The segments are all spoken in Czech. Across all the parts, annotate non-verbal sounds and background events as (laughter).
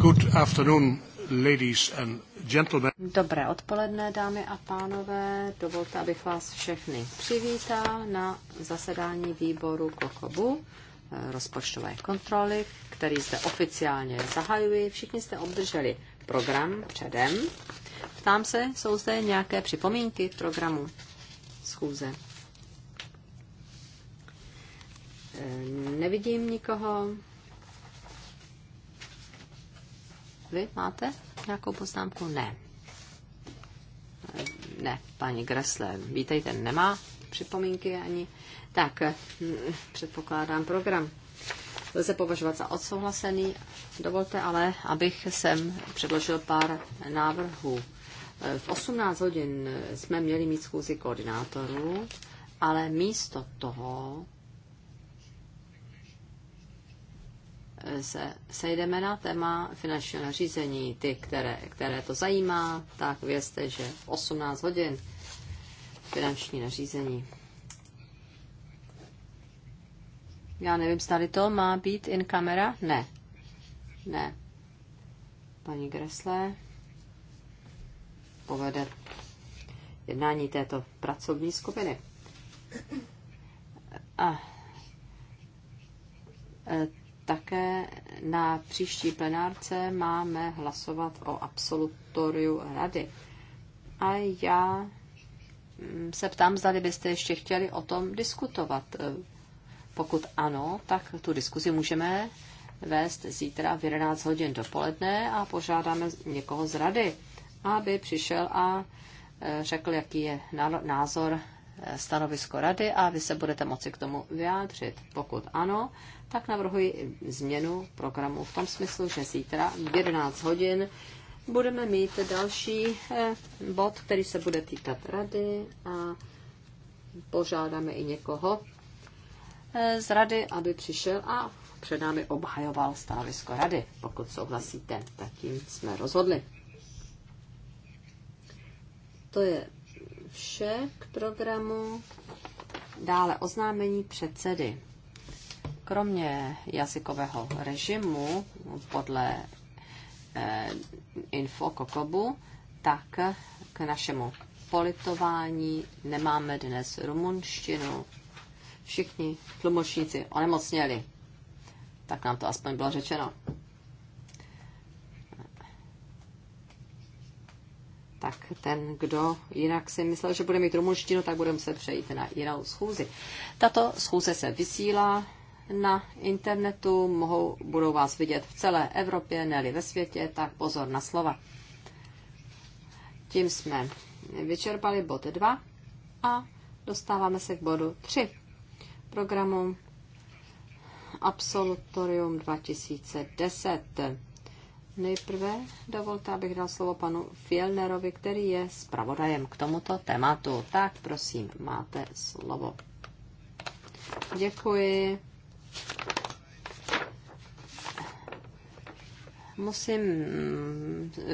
Good afternoon, ladies and gentlemen. Dobré odpoledne, dámy a pánové. Dovolte, abych vás všechny přivítal na zasedání výboru KOKOBU eh, rozpočtové kontroly, který zde oficiálně zahajuji. Všichni jste obdrželi program předem. Ptám se, jsou zde nějaké připomínky programu schůze? Eh, nevidím nikoho, Vy máte nějakou poznámku? Ne. Ne, paní Gresle, vítejte, nemá připomínky ani. Tak, hm, předpokládám program. Lze považovat za odsouhlasený. Dovolte ale, abych sem předložil pár návrhů. V 18 hodin jsme měli mít schůzi koordinátorů, ale místo toho se sejdeme na téma finančního nařízení. Ty, které, které to zajímá, tak vězte, že v 18 hodin finanční nařízení. Já nevím, zda to má být in kamera? Ne. Ne. Paní Gresle povede jednání této pracovní skupiny. A e, také na příští plenárce máme hlasovat o absolutoriu rady. A já mm, se ptám, zda byste ještě chtěli o tom diskutovat. E, pokud ano, tak tu diskuzi můžeme vést zítra v 11 hodin dopoledne a požádáme někoho z rady, aby přišel a e, řekl, jaký je názor stanovisko rady a vy se budete moci k tomu vyjádřit. Pokud ano, tak navrhuji změnu programu v tom smyslu, že zítra v 11 hodin budeme mít další eh, bod, který se bude týkat rady a požádáme i někoho eh, z rady, aby přišel a před námi obhajoval stanovisko rady. Pokud souhlasíte, tak tím jsme rozhodli. To je vše k programu. Dále oznámení předsedy. Kromě jazykového režimu podle eh, info Kokobu, tak k našemu politování nemáme dnes rumunštinu. Všichni tlumočníci onemocněli. Tak nám to aspoň bylo řečeno. tak ten, kdo jinak si myslel, že bude mít rumunštinu, tak bude muset přejít na jinou schůzi. Tato schůze se vysílá na internetu, mohou, budou vás vidět v celé Evropě, ne ve světě, tak pozor na slova. Tím jsme vyčerpali bod 2 a dostáváme se k bodu 3 programu Absolutorium 2010. Nejprve dovolte, abych dal slovo panu Fielnerovi, který je zpravodajem k tomuto tématu. Tak prosím, máte slovo. Děkuji. Musím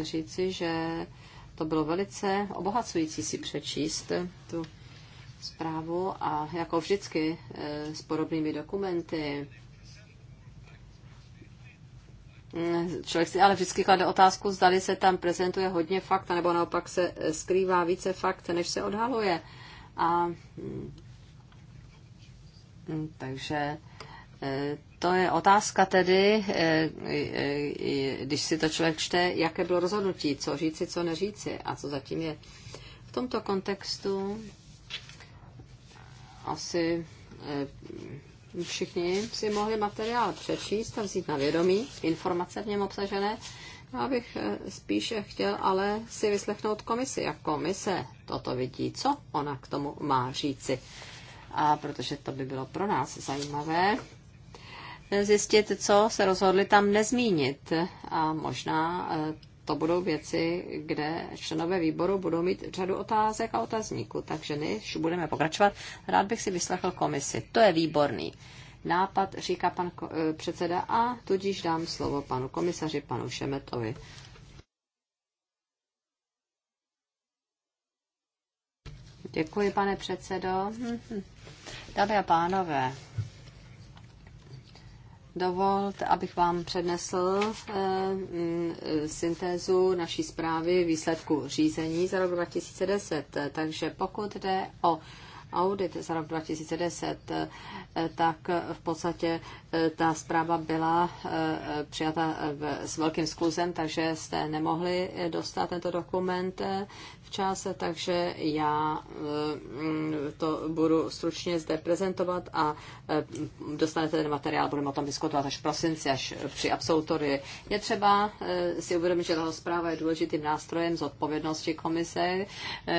říci, že to bylo velice obohacující si přečíst tu zprávu a jako vždycky eh, s podobnými dokumenty člověk si ale vždycky klade otázku, zdali se tam prezentuje hodně fakt, nebo naopak se eh, skrývá více fakt, než se odhaluje. A, mm, mm, takže eh, to je otázka tedy, eh, když si to člověk čte, jaké bylo rozhodnutí, co říci, co neříci a co zatím je. V tomto kontextu asi všichni si mohli materiál přečíst a vzít na vědomí informace v něm obsažené. Já bych eh, spíše chtěl ale si vyslechnout komisi, jak komise toto vidí, co ona k tomu má říci. A protože to by bylo pro nás zajímavé, eh, zjistit, co se rozhodli tam nezmínit. A možná eh, to budou věci, kde členové výboru budou mít řadu otázek a otazníků. Takže než budeme pokračovat, rád bych si vyslechl komisi. To je výborný nápad, říká pan eh, předseda, a tudíž dám slovo panu komisaři, panu Šemetovi. Děkuji, pane předsedo. Dámy a pánové, Dovolte, abych vám přednesl eh, mm, syntézu naší zprávy výsledku řízení za rok 2010. Takže pokud jde o audit za rok 2010, eh, tak v podstatě eh, ta zpráva byla přijata s velkým skluzem, takže jste nemohli dostat tento dokument v čase, takže já eh, to budu stručně zde prezentovat a eh, dostanete ten materiál, budeme o tom diskutovat až v prosinci, až při absolutory. Je třeba eh, si uvědomit, že tato zpráva je důležitým nástrojem z odpovědnosti komise,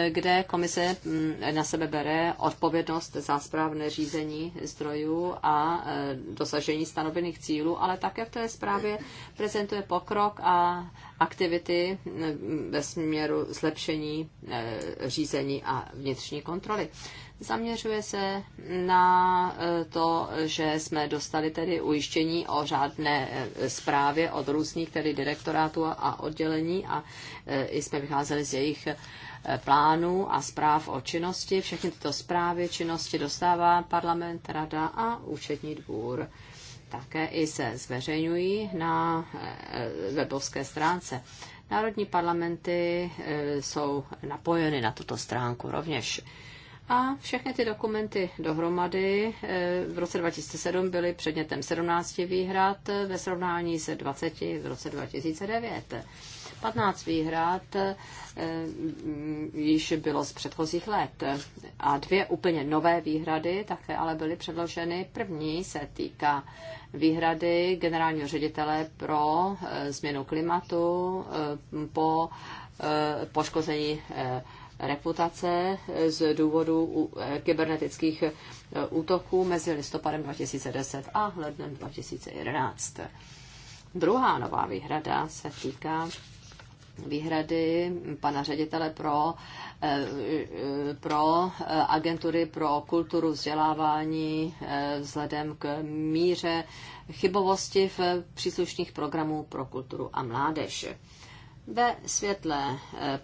kde komise mm, na sebe bere odpovědnost za správné řízení zdrojů a dosažení stanovených cílů, ale také v té zprávě prezentuje pokrok a aktivity mm, ve směru zlepšení E, řízení a vnitřní kontroly. Zaměřuje se na e, to, že jsme dostali tedy ujištění o řádné e, zprávě od různých tedy direktorátů a oddělení a i jsme vycházeli z jejich plánů a zpráv o činnosti. Všechny tyto zprávy činnosti dostává parlament, rada a účetní dvůr také i se zveřejňují na webovské stránce. Národní parlamenty e, jsou napojeny na tuto stránku rovněž. A všechny ty dokumenty dohromady e, v roce 2007 byly předmětem 17 výhrad e, ve srovnání se 20 v roce 2009. 15 výhrad eh, mm, již bylo z předchozích let a dvě úplně nové výhrady také ale byly předloženy. První se týká výhrady generálního ředitele pro eh, změnu klimatu eh, po poškození reputace z důvodu kybernetických útoků mezi listopadem 2010 a lednem 2011. Druhá nová výhrada se týká výhrady pana ředitele pro, eh, eh, pro eh, agentury pro kulturu vzdělávání vzhledem k míře chybovosti v příslušných programů pro kulturu a mládež. Ve světle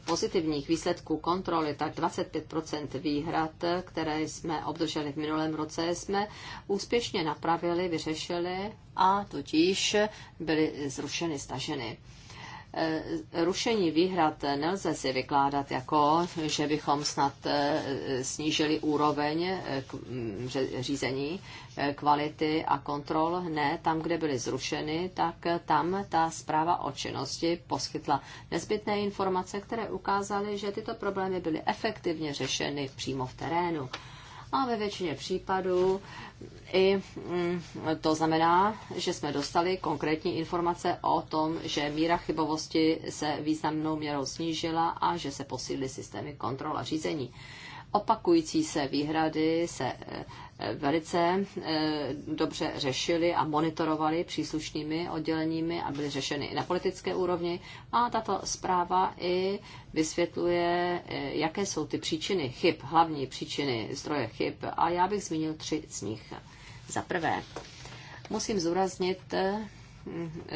pozitivních výsledků kontroly, tak 25 výhrad, které jsme obdrželi v minulém roce, jsme úspěšně napravili, vyřešili a tudíž byly zrušeny, staženy. Eh, rušení výhrad nelze si vykládat jako, že bychom snad eh, snížili úroveň eh, mm, řízení kvality a kontrol. Ne, tam, kde byly zrušeny, tak tam ta zpráva o činnosti poskytla nezbytné informace, které ukázaly, že tyto problémy byly efektivně řešeny přímo v terénu a ve většině případů i mm, to znamená, že jsme dostali konkrétní informace o tom, že míra chybovosti se významnou měrou snížila a že se posílily systémy kontrol a řízení. Opakující se výhrady se velice eh, dobře řešily a monitorovaly příslušnými odděleními a byly řešeny i na politické úrovni. A tato zpráva i vysvětluje, eh, jaké jsou ty příčiny chyb, hlavní příčiny zdroje chyb. A já bych zmínil tři z nich. Za prvé, musím zúraznit eh,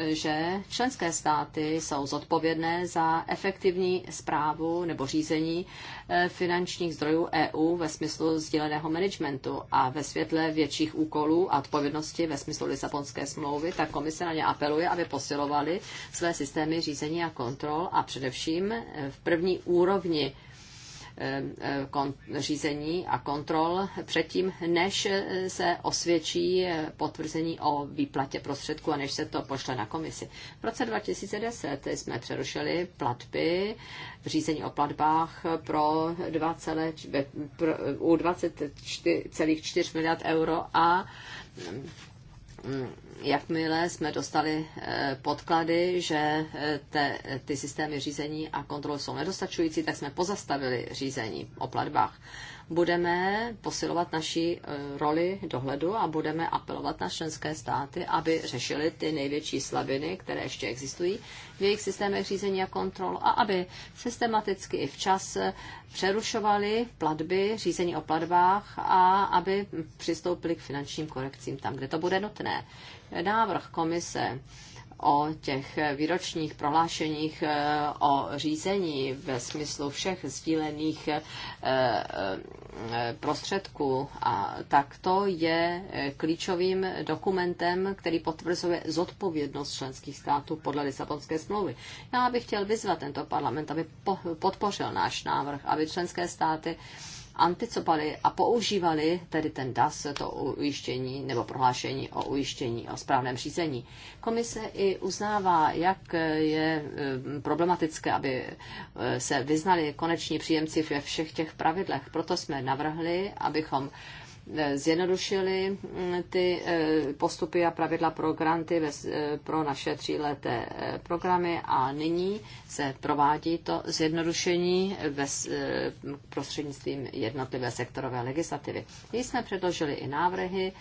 že členské státy jsou zodpovědné za efektivní zprávu nebo řízení eh, finančních zdrojů EU ve smyslu sdíleného managementu a ve světle větších úkolů a odpovědnosti ve smyslu Lisabonské smlouvy, tak komise na ně apeluje, aby posilovali své systémy řízení a kontrol a především eh, v první úrovni Eh, eh, řízení a kontrol předtím, než se osvědčí eh, potvrzení o výplatě prostředků a než se to pošle na komisi. V roce 2010 jsme přerušili platby, řízení o platbách pro 20, pro, u 24,4 miliard euro a jakmile jsme dostali eh, podklady, že eh, te, ty systémy řízení a kontrol jsou nedostačující, tak jsme pozastavili řízení o platbách budeme posilovat naši e, roli dohledu a budeme apelovat na členské státy, aby řešili ty největší slabiny, které ještě existují v jejich systémech řízení a kontrol a aby systematicky i včas přerušovali platby, řízení o platbách a aby přistoupili k finančním korekcím tam, kde to bude nutné. Návrh komise o těch výročních prohlášeních eh, o řízení ve smyslu všech sdílených eh, eh, prostředků. A tak to je klíčovým dokumentem, který potvrzuje zodpovědnost členských států podle Lisabonské smlouvy. Já bych chtěl vyzvat tento parlament, aby podpořil náš návrh, aby členské státy státy anticipovali a používali tedy ten DAS, to ujištění nebo prohlášení o ujištění o správném řízení. Komise i uznává, jak je eh, problematické, aby eh, se vyznali koneční příjemci ve všech těch pravidlech. Proto jsme navrhli, abychom Eh, zjednodušili mm, ty eh, postupy a pravidla pro granty eh, pro naše tříleté programy a nyní se provádí to zjednodušení ve, prostřednictvím jednotlivé sektorové legislativy. jsme předložili i návrhy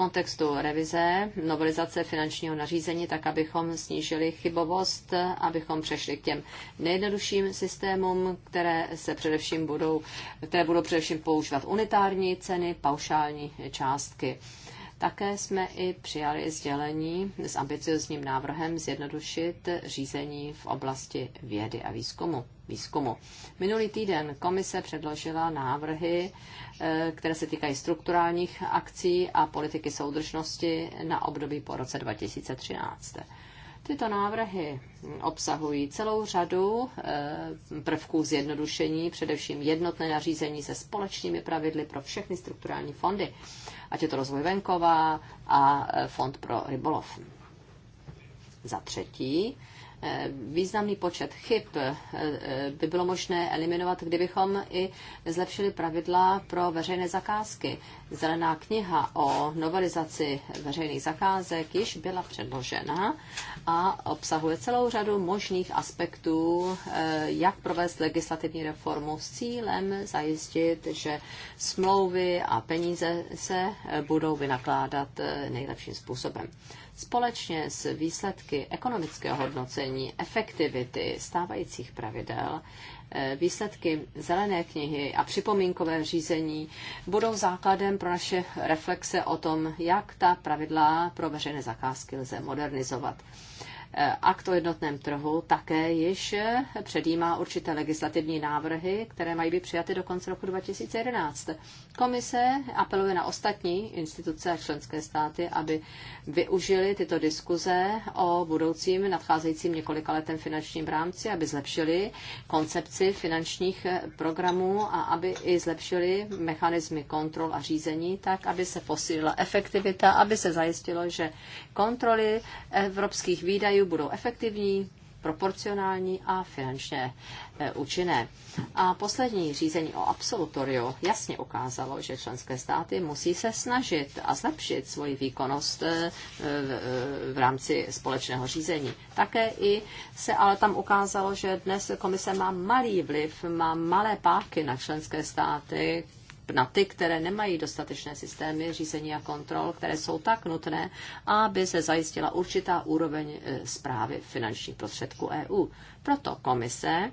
kontextu revize, novelizace finančního nařízení, tak abychom snížili chybovost, abychom přešli k těm nejjednodušším systémům, které se především budou, které budou především používat unitární ceny, paušální částky. Také jsme i přijali sdělení s ambiciozním návrhem zjednodušit řízení v oblasti vědy a výzkumu výzkumu. Minulý týden komise předložila návrhy, eh, které se týkají strukturálních akcí a politiky soudržnosti na období po roce 2013. Tyto návrhy obsahují celou řadu eh, prvků zjednodušení, především jednotné nařízení se společnými pravidly pro všechny strukturální fondy, ať je to rozvoj venkova a eh, fond pro rybolov. Za třetí, Eh, významný počet chyb eh, eh, by bylo možné eliminovat, kdybychom i zlepšili pravidla pro veřejné zakázky. Zelená kniha o novelizaci veřejných zakázek již byla předložena a obsahuje celou řadu možných aspektů, jak provést legislativní reformu s cílem zajistit, že smlouvy a peníze se budou vynakládat nejlepším způsobem společně s výsledky ekonomického hodnocení efektivity stávajících pravidel, eh, výsledky zelené knihy a připomínkové řízení budou základem pro naše reflexe o tom, jak ta pravidla pro veřejné zakázky lze modernizovat. Eh, akt o jednotném trhu také již eh, předjímá určité legislativní návrhy, které mají být přijaty do konce roku 2011. Komise apeluje na ostatní instituce a členské státy, aby využili tyto diskuze o budoucím nadcházejícím několika letem finančním rámci, aby zlepšili koncepci finančních eh, programů a aby i zlepšili mechanismy kontrol a řízení, tak aby se posílila efektivita, aby se zajistilo, že kontroly evropských výdajů zdrojů budou efektivní, proporcionální a finančně eh, účinné. A poslední řízení o absolutoriu jasně ukázalo, že členské státy musí se snažit a zlepšit svoji výkonnost eh, v rámci společného řízení. Také i se ale tam ukázalo, že dnes komise má malý vliv, má malé páky na členské státy, na ty, které nemají dostatečné systémy řízení a kontrol, které jsou tak nutné, aby se zajistila určitá úroveň zprávy e, finančních prostředků EU. Proto komise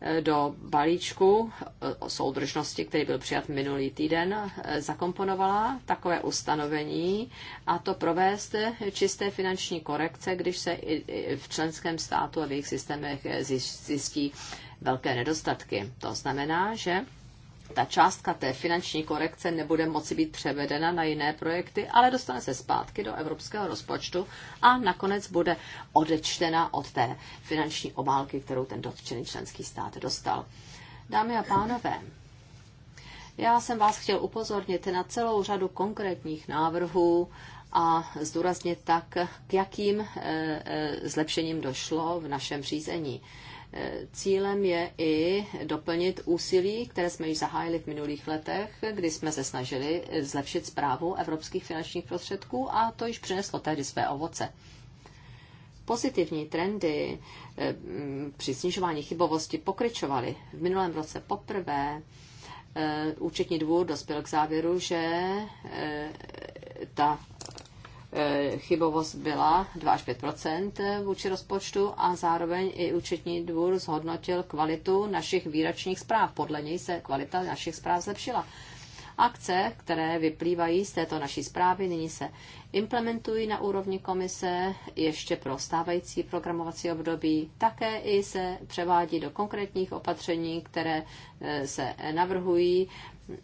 e, do balíčku e, o soudržnosti, který byl přijat minulý týden, zakomponovala takové ustanovení a to provést čisté finanční korekce, když se i v členském státu a v jejich systémech zjistí velké nedostatky. To znamená, že ta částka té finanční korekce nebude moci být převedena na jiné projekty, ale dostane se zpátky do evropského rozpočtu a nakonec bude odečtena od té finanční obálky, kterou ten dotčený členský stát dostal. Dámy a pánové, já jsem vás chtěl upozornit na celou řadu konkrétních návrhů a zdůraznit tak, k jakým eh, eh, zlepšením došlo v našem řízení. Eh, cílem je i doplnit úsilí, které jsme již zahájili v minulých letech, kdy jsme se snažili zlepšit zprávu evropských finančních prostředků a to již přineslo tehdy své ovoce pozitivní trendy eh, při snižování chybovosti pokryčovaly V minulém roce poprvé eh, účetní dvůr dospěl k závěru, že ta Eh, chybovost byla 2 až 5 eh, vůči rozpočtu a zároveň i účetní dvůr zhodnotil kvalitu našich výračních zpráv. Podle něj se kvalita našich zpráv zlepšila. Akce, které vyplývají z této naší zprávy, nyní se implementují na úrovni komise ještě pro stávající programovací období. Také i se převádí do konkrétních opatření, které e, se navrhují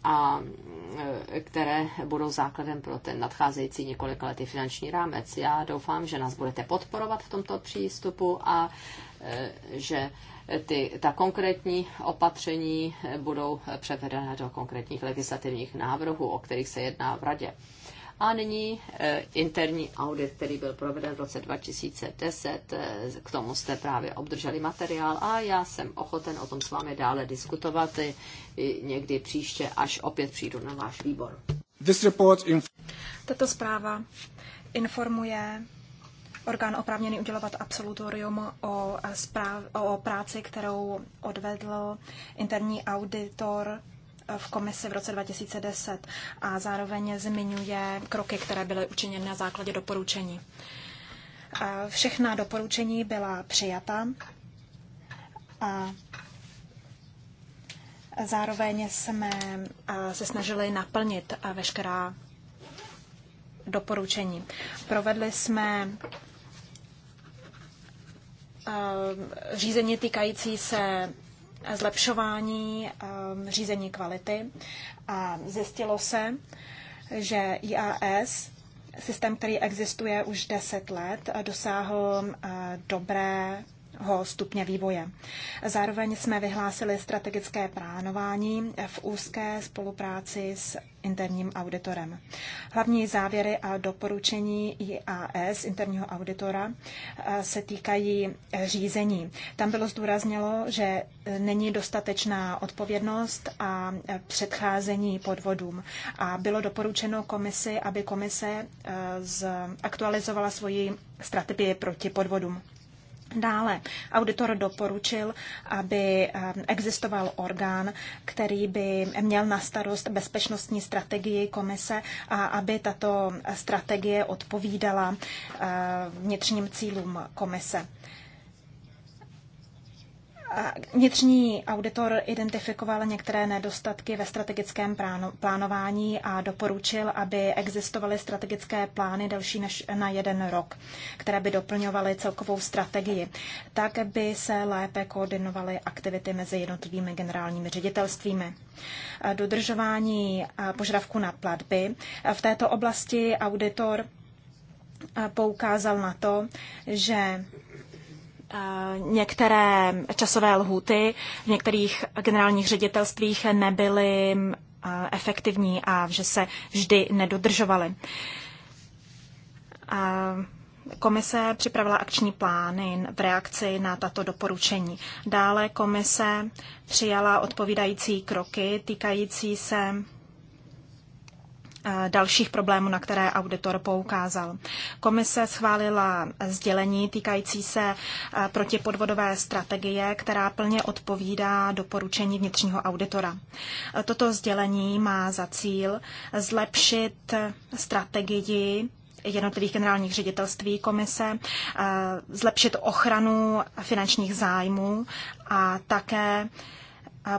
a e, které budou základem pro ten nadcházející několik lety finanční rámec. Já doufám, že nás budete podporovat v tomto přístupu a e, že ty, ta konkrétní opatření budou převedena do konkrétních legislativních návrhů, o kterých se jedná v Radě. A nyní eh, interní audit, který byl proveden v roce 2010. Eh, k tomu jste právě obdrželi materiál a já jsem ochoten o tom s vámi dále diskutovat eh, někdy příště, až opět přijdu na váš výbor. Tato zpráva informuje orgán oprávněný udělovat absolutorium o, správ, o práci, kterou odvedl interní auditor v komisi v roce 2010 a zároveň zmiňuje kroky, které byly učiněny na základě doporučení. Všechna doporučení byla přijata a zároveň jsme se snažili naplnit veškerá doporučení. Provedli jsme Eh, řízení týkající se zlepšování eh, řízení kvality a zjistilo se, že IAS, systém, který existuje už 10 let, dosáhl eh, dobré stupně vývoje. Zároveň jsme vyhlásili strategické plánování v úzké spolupráci s interním auditorem. Hlavní závěry a doporučení IAS, interního auditora, eh, se týkají řízení. Tam bylo zdůrazněno, že není dostatečná odpovědnost a eh, předcházení podvodům. A bylo doporučeno komisi, aby komise eh, zaktualizovala svoji strategii proti podvodům. Dále auditor doporučil, aby eh, existoval orgán, který by měl na starost bezpečnostní strategii komise a aby tato strategie odpovídala eh, vnitřním cílům komise. Vnitřní auditor identifikoval některé nedostatky ve strategickém plánování a doporučil, aby existovaly strategické plány delší než na jeden rok, které by doplňovaly celkovou strategii. Tak by se lépe koordinovaly aktivity mezi jednotlivými generálními ředitelstvími. Dodržování požadavku na platby. V této oblasti auditor poukázal na to, že Eh, některé časové lhuty v některých generálních ředitelstvích nebyly eh, efektivní a že se vždy nedodržovaly. Eh, komise připravila akční plány v reakci na tato doporučení. Dále komise přijala odpovídající kroky týkající se Eh, dalších problémů, na které auditor poukázal. Komise schválila sdělení týkající se eh, protipodvodové strategie, která plně odpovídá doporučení vnitřního auditora. Eh, toto sdělení má za cíl zlepšit strategii jednotlivých generálních ředitelství komise, zlepšit ochranu finančních zájmů a také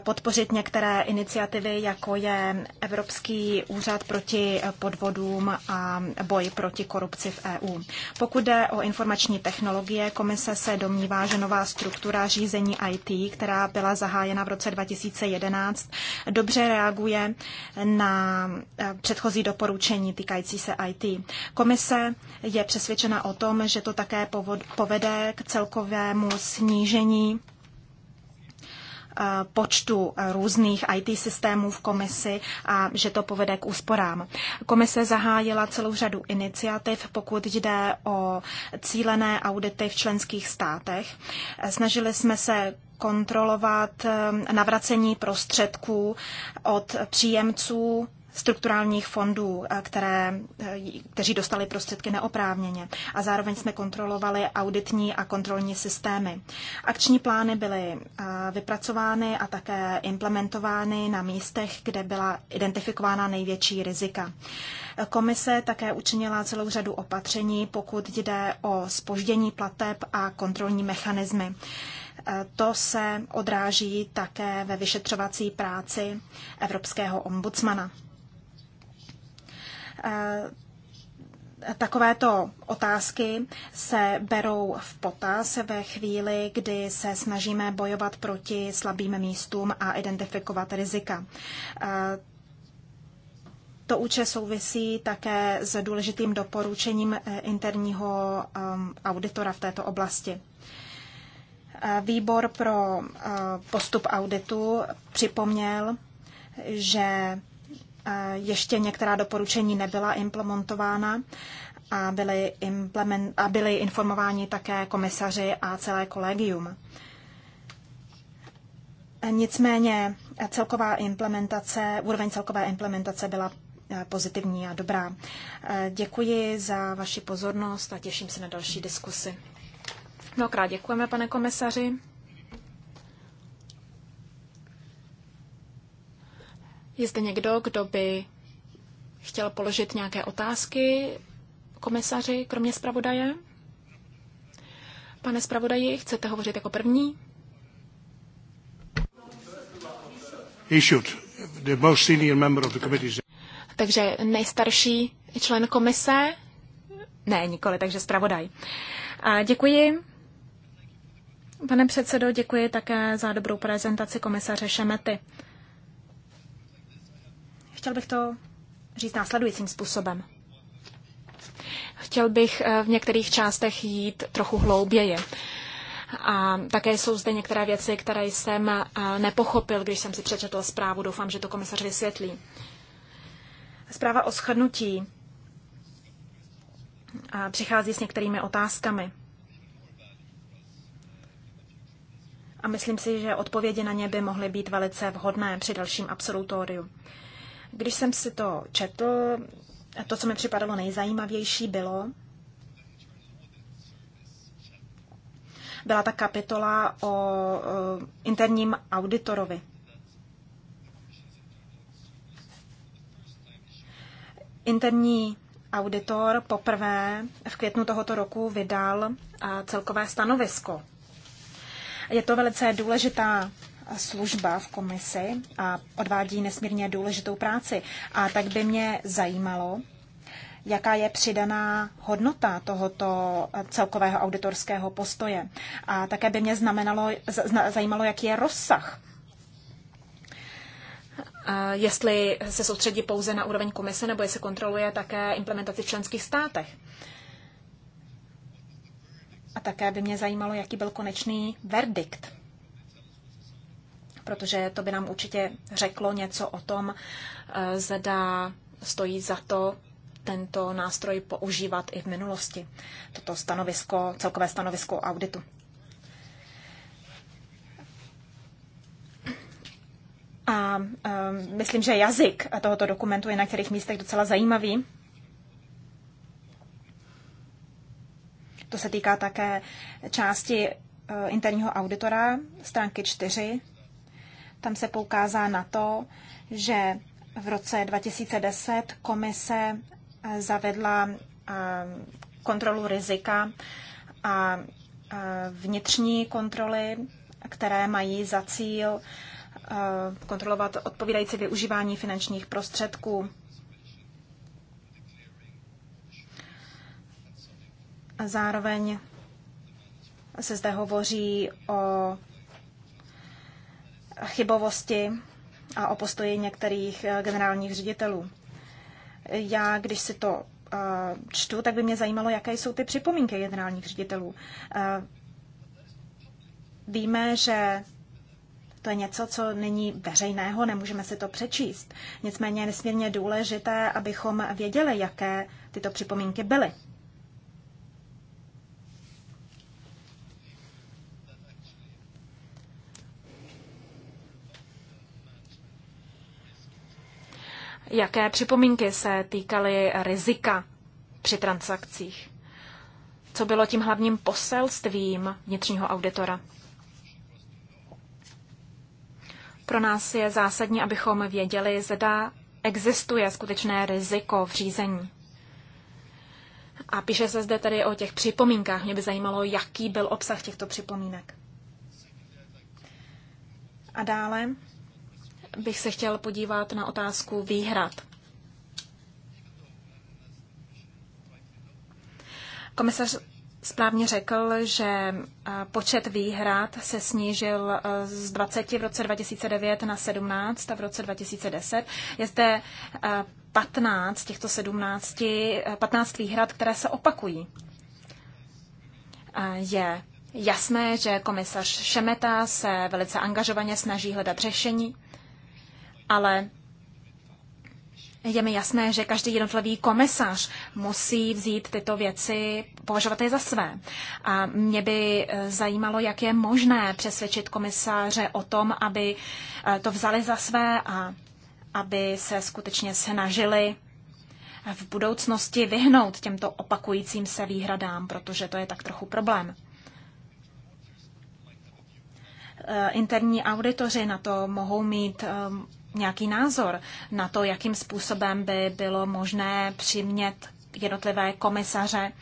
podpořit některé iniciativy, jako je Evropský úřad proti podvodům a boj proti korupci v EU. Pokud jde o informační technologie, komise se domnívá, že nová struktura řízení IT, která byla zahájena v roce 2011, dobře reaguje na eh, předchozí doporučení týkající se IT. Komise je přesvědčena o tom, že to také povede k celkovému snížení Eh, počtu různých IT systémů v komisi a že to povede k úsporám. Komise zahájila celou řadu iniciativ, pokud jde o cílené audity v členských státech. Eh, snažili jsme se kontrolovat eh, navracení prostředků od příjemců strukturálních fondů, eh, které, eh, kteří dostali prostředky neoprávněně. A zároveň jsme kontrolovali auditní a kontrolní systémy. Akční plány byly eh, vypracovány a také implementovány na místech, kde byla identifikována největší rizika. Komise také učinila celou řadu opatření, pokud jde o spoždění plateb a kontrolní mechanismy. To se odráží také ve vyšetřovací práci evropského ombudsmana. Eh, takovéto otázky se berou v potaz ve chvíli, kdy se snažíme bojovat proti slabým místům a identifikovat rizika. Eh, to úče souvisí také s důležitým doporučením eh, interního auditora v této oblasti. Výbor pro postup auditu připomněl, že ještě některá doporučení nebyla implementována a byli, implement, a byly informováni také komisaři a celé kolegium. Nicméně celková implementace, úroveň celkové implementace byla eh, pozitivní a dobrá. Eh, děkuji za vaši pozornost a těším se na další diskusy. Mnohokrát děkujeme, pane komisaři. Je zde někdo, kdo by chtěl položit nějaké otázky komisaři, kromě zpravodaje? Pane zpravodaji, chcete hovořit jako první? He should. The most senior member of the committee Takže nejstarší člen komise? Ne, nikoli, takže zpravodaj. A děkuji. Pane předsedo, děkuji také za dobrou prezentaci komisaře Šemety. Chtěl bych to říct následujícím způsobem. Chtěl bych eh, v některých částech jít trochu hlouběji. A také jsou zde některé věci, které jsem eh, nepochopil, když jsem si přečetl zprávu. Doufám, že to komisař vysvětlí. Zpráva o shrnutí eh, přichází s některými otázkami. A myslím si, že odpovědi na ně by mohly být velice vhodné při dalším absolutoriu. Když jsem si to četl, to, co mi připadalo nejzajímavější, bylo, byla ta kapitola o eh, interním auditorovi. Interní auditor poprvé v květnu tohoto roku vydal eh, celkové stanovisko. Je to velice důležitá služba v komisi a odvádí nesmírně důležitou práci. A tak by mě zajímalo, jaká je přidaná hodnota tohoto celkového auditorského postoje. A také by mě znamenalo, zajímalo, jaký je rozsah jestli se soustředí pouze na úroveň komise, nebo jestli kontroluje také implementaci v členských státech. A také by mě zajímalo, jaký byl konečný verdikt protože to by nám určitě řeklo něco o tom, eh, zda stojí za to tento nástroj používat i v minulosti. Toto stanovisko, celkové stanovisko auditu. A um, myslím, že jazyk tohoto dokumentu je na některých místech docela zajímavý. To se týká také části uh, interního auditora, stránky 4 tam se poukázá na to, že v roce 2010 komise eh, zavedla eh, kontrolu rizika a eh, vnitřní kontroly, které mají za cíl kontrolovat odpovídající využívání finančních prostředků. Zároveň se zde hovoří o chybovosti a o postoji některých eh, generálních ředitelů. Já, když si to eh, čtu, tak by mě zajímalo, jaké jsou ty připomínky generálních ředitelů. Eh, víme, že to je něco, co není veřejného, nemůžeme si to přečíst. Nicméně je nesmírně důležité, abychom věděli, jaké tyto připomínky byly. Jaké připomínky se týkaly rizika při transakcích? Co bylo tím hlavním poselstvím vnitřního auditora? Pro nás je zásadní, abychom věděli, zda existuje skutečné riziko v řízení. A píše se zde tedy o těch připomínkách. Mě by zajímalo, jaký byl obsah těchto připomínek. A dále bych se chtěl podívat na otázku výhrad. Komisař správně řekl, že eh, počet výhrad se snížil eh, z 20 v roce 2009 na 17 a v roce 2010. Je zde 15 eh, těchto 17, 15 výhrad, které se opakují. Je jasné, že komisař Šemeta se velice angažovaně snaží hledat řešení ale je mi jasné, že každý jednotlivý komisař musí vzít tyto věci, považovat je za své. A mě by eh, zajímalo, jak je možné přesvědčit komisáře o tom, aby eh, to vzali za své a aby se skutečně snažili v budoucnosti vyhnout těmto opakujícím se výhradám, protože to je tak trochu problém. Eh, interní auditoři na to mohou mít ehm, nějaký názor na to, jakým způsobem by bylo možné přimět jednotlivé komisaře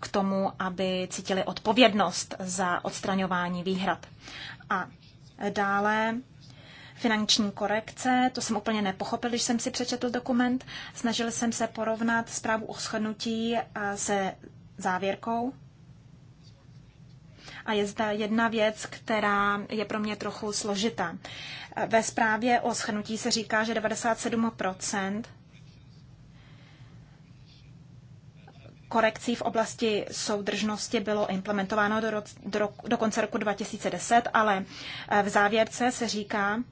k tomu, aby cítili odpovědnost za odstraňování výhrad. A dále finanční korekce, to jsem úplně nepochopil, když jsem si přečetl dokument. Snažil jsem se porovnat zprávu o shodnutí eh, se závěrkou a je zde jedna věc, která je pro mě trochu složitá. Ve zprávě o schrnutí se říká, že 97 korekcí v oblasti soudržnosti bylo implementováno do, roc, do, do konce roku 2010, ale eh, v závěrce se říká,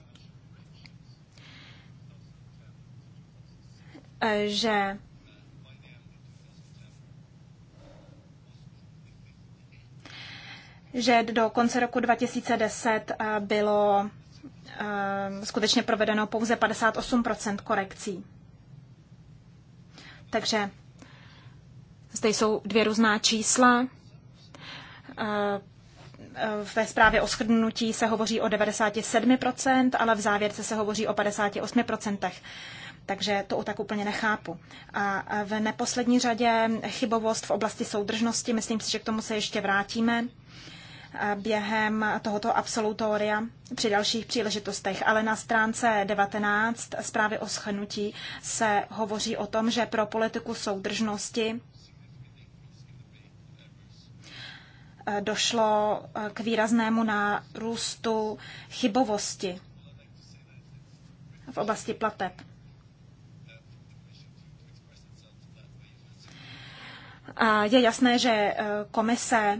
eh, že že do konce roku 2010 eh, bylo eh, skutečně provedeno pouze 58 korekcí. Takže zde jsou dvě různá čísla. Eh, ve zprávě o shrnutí se hovoří o 97%, ale v závěrce se hovoří o 58%. Takže to tak úplně nechápu. A v neposlední řadě chybovost v oblasti soudržnosti, myslím si, že k tomu se ještě vrátíme během tohoto absolutoria při dalších příležitostech, ale na stránce 19 zprávy o schnutí se hovoří o tom, že pro politiku soudržnosti došlo k výraznému nárůstu chybovosti v oblasti plateb. A je jasné, že komise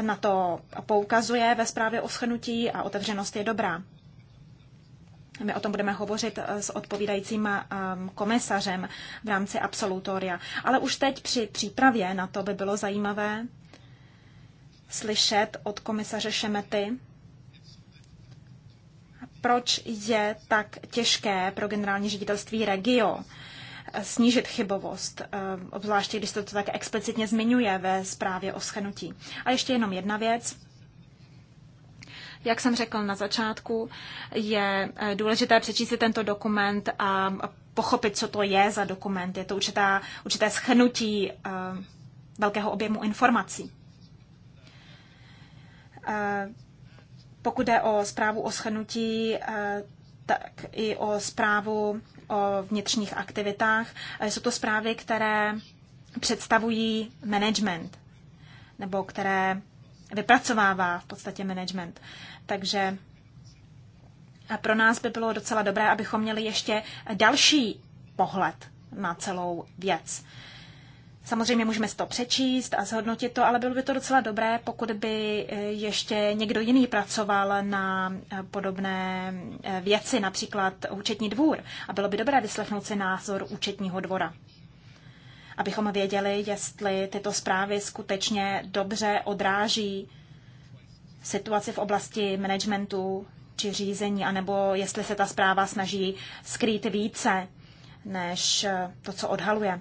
na to poukazuje ve zprávě o schnutí a otevřenost je dobrá. My o tom budeme hovořit eh, s odpovídajícím ehm, komisařem v rámci absolutoria. Ale už teď při přípravě na to by bylo zajímavé slyšet od komisaře Šemety, proč je tak těžké pro generální ředitelství Regio snížit chybovost, eh, obzvláště když se to tak explicitně zmiňuje ve zprávě o schenutí. A ještě jenom jedna věc. Jak jsem řekl na začátku, je eh, důležité přečíst si tento dokument a pochopit, co to je za dokument. Je to určitá, určité schnutí eh, velkého objemu informací. Pokud jde o zprávu o schnutí, tak i o zprávu o vnitřních aktivitách. Jsou to zprávy, které představují management, nebo které vypracovává v podstatě management. Takže pro nás by bylo docela dobré, abychom měli ještě další pohled na celou věc. Samozřejmě můžeme si to přečíst a zhodnotit to, ale bylo by to docela dobré, pokud by eh, ještě někdo jiný pracoval na eh, podobné eh, věci, například účetní dvůr. A bylo by dobré vyslechnout si názor účetního dvora abychom věděli, jestli tyto zprávy skutečně dobře odráží situaci v oblasti managementu či řízení, anebo jestli se ta zpráva snaží skrýt více než to, co odhaluje.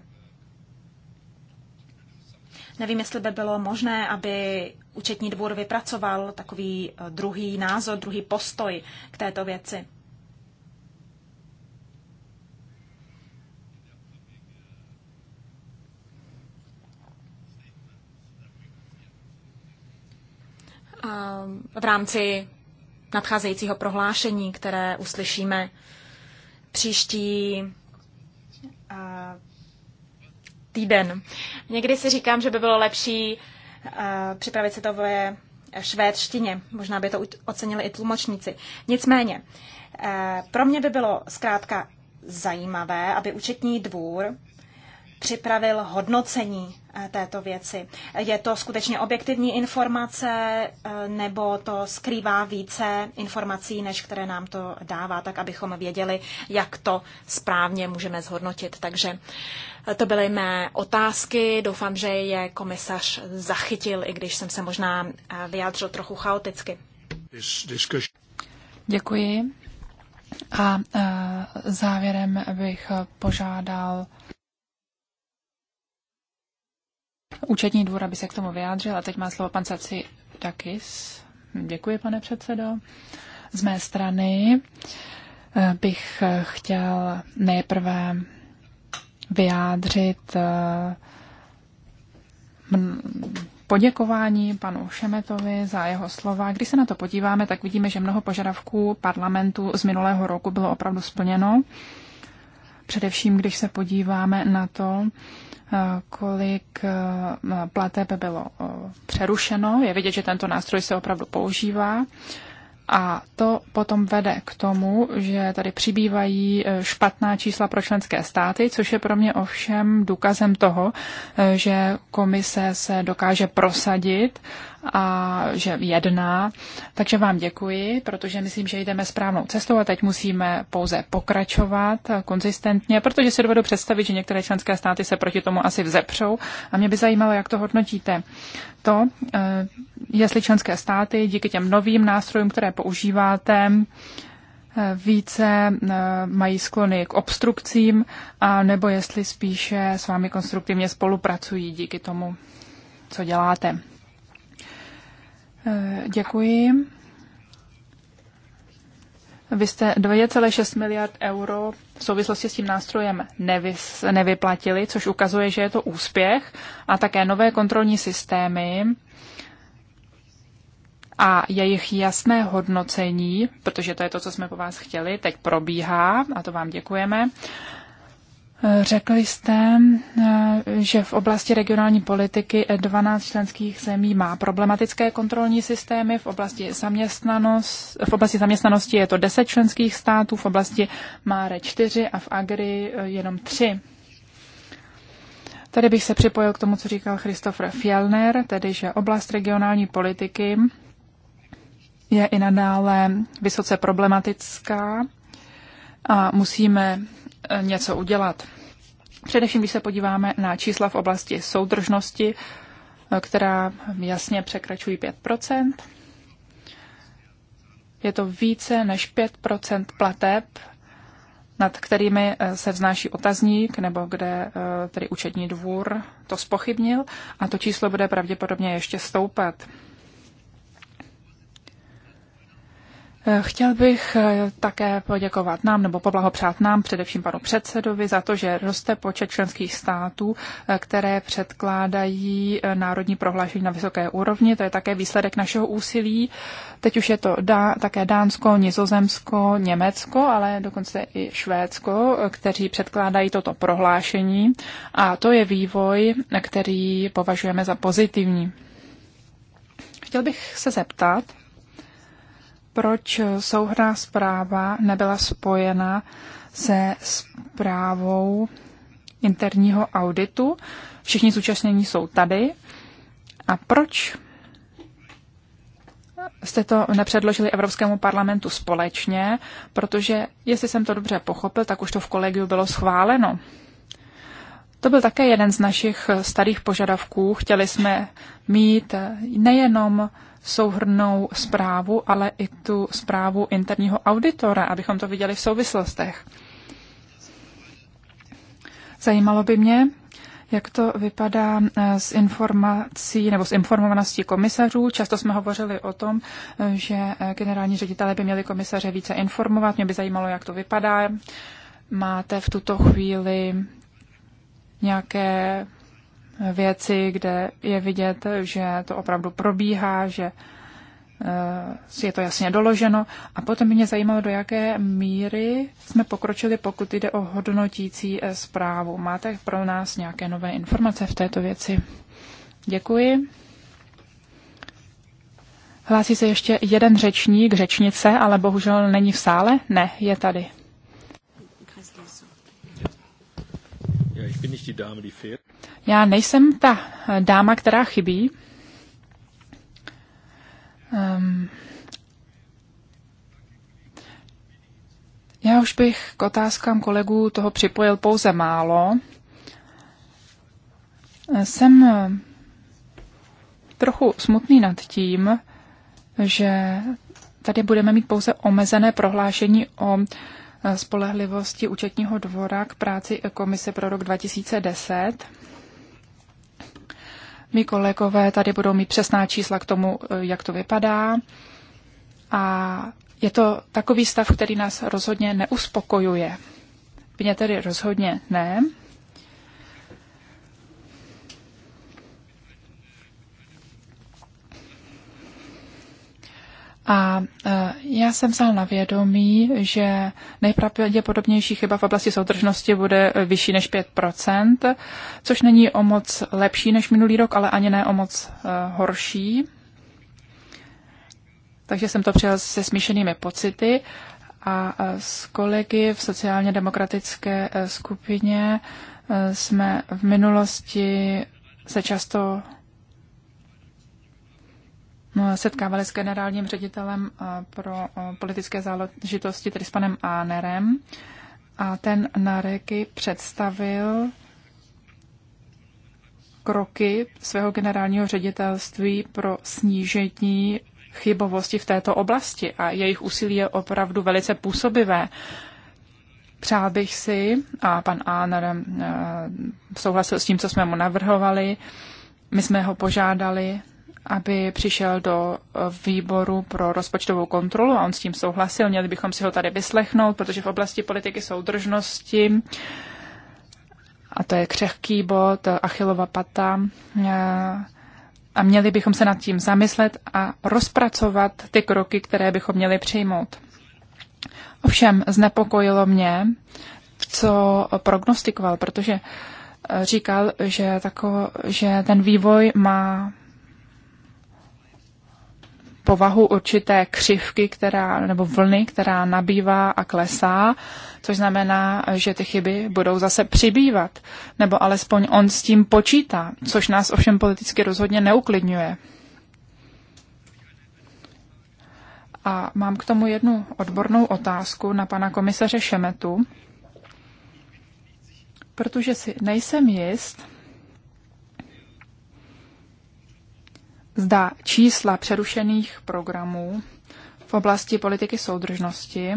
Nevím, jestli by bylo možné, aby účetní dvůr vypracoval takový eh, druhý názor, druhý postoj k této věci. v rámci nadcházejícího prohlášení, které uslyšíme příští eh, týden. Někdy si říkám, že by bylo lepší eh, připravit si to v švédštině. Možná by to ocenili i tlumočníci. Nicméně, eh, pro mě by bylo zkrátka zajímavé, aby účetní dvůr připravil hodnocení eh, této věci. Je to skutečně objektivní informace eh, nebo to skrývá více informací, než které nám to dává, tak abychom věděli, jak to správně můžeme zhodnotit. Takže eh, to byly mé otázky. Doufám, že je komisař zachytil, i když jsem se možná vyjádřil trochu chaoticky. Děkuji. A závěrem bych požádal Účetní dvůr, aby se k tomu vyjádřil. A teď má slovo pan Saci Dakis. Děkuji, pane předsedo. Z mé strany eh, bych eh, chtěl nejprve vyjádřit eh, poděkování panu Šemetovi za jeho slova. Když se na to podíváme, tak vidíme, že mnoho požadavků parlamentu z minulého roku bylo opravdu splněno. Především, když se podíváme na to, eh, kolik eh, plateb bylo eh, přerušeno. Je vidět, že tento nástroj se opravdu používá. A to potom vede k tomu, že tady přibývají špatná čísla pro členské státy, což je pro mě ovšem důkazem toho, že komise se dokáže prosadit a že jedná. Takže vám děkuji, protože myslím, že jdeme správnou cestou a teď musíme pouze pokračovat konzistentně, protože si dovedu představit, že některé členské státy se proti tomu asi vzepřou a mě by zajímalo, jak to hodnotíte. To, eh, jestli členské státy díky těm novým nástrojům, které používáte, eh, více eh, mají sklony k obstrukcím, a nebo jestli spíše s vámi konstruktivně spolupracují díky tomu, co děláte. Eh, děkuji. Vy jste 2,6 miliard euro v souvislosti s tím nástrojem nevys, nevyplatili, což ukazuje, že je to úspěch a také nové kontrolní systémy a jejich jasné hodnocení, protože to je to, co jsme po vás chtěli, teď probíhá a to vám děkujeme. Řekli jste, eh, že v oblasti regionální politiky 12 členských zemí má problematické kontrolní systémy, v oblasti, zaměstnanost, v oblasti zaměstnanosti je to 10 členských států, v oblasti Máre 4 a v Agri eh, jenom 3. Tady bych se připojil k tomu, co říkal Christopher Fjellner, tedy že oblast regionální politiky je i nadále vysoce problematická a musíme Eh, něco udělat. Především, když se podíváme na čísla v oblasti soudržnosti, eh, která jasně překračují 5 je to více než 5 plateb, nad kterými eh, se vznáší otazník, nebo kde tedy účetní dvůr to spochybnil, a to číslo bude pravděpodobně ještě stoupat. Chtěl bych eh, také poděkovat nám nebo poblahopřát nám, především panu předsedovi, za to, že roste počet členských států, eh, které předkládají eh, národní prohlášení na vysoké úrovni. To je také výsledek našeho úsilí. Teď už je to dá, také Dánsko, Nizozemsko, Německo, ale dokonce i Švédsko, kteří předkládají toto prohlášení. A to je vývoj, který považujeme za pozitivní. Chtěl bych se zeptat, proč souhrná zpráva nebyla spojena se zprávou interního auditu. Všichni zúčastnění jsou tady. A proč jste to nepředložili Evropskému parlamentu společně? Protože, jestli jsem to dobře pochopil, tak už to v kolegiu bylo schváleno. To byl také jeden z našich eh, starých požadavků. Chtěli jsme mít eh, nejenom souhrnou zprávu, ale i tu zprávu interního auditora, abychom to viděli v souvislostech. Zajímalo by mě, jak to vypadá eh, s informací nebo s informovaností komisařů? Často jsme hovořili o tom, že generální ředitelé by měli komisaře více informovat. Mě by zajímalo, jak to vypadá. Máte v tuto chvíli nějaké věci, kde je vidět, že to opravdu probíhá, že eh, je to jasně doloženo. A potom mě zajímalo, do jaké míry jsme pokročili, pokud jde o hodnotící eh, zprávu. Máte pro nás nějaké nové informace v této věci? Děkuji. Hlásí se ještě jeden řečník, řečnice, ale bohužel není v sále. Ne, je tady. Já nejsem ta eh, dáma, která chybí. Um, já už bych k otázkám kolegů toho připojil pouze málo. Eh, jsem eh, trochu smutný nad tím, že tady budeme mít pouze omezené prohlášení o spolehlivosti účetního dvora k práci komise pro rok 2010. My kolegové tady budou mít přesná čísla k tomu, jak to vypadá. A je to takový stav, který nás rozhodně neuspokojuje. Mě tedy rozhodně ne. A e, já jsem vzal na vědomí, že nejpravděpodobnější chyba v oblasti soudržnosti bude e, vyšší než 5%, což není o moc lepší než minulý rok, ale ani ne o moc e, horší. Takže jsem to přijal se smíšenými pocity a s kolegy v sociálně demokratické skupině jsme v minulosti se často setkávali s generálním ředitelem eh, pro eh, politické záležitosti, tedy s panem Ánerem. A ten na Reky představil kroky svého generálního ředitelství pro snížení chybovosti v této oblasti a jejich úsilí je opravdu velice působivé. Přál bych si, a pan Áner eh, souhlasil s tím, co jsme mu navrhovali, my jsme ho požádali, aby přišel do výboru pro rozpočtovou kontrolu a on s tím souhlasil. Měli bychom si ho tady vyslechnout, protože v oblasti politiky soudržnosti a to je křehký bod, achilova pata, eh, a měli bychom se nad tím zamyslet a rozpracovat ty kroky, které bychom měli přijmout. Ovšem znepokojilo mě, co prognostikoval, protože eh, říkal, že, tako, že ten vývoj má povahu určité křivky, která, nebo vlny, která nabývá a klesá, což znamená, že ty chyby budou zase přibývat, nebo alespoň on s tím počítá, což nás ovšem politicky rozhodně neuklidňuje. A mám k tomu jednu odbornou otázku na pana komisaře Šemetu, protože si nejsem jist, zda čísla přerušených programů v oblasti politiky soudržnosti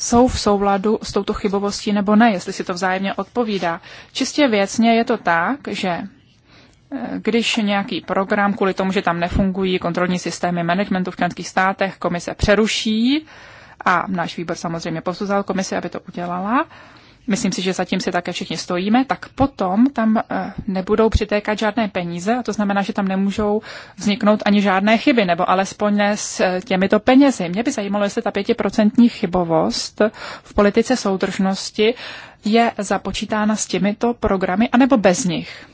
jsou v souladu s touto chybovostí nebo ne, jestli si to vzájemně odpovídá. Čistě věcně je to tak, že eh, když nějaký program kvůli tomu, že tam nefungují kontrolní systémy managementu v členských státech, komise přeruší a náš výbor samozřejmě posuzal komisi, aby to udělala, myslím si, že zatím si také všichni stojíme, tak potom tam eh, nebudou přitékat žádné peníze a to znamená, že tam nemůžou vzniknout ani žádné chyby, nebo alespoň ne s eh, těmito penězi. Mě by zajímalo, jestli ta pětiprocentní chybovost v politice soudržnosti je započítána s těmito programy, anebo bez nich.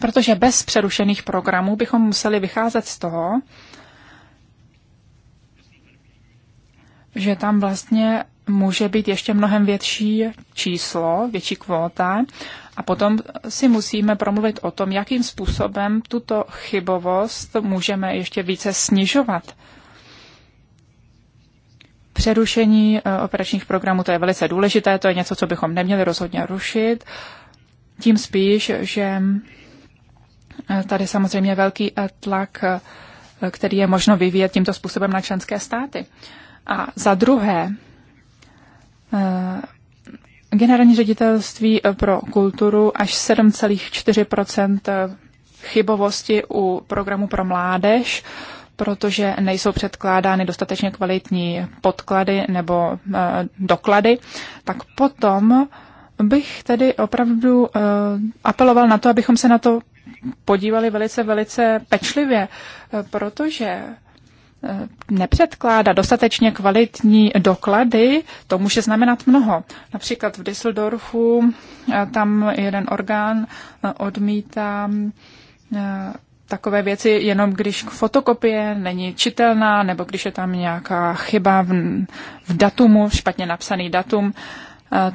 Protože bez přerušených programů bychom museli vycházet z toho, že tam vlastně může být ještě mnohem větší číslo, větší kvóta a potom si musíme promluvit o tom, jakým způsobem tuto chybovost můžeme ještě více snižovat. Přerušení eh, operačních programů, to je velice důležité, to je něco, co bychom neměli rozhodně rušit. Tím spíš, že eh, tady samozřejmě velký eh, tlak, který je možno vyvíjet tímto způsobem na členské státy. A za druhé, Eh, generální ředitelství eh, pro kulturu až 7,4 eh, chybovosti u programu pro mládež, protože nejsou předkládány dostatečně kvalitní podklady nebo doklady, tak potom bych tedy opravdu apeloval na to, abychom se na to podívali velice, velice pečlivě, protože nepředkládá dostatečně kvalitní doklady, to může znamenat mnoho. Například v Düsseldorfu eh, tam jeden orgán eh, odmítá eh, takové věci, jenom když fotokopie není čitelná, nebo když je tam nějaká chyba v, v datumu, špatně napsaný datum.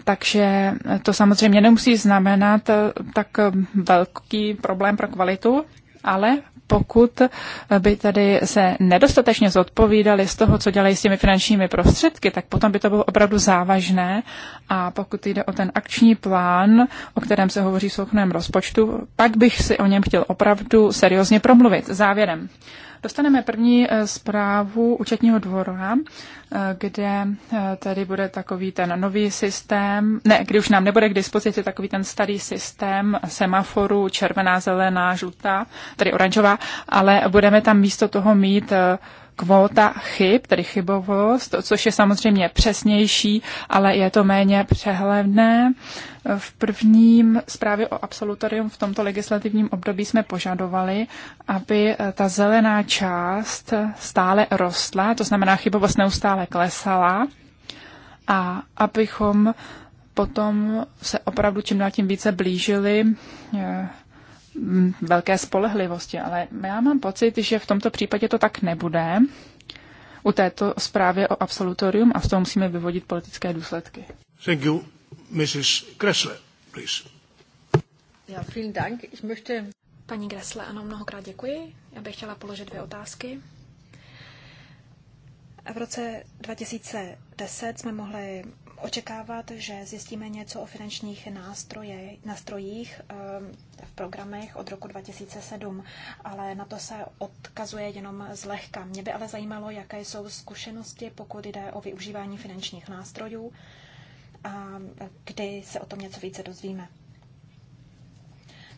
Takže to samozřejmě nemusí znamenat tak velký problém pro kvalitu, ale pokud by tady se nedostatečně zodpovídali z toho, co dělají s těmi finančními prostředky, tak potom by to bylo opravdu závažné. A pokud jde o ten akční plán, o kterém se hovoří v soukromém rozpočtu, pak bych si o něm chtěl opravdu seriózně promluvit. Závěrem. Dostaneme první eh, zprávu účetního dvora, eh, kde eh, tady bude takový ten nový systém, ne, kdy už nám nebude k dispozici takový ten starý systém semaforu červená, zelená, žlutá, tedy oranžová, ale budeme tam místo toho mít kvóta chyb, tedy chybovost, což je samozřejmě přesnější, ale je to méně přehledné. V prvním zprávě o absolutorium v tomto legislativním období jsme požadovali, aby ta zelená část stále rostla, to znamená chybovost neustále klesala a abychom potom se opravdu čím dál tím více blížili eh, Mm, velké spolehlivosti, ale já mám pocit, že v tomto případě to tak nebude. U této zprávě o absolutorium a z toho musíme vyvodit politické důsledky. Thank you. Mrs. Kressler, please. Ja, vielen Dank. Ich möchte... Paní Gressle, ano, mnohokrát děkuji. Já bych chtěla položit dvě otázky. V roce 2010 jsme mohli očekávat, že zjistíme něco o finančních nástroje, nástrojích ehm, v programech od roku 2007, ale na to se odkazuje jenom zlehka. Mě by ale zajímalo, jaké jsou zkušenosti, pokud jde o využívání finančních nástrojů a kdy se o tom něco více dozvíme.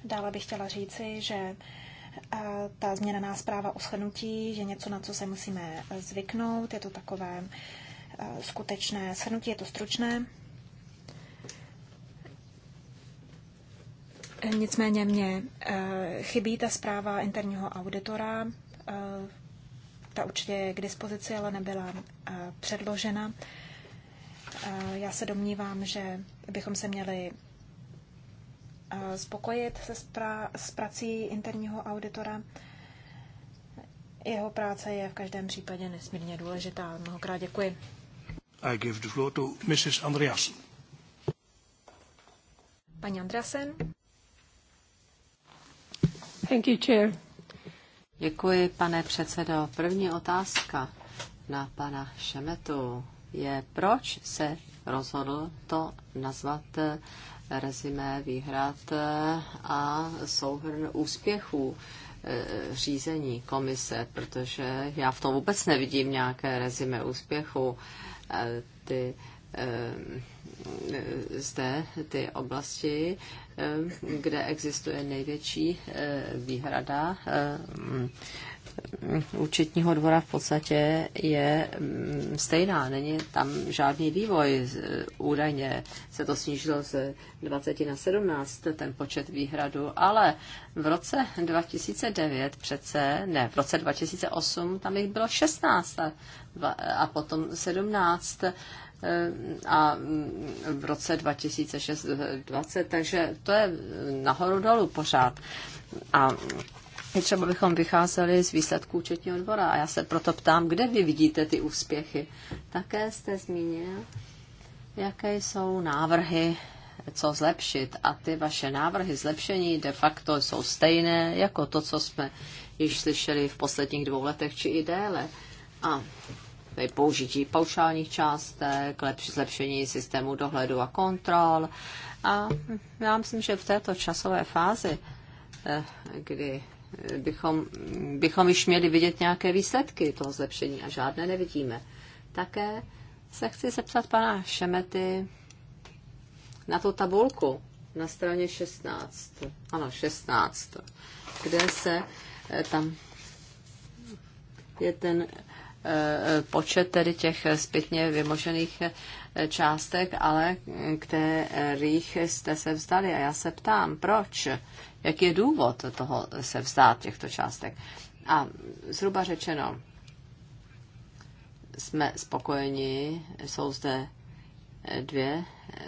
Dále bych chtěla říci, že ta změnená zpráva o shrnutí je něco, na co se musíme zvyknout. Je to takové Eh, skutečné shrnutí, je to stručné. Nicméně mě eh, chybí ta zpráva interního auditora. Eh, ta určitě je k dispozici, ale nebyla předložena. Já se domnívám, že bychom se měli spokojit se s prací interního auditora. Jeho práce je v každém případě nesmírně důležitá. Mnohokrát děkuji. I give the floor to Mrs. Paní Thank you, Chair. Děkuji, pane předsedo. První otázka na pana Šemetu je, proč se rozhodl to nazvat eh, rezimé výhrad eh, a souhrn úspěchů eh, řízení komise, protože já v tom vůbec nevidím nějaké rezime úspěchu ty eh, zde ty oblasti, eh, kde existuje největší eh, výhrada účetního dvora v podstatě je mm, stejná. Není tam žádný vývoj. Údajně se to snížilo z 20 na 17, ten počet výhradu, ale v roce 2009 přece, ne, v roce 2008 tam jich bylo 16 a, a potom 17 eh, a mm, v roce 2006 20, takže to je nahoru dolů pořád. A je třeba, bychom vycházeli z výsledků účetního dvora. A já se proto ptám, kde vy vidíte ty úspěchy. Také jste zmínil, jaké jsou návrhy, co zlepšit. A ty vaše návrhy zlepšení de facto jsou stejné jako to, co jsme již slyšeli v posledních dvou letech či i déle. A použití paušálních částek, zlepšení systému dohledu a kontrol. A já myslím, že v této časové fázi eh, kdy bychom, bychom již měli vidět nějaké výsledky toho zlepšení a žádné nevidíme. Také se chci zeptat pana Šemety na tu tabulku na straně 16. Ano, 16. Kde se eh, tam je ten eh, počet tedy těch zpětně vymožených eh, částek, ale kterých jste se vzdali. A já se ptám, proč? jaký je důvod toho se vzdát těchto částek. A zhruba řečeno, jsme spokojeni, jsou zde dvě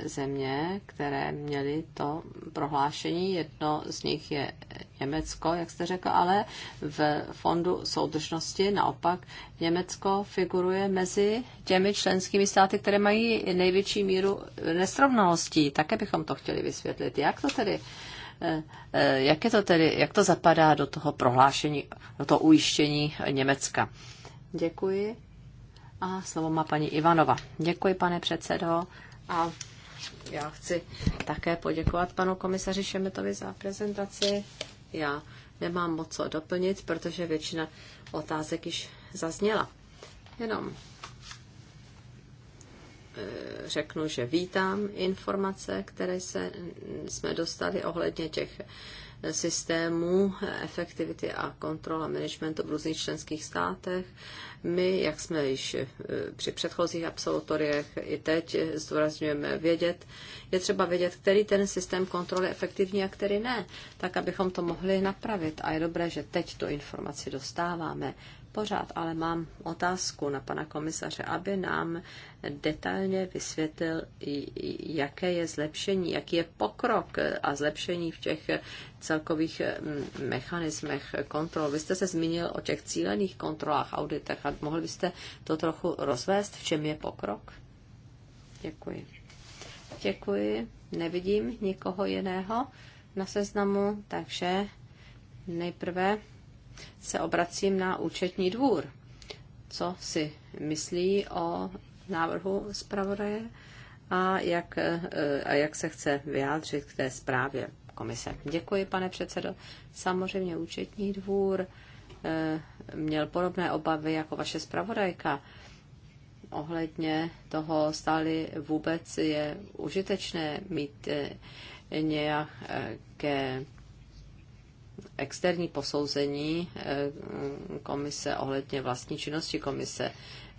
země, které měly to prohlášení. Jedno z nich je Německo, jak jste řekl, ale v fondu soudržnosti naopak Německo figuruje mezi těmi členskými státy, které mají největší míru nesrovnalostí. Také bychom to chtěli vysvětlit. Jak to tedy Eh, eh, jak, je to tedy, jak to zapadá do toho prohlášení, do toho ujištění Německa? Děkuji. A slovo má paní Ivanova. Děkuji, pane předsedo. A já chci také poděkovat panu komisaři Šemetovi za prezentaci. Já nemám moc co doplnit, protože většina otázek již zazněla. Jenom Eh, řeknu, že vítám informace, které se, jsme dostali ohledně těch eh, systémů efektivity a kontrola managementu v různých členských státech. My, jak jsme již eh, při předchozích absolutoriech i teď zdůrazňujeme vědět, je třeba vědět, který ten systém kontroly je efektivní a který ne, tak abychom to mohli napravit. A je dobré, že teď tu informaci dostáváme pořád, ale mám otázku na pana komisaře, aby nám detailně vysvětlil, jaké je zlepšení, jaký je pokrok a zlepšení v těch celkových mm, mechanismech kontrol. Vy jste se zmínil o těch cílených kontrolách, auditech a mohl byste to trochu rozvést, v čem je pokrok? Děkuji. Děkuji. Nevidím nikoho jiného na seznamu, takže nejprve se obracím na účetní dvůr. Co si myslí o návrhu zpravodaje a jak, eh, a jak se chce vyjádřit k té zprávě komise. Děkuji, pane předsedo. Samozřejmě účetní dvůr eh, měl podobné obavy jako vaše zpravodajka ohledně toho, stáli vůbec je užitečné mít eh, nějaké externí posouzení eh, komise ohledně vlastní činnosti komise.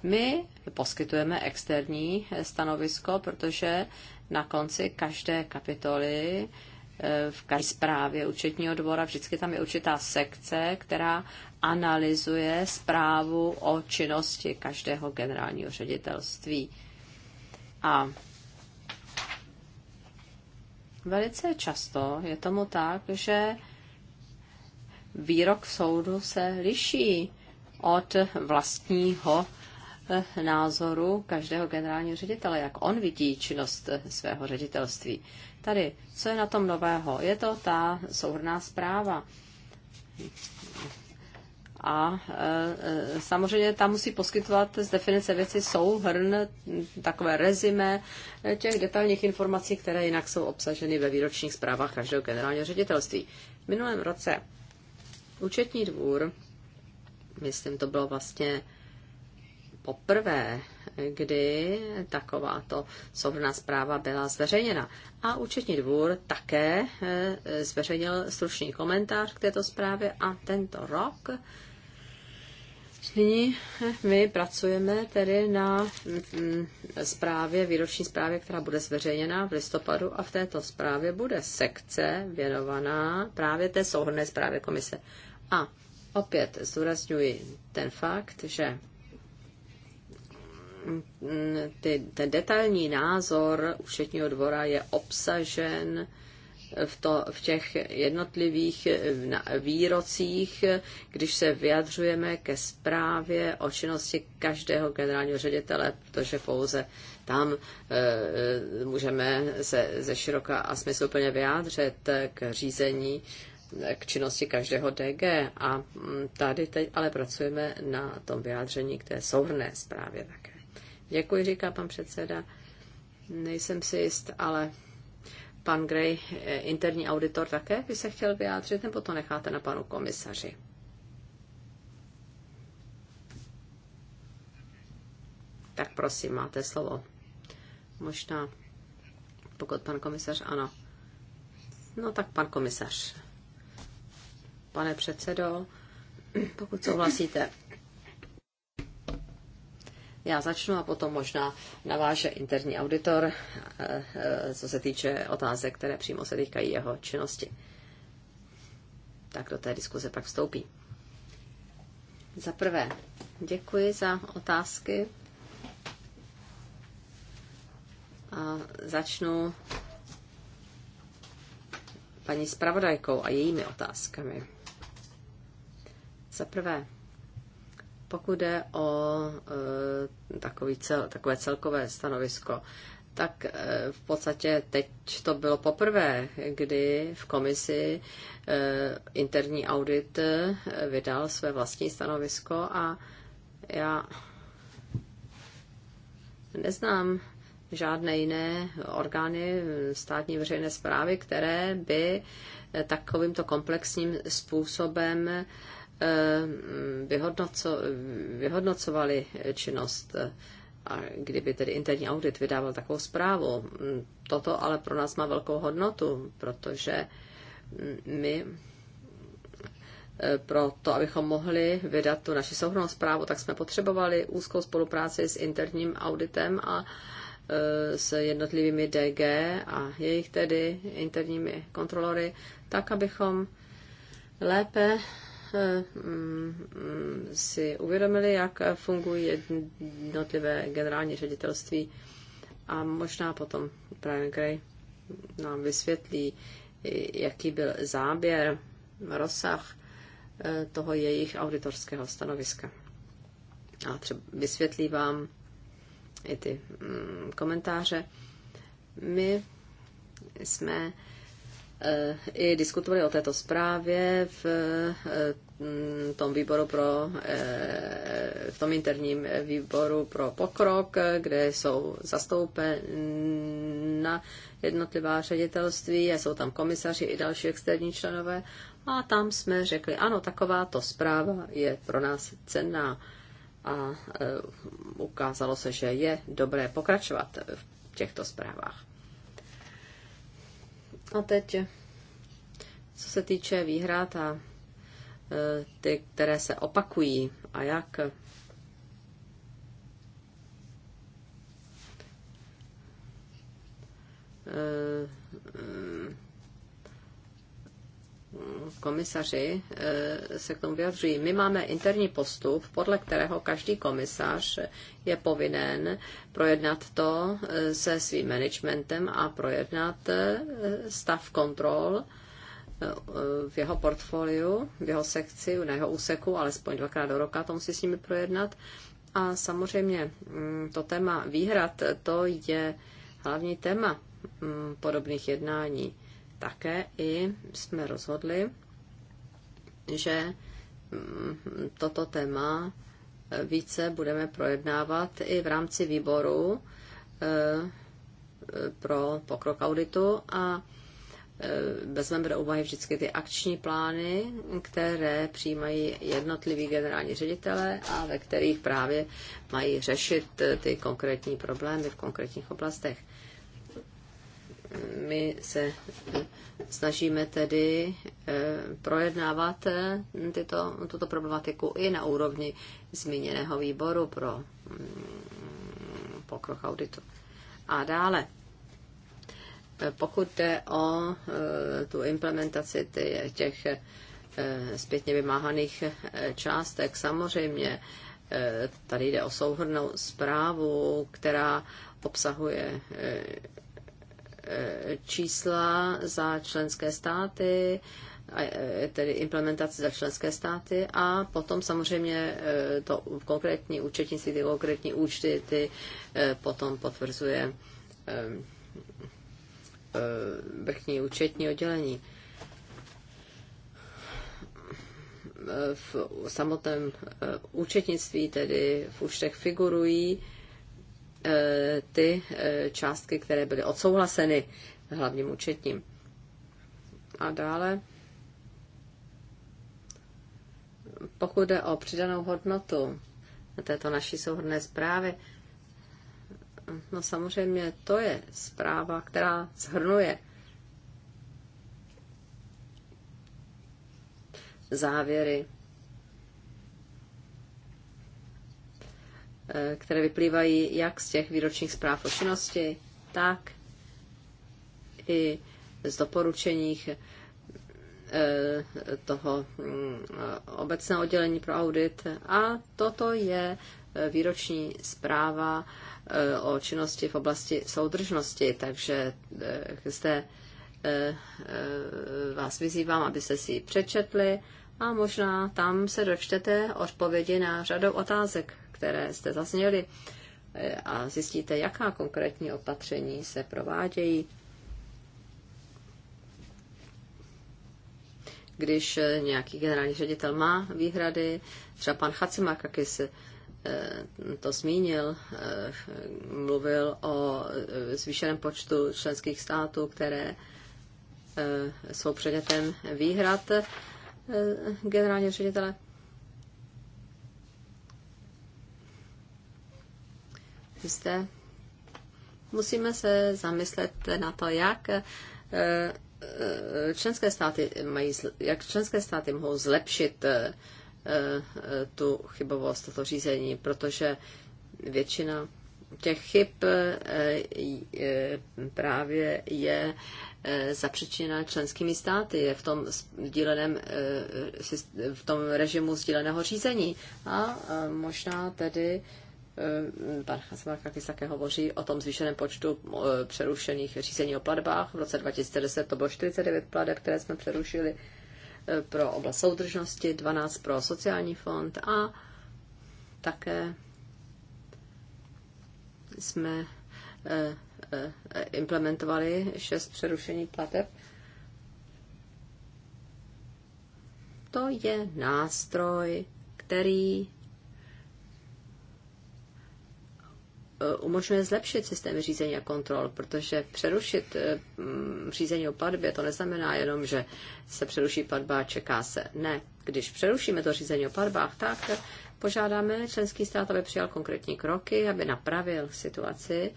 My poskytujeme externí eh, stanovisko, protože na konci každé kapitoly eh, v každé zprávě účetního dvora vždycky tam je určitá sekce, která analyzuje zprávu o činnosti každého generálního ředitelství. A velice často je tomu tak, že výrok soudu se liší od vlastního eh, názoru každého generálního ředitele, jak on vidí činnost eh, svého ředitelství. Tady, co je na tom nového? Je to ta souhrná zpráva. A e, samozřejmě tam musí poskytovat z definice věci souhrn, takové rezime těch detailních informací, které jinak jsou obsaženy ve výročních zprávách každého generálního ředitelství. V minulém roce Účetní dvůr, myslím, to bylo vlastně poprvé, kdy takováto sovná zpráva byla zveřejněna. A účetní dvůr také e, zveřejnil stručný komentář k této zprávě a tento rok Nyní e, my pracujeme tedy na mm, zprávě, výroční zprávě, která bude zveřejněna v listopadu a v této zprávě bude sekce věnovaná právě té souhrné zprávě komise. A opět zdůrazňuji ten fakt, že ty, ten detailní názor účetního dvora je obsažen v, to, v těch jednotlivých výrocích, když se vyjadřujeme ke zprávě o činnosti každého generálního ředitele, protože pouze tam e, e můžeme se ze široka a smysluplně vyjádřit k řízení k činnosti každého DG a mm, tady teď ale pracujeme na tom vyjádření k té souhrné zprávě také. Děkuji, říká pan předseda. Nejsem si jist, ale pan Gray, eh, interní auditor, také by se chtěl vyjádřit, nebo to necháte na panu komisaři? Tak prosím, máte slovo. Možná, pokud pan komisař ano. No tak pan komisař pane předsedo, pokud souhlasíte. Já začnu a potom možná naváže interní auditor, eh, eh, co se týče otázek, které přímo se týkají jeho činnosti. Tak do té diskuze pak vstoupí. Za prvé, děkuji za otázky. A začnu paní zpravodajkou a jejími otázkami. Za prvé, pokud jde o e, takový cel, takové celkové stanovisko, tak e, v podstatě teď to bylo poprvé, kdy v komisi e, interní audit e, vydal své vlastní stanovisko a já neznám žádné jiné orgány státní veřejné zprávy, které by e, takovýmto komplexním způsobem Eh, vyhodnoco, vyhodnocovali činnost a kdyby tedy interní audit vydával takovou zprávu. Mm, toto ale pro nás má velkou hodnotu, protože my eh, pro to, abychom mohli vydat tu naši souhrnou zprávu, tak jsme potřebovali úzkou spolupráci s interním auditem a eh, s jednotlivými DG a jejich tedy interními kontrolory, tak abychom lépe Eh, mm, si uvědomili, jak fungují jednotlivé generální ředitelství a možná potom Brian Gray nám vysvětlí, jaký byl záběr, rozsah eh, toho jejich auditorského stanoviska. A třeba vysvětlí vám i ty mm, komentáře. My jsme Eh, i diskutovali o této zprávě v eh, mm, tom výboru pro, eh, v tom interním výboru pro pokrok, kde jsou zastoupena jednotlivá ředitelství, jsou tam komisaři i další externí členové. A tam jsme řekli, ano, takováto zpráva je pro nás cenná a ukázalo se, že je dobré pokračovat v těchto zprávách. A teď, co se týče výhrad a e, ty, které se opakují a jak. uh komisaři eh, se k tomu vyjadřují. My máme interní postup, podle kterého každý komisař je povinen projednat to eh, se svým managementem a projednat eh, stav kontrol v jeho portfoliu, v jeho sekci, na jeho úseku, alespoň dvakrát do roka to musí s nimi projednat. A samozřejmě mm, to téma výhrad, to je hlavní téma mm, podobných jednání také i jsme rozhodli, že mm, toto téma eh, více budeme projednávat i v rámci výboru eh, eh, pro pokrok auditu a vezmeme do úvahy vždycky ty akční plány, které přijímají jednotliví generální ředitele a ve kterých právě mají řešit ty konkrétní problémy v konkrétních oblastech my se eh, snažíme tedy eh, projednávat eh, tyto, tuto problematiku i na úrovni zmíněného výboru pro mm, pokrok auditu. A dále, pokud jde o tu implementaci těch zpětně vymáhaných částek, samozřejmě tady jde o souhrnou zprávu, která obsahuje čísla za členské státy, e, tedy implementace za členské státy a potom samozřejmě e, to konkrétní účetnictví, ty konkrétní účty, ty e, potom potvrzuje vrchní účetní oddělení. V samotném účetnictví, tedy v účtech figurují Eh, ty eh, částky, které byly odsouhlaseny hlavním účetním. A dále, pokud jde o přidanou hodnotu této naší souhrné zprávy, no samozřejmě to je zpráva, která zhrnuje závěry Eh, které vyplývají jak z těch výročních zpráv o činnosti, tak i z doporučeních eh, toho mm, obecného oddělení pro audit. A toto je eh, výroční zpráva o činnosti v oblasti soudržnosti, takže zde vás vyzývám, abyste si ji přečetli a možná tam se dočtete odpovědi na řadu otázek, které jste zazněly eh, a zjistíte, jaká konkrétní opatření se provádějí, když eh, nějaký generální ředitel má výhrady, třeba pan Chacimakakis eh, to zmínil, mluvil o zvýšeném počtu členských států, které jsou předmětem výhrad generálního ředitele. jste. musíme se zamyslet na to, jak eh, eh, členské státy mají, jak členské státy mohou zlepšit eh, tu chybovost, toto řízení, protože většina těch chyb právě je zapřičněna členskými státy, je v tom, sdíleném, v tom režimu sdíleného řízení. A možná tedy Eh, pan když také hovoří o tom zvýšeném počtu eh, přerušených řízení o platbách. V roce 2010 to bylo 49 plateb, které jsme přerušili eh, pro oblast soudržnosti, 12 pro sociální fond a také jsme implementovali 6 přerušení plateb. To je nástroj, který Eh, umožňuje zlepšit systémy řízení a kontrol, protože přerušit eh, mm, řízení o platbě to neznamená jenom, že se přeruší platba a čeká se. Ne. Když přerušíme to řízení o platbách, tak požádáme členský stát, aby přijal konkrétní kroky, aby napravil situaci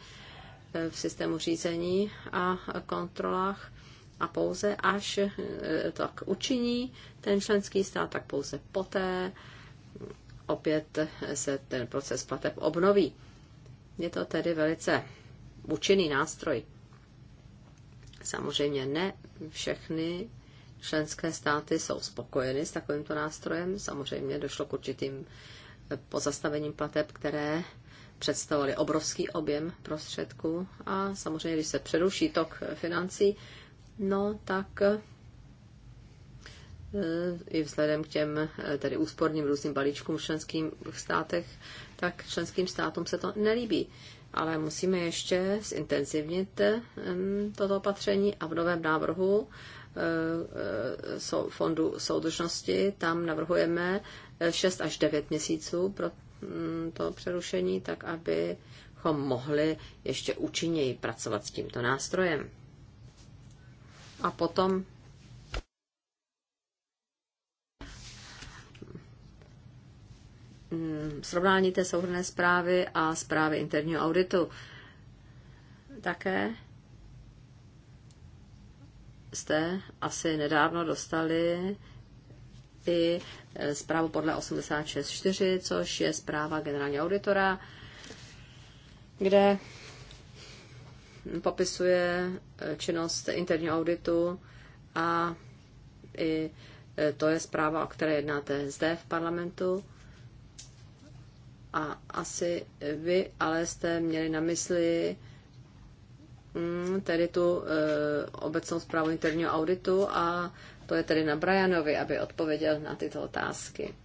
eh, v systému řízení a kontrolách a pouze až tak učiní ten členský stát, tak pouze poté opět se ten proces plateb obnoví. Je to tedy velice účinný nástroj. Samozřejmě ne všechny členské státy jsou spokojeny s takovýmto nástrojem. Samozřejmě došlo k určitým pozastavením plateb, které představovaly obrovský objem prostředků a samozřejmě, když se přeruší tok financí, no tak e, i vzhledem k těm e, tedy úsporným různým balíčkům v členských státech tak členským státům se to nelíbí. Ale musíme ještě zintenzivnit toto opatření a v novém návrhu eh, eh, fondu soudržnosti tam navrhujeme 6 eh, až 9 měsíců pro mm, to přerušení, tak abychom mohli ještě účinněji pracovat s tímto nástrojem. A potom Mm, srovnání té souhrné zprávy a zprávy interního auditu. Také jste asi nedávno dostali i eh, zprávu podle 86.4, což je zpráva generálního auditora, kde popisuje eh, činnost interního auditu a i eh, to je zpráva, o které jednáte zde v parlamentu. A asi vy ale jste měli na mysli mm, tedy tu eh, obecnou zprávu interního auditu a to je tedy na Brianovi, aby odpověděl na tyto otázky.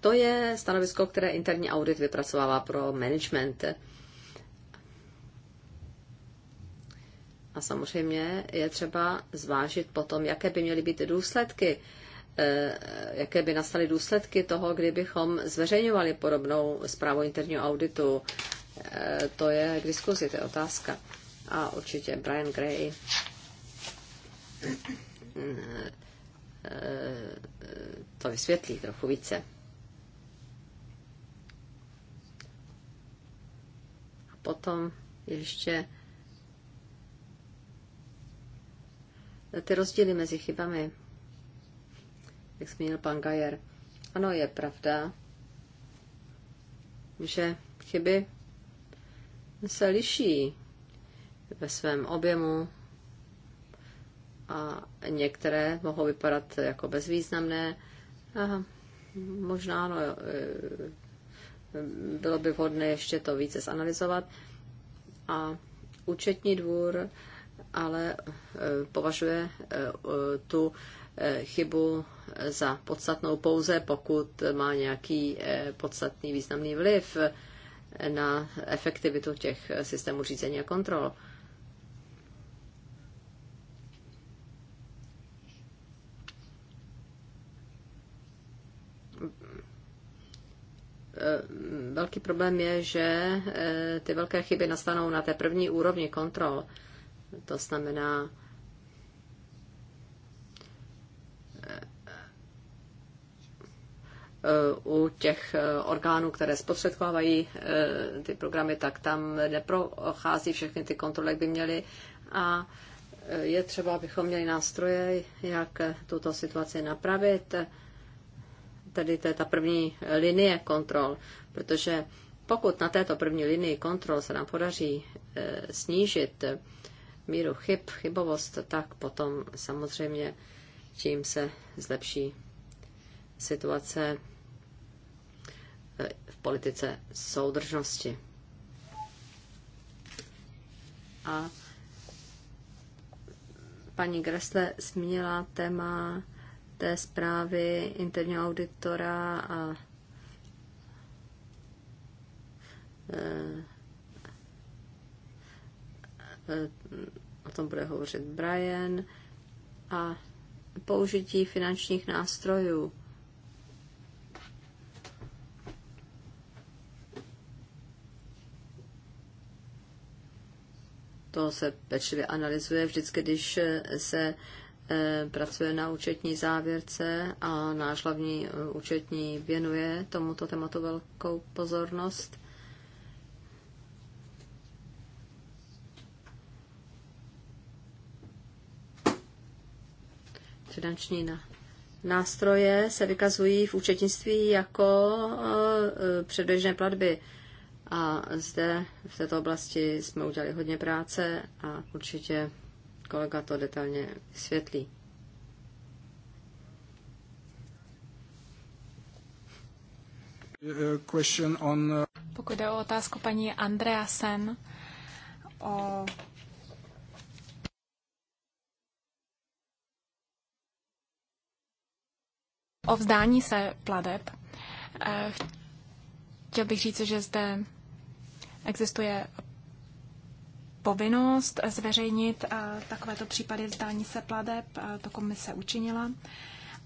To je stanovisko, které interní audit vypracovává pro management. A samozřejmě je třeba zvážit potom, jaké by měly být důsledky Eh, jaké by nastaly důsledky toho, kdybychom zveřejňovali podobnou zprávu interního auditu. Eh, to je k diskuzi, to je otázka. A určitě Brian Gray eh, to vysvětlí trochu více. A potom ještě ty rozdíly mezi chybami jak zmínil pan Gajer. Ano, je pravda, že chyby se liší ve svém objemu a některé mohou vypadat jako bezvýznamné. A možná no, e, bylo by vhodné ještě to více zanalizovat. A účetní dvůr ale e, považuje e, tu Eh, chybu za podstatnou pouze, pokud má nějaký eh, podstatný významný vliv eh, na efektivitu těch systémů řízení a kontrol. Velký problém je, že ty velké chyby nastanou na té první úrovni kontrol. To znamená, u těch eh, orgánů, které zprostředkovávají eh, ty programy, tak tam neprochází všechny ty kontroly, jak by měly. A eh, je třeba, abychom měli nástroje, jak tuto situaci napravit. Tedy to je ta první linie kontrol, protože pokud na této první linii kontrol se nám podaří snížit míru chyb, chybovost, tak potom samozřejmě tím se zlepší situace Eh, v politice soudržnosti. A paní Gresle zmínila téma té zprávy interního auditora a eh, o tom bude hovořit Brian a použití finančních nástrojů to se pečlivě analyzuje vždycky, když se eh, pracuje na účetní závěrce a náš hlavní eh, účetní věnuje tomuto tématu velkou pozornost. Finanční nástroje se vykazují v účetnictví jako eh, předběžné platby a zde v této oblasti jsme udělali hodně práce a určitě kolega to detailně vysvětlí. Eh, on... Eh, Pokud jde o otázku paní Andreasen o o vzdání se pladeb, eh, chtěl bych říct, že zde Existuje povinnost zveřejnit eh, takovéto případy vzdání se pladeb, eh, to komise učinila.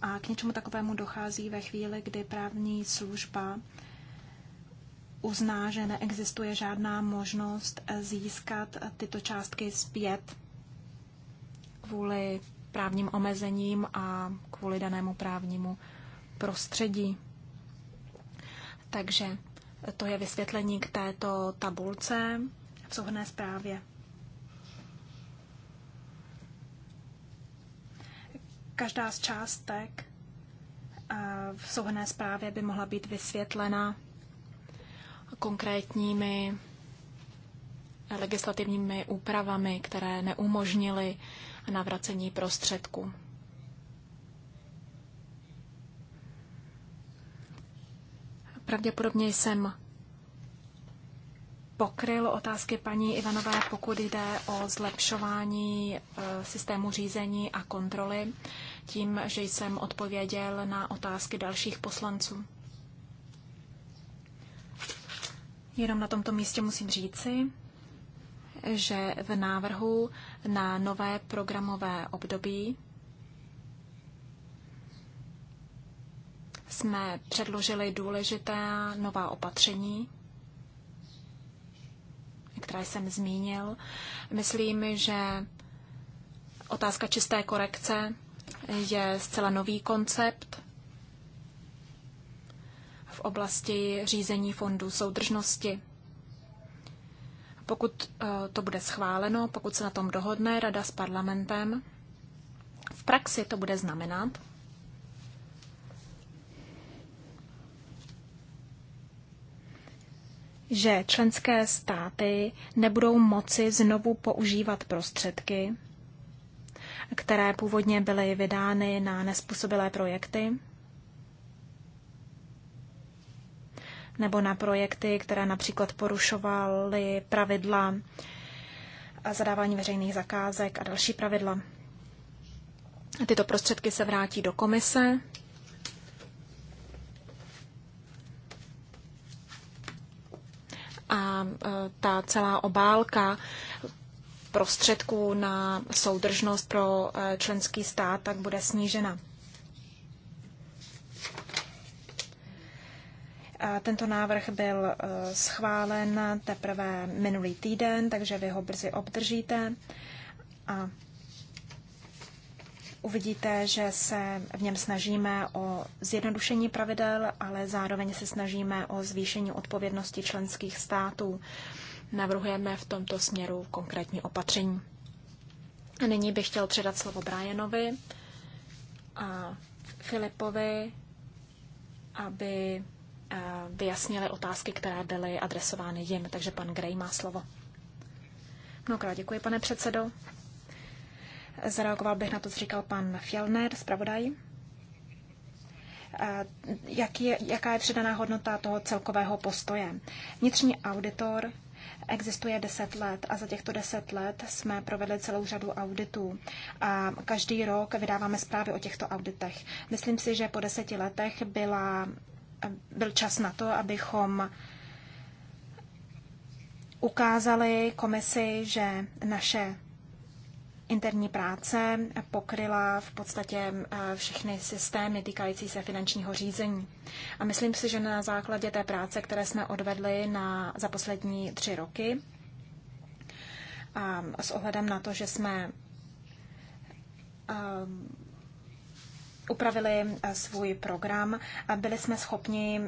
A k něčemu takovému dochází ve chvíli, kdy právní služba uzná, že neexistuje žádná možnost eh, získat tyto částky zpět kvůli právním omezením a kvůli danému právnímu prostředí. Takže to je vysvětlení k této tabulce v souhrné zprávě. Každá z částek eh, v souhrné zprávě by mohla být vysvětlena konkrétními legislativními úpravami, které neumožnily navracení prostředků. Pravděpodobně jsem pokryl otázky paní Ivanové, pokud jde o zlepšování e, systému řízení a kontroly, tím, že jsem odpověděl na otázky dalších poslanců. Jenom na tomto místě musím říci, že v návrhu na nové programové období jsme předložili důležitá nová opatření, která jsem zmínil. Myslím, že otázka čisté korekce je zcela nový koncept v oblasti řízení fondů soudržnosti. Pokud eh, to bude schváleno, pokud se na tom dohodne Rada s parlamentem, v praxi to bude znamenat, že členské státy nebudou moci znovu používat prostředky, které původně byly vydány na nespůsobilé projekty nebo na projekty, které například porušovaly pravidla zadávání veřejných zakázek a další pravidla. Tyto prostředky se vrátí do komise a e, ta celá obálka prostředků na soudržnost pro e, členský stát tak bude snížena. E, tento návrh byl schválen teprve minulý týden, takže vy ho brzy obdržíte. A Uvidíte, že se v něm snažíme o zjednodušení pravidel, ale zároveň se snažíme o zvýšení odpovědnosti členských států. Navrhujeme v tomto směru konkrétní opatření. A nyní bych chtěl předat slovo Brianovi a Filipovi, aby eh, vyjasnili otázky, které byly adresovány jim. Takže pan Gray má slovo. Mnohokrát děkuji, pane předsedo. Zareagoval bych na to, co říkal pan Fjellner, zpravodaj. Eh, Jak je, jaká je přidaná hodnota toho celkového postoje? Vnitřní auditor existuje 10 let a za těchto 10 let jsme provedli celou řadu auditů a každý rok vydáváme zprávy o těchto auditech. Myslím si, že po deseti letech byla, byl čas na to, abychom ukázali komisi, že naše interní práce pokryla v podstatě eh, všechny systémy týkající se finančního řízení. A myslím si, že na základě té práce, které jsme odvedli na, za poslední tři roky, a s ohledem na to, že jsme eh, upravili eh, svůj program, byli jsme schopni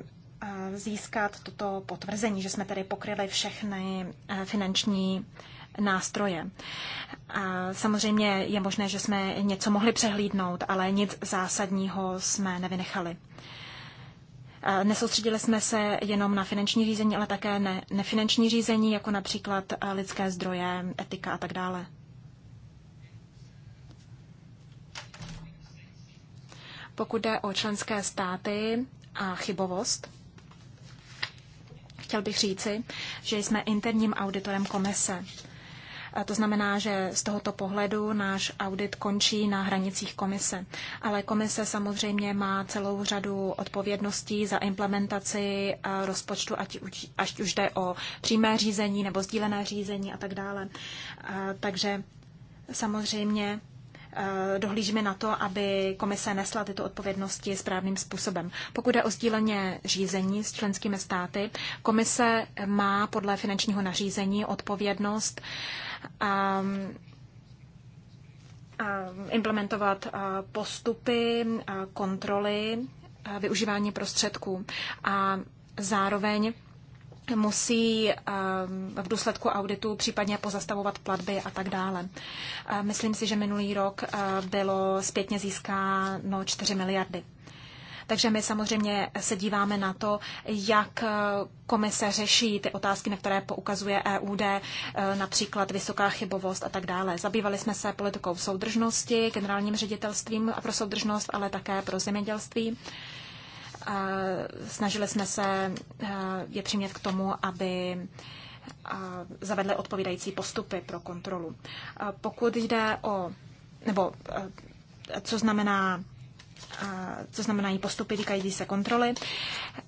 získat toto potvrzení, že jsme tedy pokryli všechny finanční nástroje. Samozřejmě je možné, že jsme něco mohli přehlídnout, ale nic zásadního jsme nevynechali. Nesoustředili jsme se jenom na finanční řízení, ale také ne, nefinanční řízení, jako například lidské zdroje, etika a tak dále. Pokud jde o členské státy a chybovost, chtěl bych říci, že jsme interním auditorem komise to znamená, že z tohoto pohledu náš audit končí na hranicích komise. Ale komise samozřejmě má celou řadu odpovědností za implementaci eh, rozpočtu, ať už, už jde o přímé řízení nebo sdílené řízení a tak dále. Eh, takže samozřejmě eh, dohlížíme na to, aby komise nesla tyto odpovědnosti správným způsobem. Pokud je o sdíleně řízení s členskými státy, komise má podle finančního nařízení odpovědnost implementovat postupy, kontroly, využívání prostředků a zároveň musí v důsledku auditu případně pozastavovat platby a tak dále. Myslím si, že minulý rok bylo zpětně získáno 4 miliardy. Takže my samozřejmě se díváme na to, jak komise řeší ty otázky, na které poukazuje EUD, e, například vysoká chybovost a tak dále. Zabývali jsme se politikou soudržnosti, generálním ředitelstvím pro soudržnost, ale také pro zemědělství e, snažili jsme se e, je přimět k tomu, aby zavedly odpovídající postupy pro kontrolu. Pokud jde o, nebo co znamená co znamenají postupy týkající se kontroly.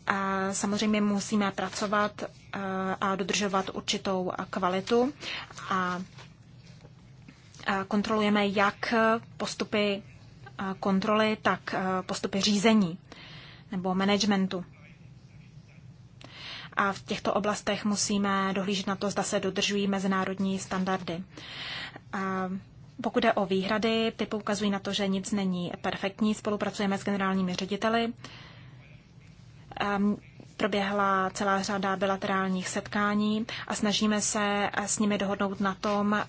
A samozřejmě musíme pracovat eh, a dodržovat určitou kvalitu a eh, kontrolujeme jak postupy eh, kontroly, tak postupy řízení nebo managementu. A v těchto oblastech musíme dohlížet na to, zda se dodržují mezinárodní standardy. Pokud jde o výhrady, ty poukazují na to, že nic není perfektní. Spolupracujeme s generálními řediteli. Ehm, proběhla celá řada bilaterálních setkání a snažíme se eh, s nimi dohodnout na tom, eh,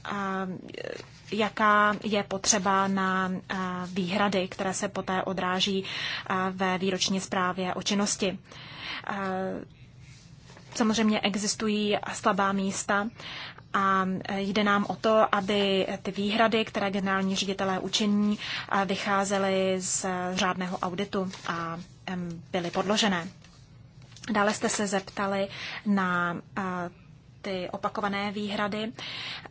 jaká je potřeba na eh, výhrady, které se poté odráží ve výroční zprávě o činnosti. Samozřejmě existují slabá místa a e, jde nám o to, aby ty výhrady, které generální ředitelé učení, e, vycházely z e, řádného auditu a byly podložené. Dále jste se zeptali na ty opakované výhrady.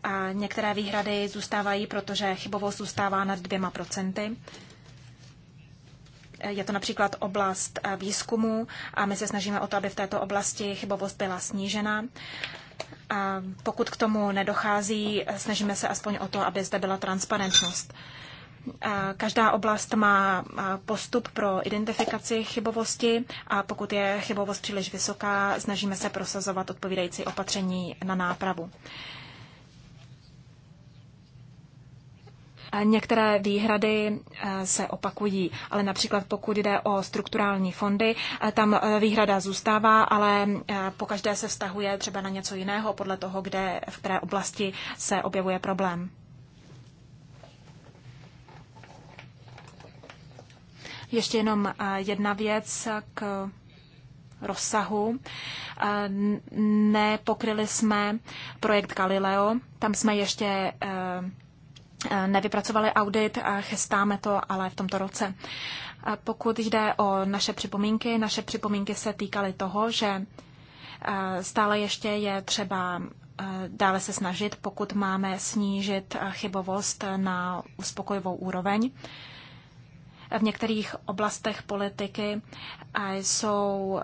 A některé výhrady zůstávají, protože chybovost zůstává nad dvěma procenty. Je to například oblast výzkumu a my se snažíme o to, aby v této oblasti chybovost byla snížena. A pokud k tomu nedochází, snažíme se aspoň o to, aby zde byla transparentnost. Každá oblast má postup pro identifikaci chybovosti a pokud je chybovost příliš vysoká, snažíme se prosazovat odpovídající opatření na nápravu. Některé výhrady eh, se opakují, ale například pokud jde o strukturální fondy, eh, tam eh, výhrada zůstává, ale pokaždé se vztahuje třeba na něco jiného podle toho, kde v které oblasti se objevuje problém. Ještě jenom jedna věc k rozsahu. Nepokryli jsme projekt Galileo, tam jsme ještě nevypracovali audit, chystáme to ale v tomto roce. Pokud jde o naše připomínky, naše připomínky se týkaly toho, že e, stále ještě je třeba e, dále se snažit, pokud máme snížit e, chybovost na uspokojivou úroveň. V některých oblastech politiky jsou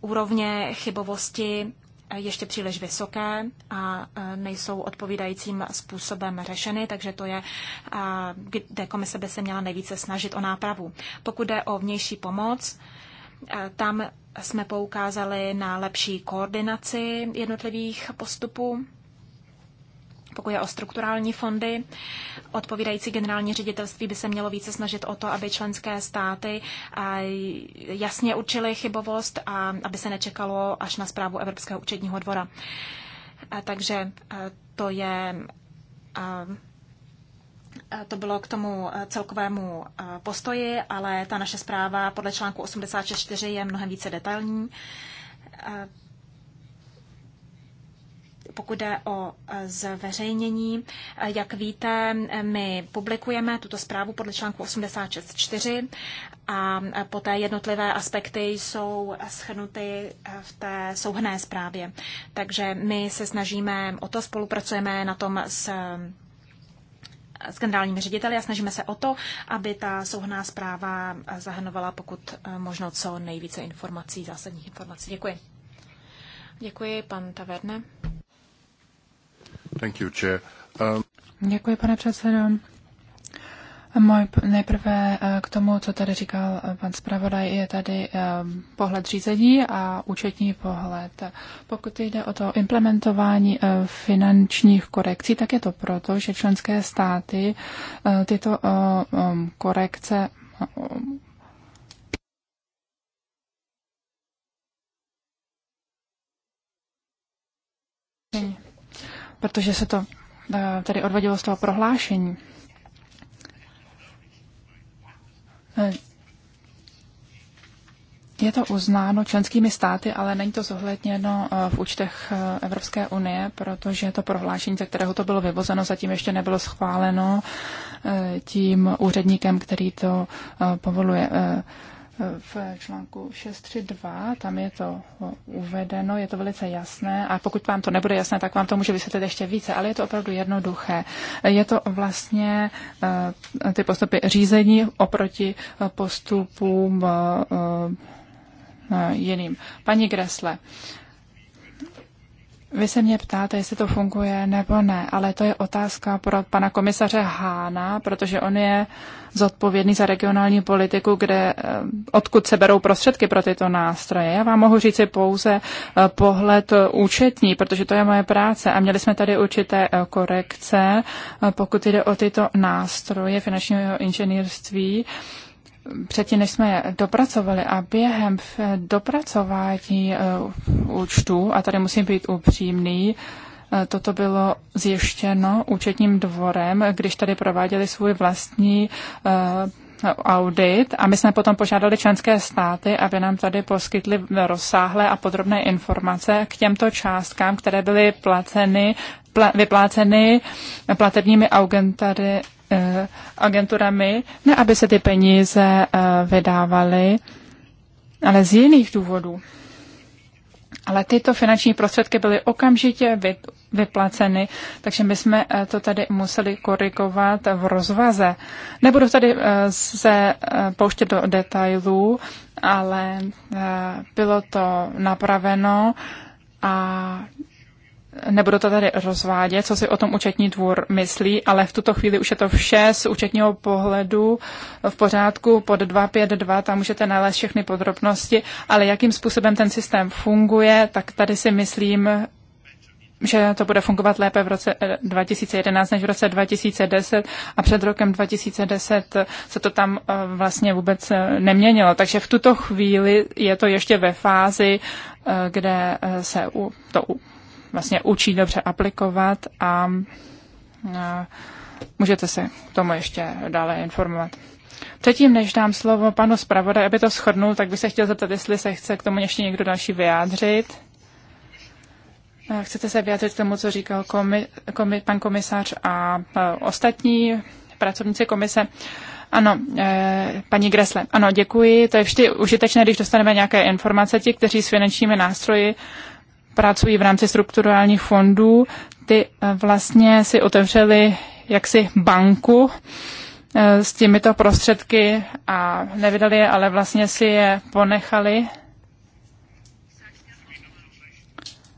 úrovně chybovosti ještě příliš vysoké a e, nejsou odpovídajícím způsobem řešeny, takže to je, kde komise by se měla nejvíce snažit o nápravu. Pokud jde o vnější pomoc, e, tam jsme poukázali na lepší koordinaci jednotlivých postupů pokud je o strukturální fondy, odpovídající generální ředitelství by se mělo více snažit o to, aby členské státy jasně určily chybovost a aby se nečekalo až na zprávu Evropského účetního dvora. Takže to je to bylo k tomu celkovému postoji, ale ta naše zpráva podle článku 86.4 je mnohem více detailní pokud jde o e, zveřejnění, e, jak víte, my publikujeme tuto zprávu podle článku 86.4 a e, poté jednotlivé aspekty jsou schrnuty v té souhné zprávě. Takže my se snažíme o to, spolupracujeme na tom s s generálními řediteli a snažíme se o to, aby ta souhná zpráva zahrnovala pokud možno co nejvíce informací, zásadních informací. Děkuji. Děkuji, pan Taverne. Thank you, chair. Um... Děkuji, pane předsedo. Můj nejprve eh, k tomu, co tady říkal eh, pan zpravodaj, je tady eh, pohled řízení a účetní pohled. Pokud jde o to implementování finančních korekcí, tak je to proto, že členské státy tyto korekce Thank protože se to eh, tedy odvodilo z toho prohlášení. Eh, je to uznáno členskými státy, ale není to zohledněno eh, v účtech Evropské unie, protože to prohlášení, ze kterého to bylo vyvozeno, zatím ještě nebylo schváleno tím úředníkem, který to povoluje v článku 632, tam je to uvedeno, je to velice jasné a pokud vám to nebude jasné, tak vám to může vysvětlit ještě více, ale je to opravdu jednoduché. Je to vlastně eh, ty postupy řízení oproti eh, postupům eh, jiným. Paní Gresle, vy se mě ptáte, jestli to funguje nebo ne, ale to je otázka pro pana komisaře Hána, protože on je zodpovědný za regionální politiku, kde eh, odkud se berou prostředky pro tyto nástroje. Já vám mohu říci pouze eh, pohled účetní, protože to je moje práce a měli jsme tady určité eh, korekce, pokud jde o tyto nástroje finančního inženýrství předtím, než jsme je dopracovali a během dopracování eh, účtu, a tady musím být upřímný, eh, Toto bylo zjištěno účetním dvorem, když tady prováděli svůj vlastní eh, audit a my jsme potom požádali členské státy, aby nám tady poskytli rozsáhlé a podrobné informace k těmto částkám, které byly placeny, pla, vypláceny platebními agentury, Eh, agenturami, ne aby se ty peníze eh, vydávaly, ale z jiných důvodů. Ale tyto finanční prostředky byly okamžitě vyplaceny, takže my jsme eh, to tady museli korigovat v rozvaze. Nebudu tady se pouštět do detailů, ale bylo to napraveno a Nebudu to tady rozvádět, co si o tom účetní dvůr myslí, ale v tuto chvíli už je to vše z účetního pohledu v pořádku pod 252, tam můžete nalézt všechny podrobnosti, ale jakým způsobem ten systém funguje, tak tady si myslím, že to bude fungovat lépe v roce 2011 eh, než v roce 2010 a před rokem 2010 se to tam eh, vlastně vůbec eh, neměnilo. Takže v tuto chvíli je to ještě ve fázi, kde se to vlastně učí dobře aplikovat a můžete se k tomu ještě dále informovat. Předtím, než dám slovo panu zpravodaj, aby to shodnul, tak bych se chtěl zeptat, jestli se chce k tomu ještě někdo další vyjádřit. Chcete se vyjádřit k tomu, co říkal komi, komi, pan komisař a ostatní pracovníci komise? Ano, eh, paní Gresle, ano, děkuji. To je vždy užitečné, když dostaneme nějaké informace. Ti, kteří s finančními nástroji pracují v rámci strukturálních fondů, ty eh, vlastně si otevřeli jaksi banku eh, s těmito prostředky a nevydali je, ale vlastně si je ponechali.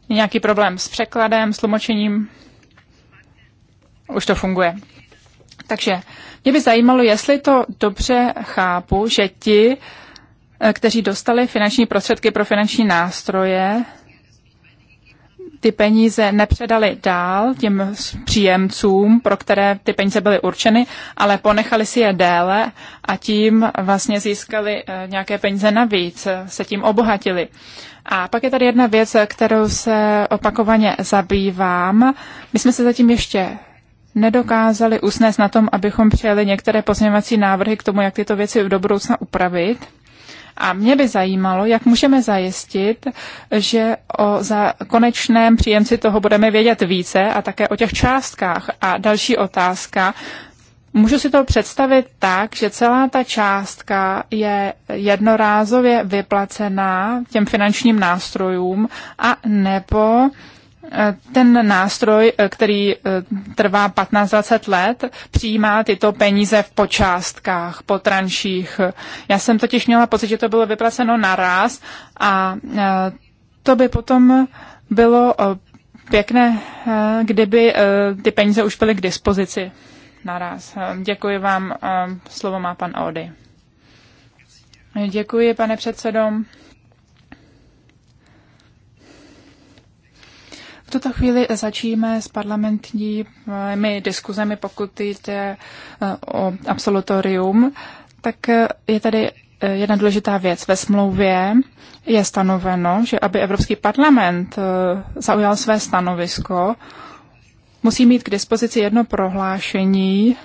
nějaký problém s překladem, s tlumočením? Už to funguje. Takže mě by zajímalo, jestli to dobře chápu, že ti, eh, kteří dostali finanční prostředky pro finanční nástroje, ty peníze nepředali dál těm příjemcům, pro které ty peníze byly určeny, ale ponechali si je déle a tím vlastně získali eh, nějaké peníze navíc, eh, se tím obohatili. A pak je tady jedna věc, kterou se opakovaně zabývám. My jsme se zatím ještě nedokázali usnést na tom, abychom přijali některé pozměňovací návrhy k tomu, jak tyto věci do budoucna upravit. A mě by zajímalo, jak můžeme zajistit, že o za konečném příjemci toho budeme vědět více a také o těch částkách. A další otázka, Můžu si to představit tak, že celá ta částka je jednorázově vyplacená těm finančním nástrojům a nebo Eh, ten nástroj, eh, který eh, trvá 15-20 let, přijímá tyto peníze v počástkách, po tranších. Já jsem totiž měla pocit, že to bylo vyplaceno naraz a to by potom bylo pěkné, kdyby ty peníze už byly k dispozici naraz. Děkuji vám. Slovo má pan Ody. Děkuji, pane předsedom. tuto chvíli začíme s parlamentními diskuzemi, pokud jde eh, o absolutorium, tak eh, je tady eh, jedna důležitá věc. Ve smlouvě je stanoveno, že aby Evropský parlament zaujal své stanovisko, musí mít k dispozici jedno prohlášení,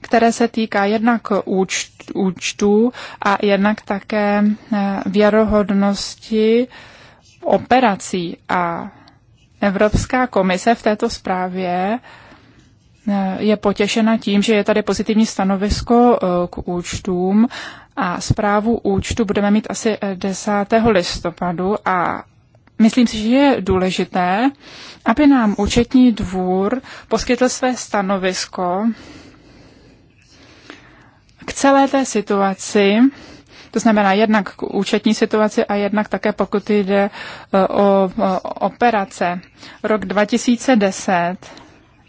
které se týká jednak účtu účtů a jednak také věrohodnosti operací a Evropská komise v této zprávě eh, je potěšena tím, že je tady pozitivní stanovisko eh, k účtům a zprávu účtu budeme mít asi 10. Eh, listopadu a Myslím si, že je důležité, aby nám účetní dvůr poskytl své stanovisko k celé té situaci to znamená jednak k účetní situaci a jednak také pokud jde e, o operace. Rok 2010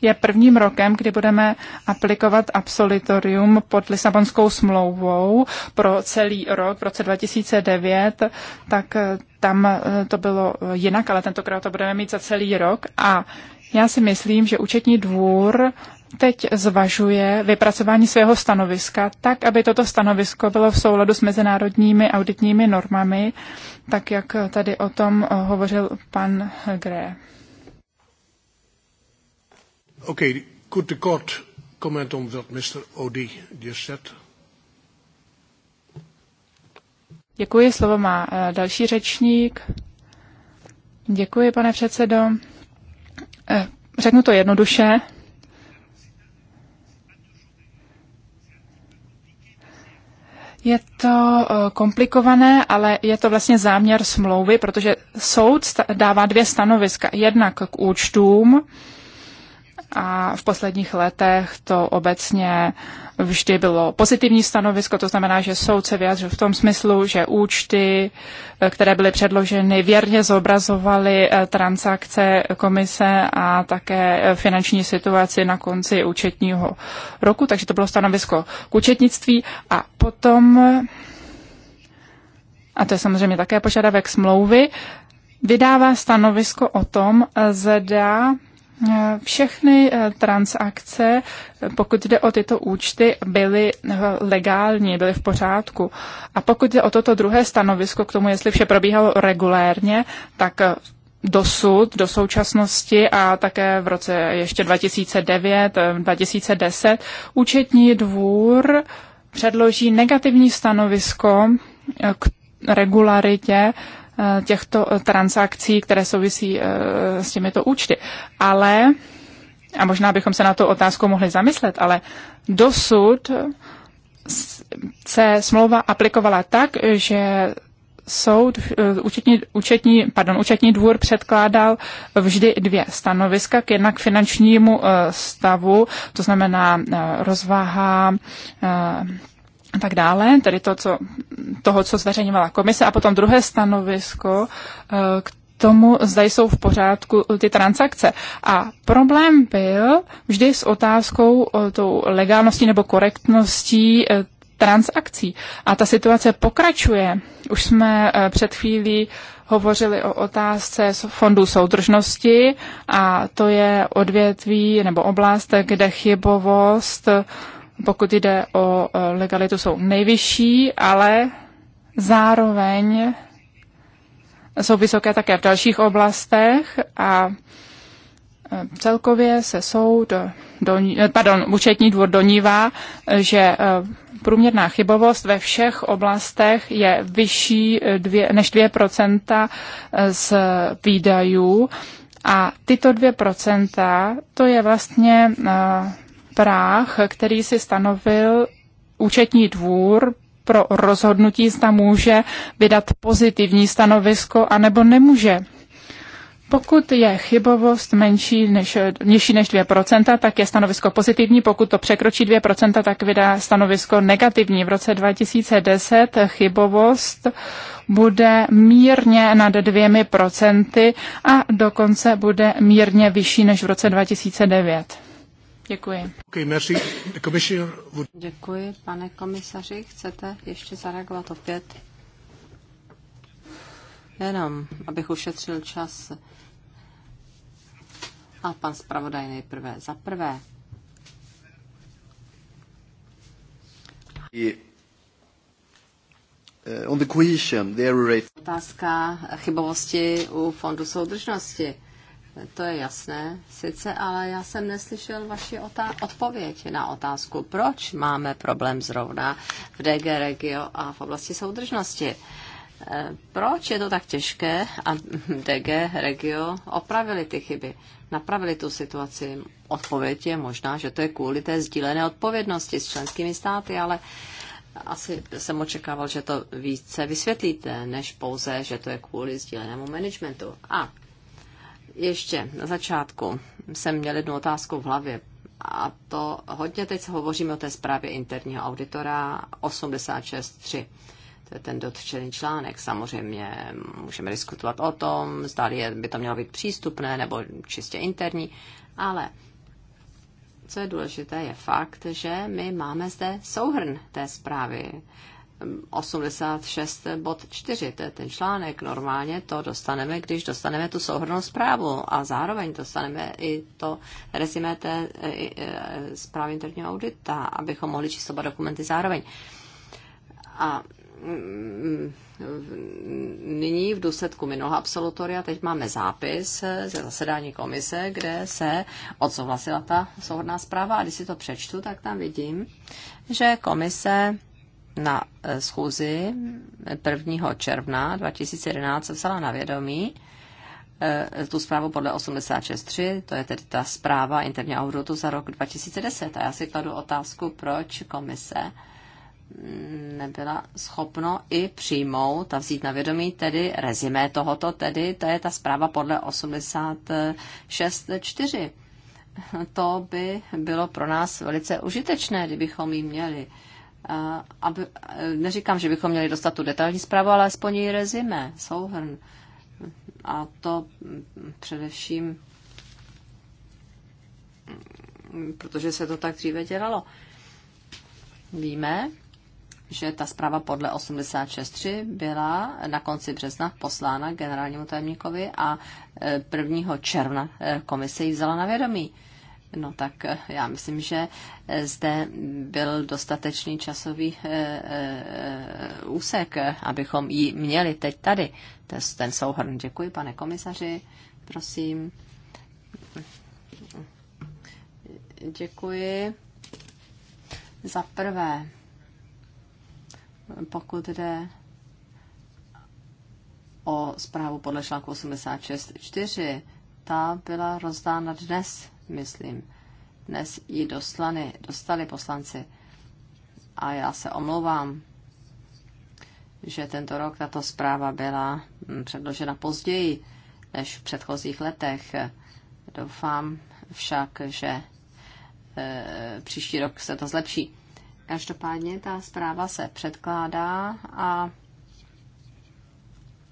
je prvním rokem, kdy budeme aplikovat absolutorium pod Lisabonskou smlouvou pro celý rok, v roce 2009, tak e, tam e, to bylo jinak, ale tentokrát to budeme mít za celý rok a já si myslím, že účetní dvůr teď zvažuje vypracování svého stanoviska tak, aby toto stanovisko bylo v souladu s mezinárodními auditními normami, tak jak tady o tom eh, hovořil pan Gré. Okay, could the court comment on what Mr. Odi just said? Děkuji, slovo má eh, další řečník. Děkuji, pane předsedo. Eh, řeknu to jednoduše. Je to eh, komplikované, ale je to vlastně záměr smlouvy, protože soud dává dvě stanoviska. Jednak k účtům, a v posledních letech to obecně vždy bylo pozitivní stanovisko, to znamená, že soud se vyjádřil v tom smyslu, že účty, eh, které byly předloženy, věrně zobrazovaly eh, transakce komise a také eh, finanční situaci na konci účetního roku, takže to bylo stanovisko k účetnictví a potom, a to je samozřejmě také požadavek smlouvy, vydává stanovisko o tom, zda všechny eh, transakce, pokud jde o tyto účty, byly eh, legální, byly v pořádku. A pokud jde o toto druhé stanovisko k tomu, jestli vše probíhalo regulérně, tak eh, dosud, do současnosti a také v roce ještě 2009, 2010, účetní dvůr předloží negativní stanovisko k regularitě Eh, těchto eh, transakcí, které souvisí eh, s těmito účty. Ale, a možná bychom se na to otázku mohli zamyslet, ale dosud se smlouva aplikovala tak, že soud, účetní, účetní, pardon, účetní dvůr předkládal vždy dvě stanoviska k jednak finančnímu stavu, to znamená rozváha a tak dále, tedy to, co, toho, co zveřejňovala komise, a potom druhé stanovisko eh, k tomu, zda jsou v pořádku eh, ty transakce. A problém byl vždy s otázkou o eh, tou legálností nebo korektností transakcí. A ta situace pokračuje. Už jsme před chvílí hovořili o otázce fondů soudržnosti a to je odvětví nebo oblast, kde chybovost pokud jde o e, legalitu, jsou nejvyšší, ale zároveň jsou vysoké také v dalších oblastech a e, celkově se soud, do, e, pardon, účetní dvůr donívá, že průměrná chybovost ve všech oblastech je vyšší dvě, než 2% z výdajů. A tyto 2%, to je vlastně práh, který si stanovil účetní dvůr pro rozhodnutí, zda může vydat pozitivní stanovisko anebo nemůže. Pokud je chybovost menší než, nižší než 2%, tak je stanovisko pozitivní. Pokud to překročí 2%, tak vydá stanovisko negativní. V roce 2010 chybovost bude mírně nad 2% a dokonce bude mírně vyšší než v roce 2009. Děkuji. Okay, merci. Would... Děkuji, pane komisaři. Chcete ještě zareagovat opět? Jenom, abych ušetřil čas. A pan zpravodaj nejprve. Za prvé. Eh, Otázka chybovosti u fondu soudržnosti to je jasné, sice, ale já jsem neslyšel vaši odpověď na otázku, proč máme problém zrovna v DG Regio a v oblasti soudržnosti. E, proč je to tak těžké a (laughs) DG Regio opravili ty chyby, napravili tu situaci? Odpověď je možná, že to je kvůli té sdílené odpovědnosti s členskými státy, ale asi jsem očekával, že to více vysvětlíte, než pouze, že to je kvůli sdílenému managementu. A ještě na začátku jsem měl jednu otázku v hlavě. A to hodně teď hovoříme o té zprávě interního auditora 86.3. To je ten dotčený článek. Samozřejmě můžeme diskutovat o tom, zda by to mělo být přístupné nebo čistě interní, ale co je důležité, je fakt, že my máme zde souhrn té zprávy 86 bod 4, to je ten článek. Normálně to dostaneme, když dostaneme tu souhrnou zprávu a zároveň dostaneme i to rezime té e, zprávy interního audita, abychom mohli číst oba dokumenty zároveň. A mm, nyní v důsledku minulého absolutoria teď máme zápis ze zasedání komise, kde se odsouhlasila ta souhodná zpráva a když si to přečtu, tak tam vidím, že komise na eh, schůzi 1. června 2011 vzala na vědomí eh, tu zprávu podle 86.3, to je tedy ta zpráva interního auditu za rok 2010. A já si kladu otázku, proč komise mm, nebyla schopno i přijmout a vzít na vědomí tedy rezimé tohoto, tedy to je ta zpráva podle 86.4. To by bylo pro nás velice užitečné, kdybychom ji měli. Eh, aby, eh, neříkám, že bychom měli dostat tu detailní zprávu, ale aspoň její rezime, souhrn. A to mm, především, mm, protože se to tak dříve dělalo. Víme, že ta zpráva podle 86.3 byla na konci března poslána generálnímu tajemníkovi a 1. Eh, června komise ji vzala na vědomí. No tak eh, já myslím, že eh, zde byl dostatečný časový eh, úsek, abychom ji měli teď tady. Ten souhrn. Děkuji, pane komisaři. Prosím. Děkuji. Za prvé, pokud jde o zprávu podle článku 86.4, ta byla rozdána dnes myslím. Dnes ji dostali, dostali poslanci. A já se omlouvám, že tento rok tato zpráva byla mm, předložena později než v předchozích letech. Doufám však, že e, příští rok se to zlepší. Každopádně ta zpráva se předkládá a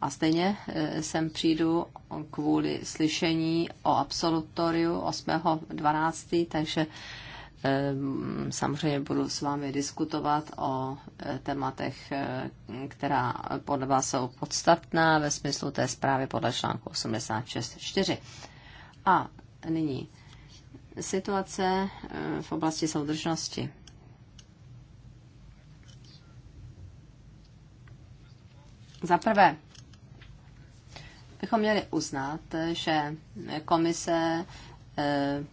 a stejně eh, sem přijdu kvůli slyšení o absolutoriu 8.12., takže eh, samozřejmě budu s vámi diskutovat o eh, tématech, která podle vás jsou podstatná ve smyslu té zprávy podle článku 86.4. A nyní situace v oblasti soudržnosti. Za prvé, bychom měli uznat, že komise eh,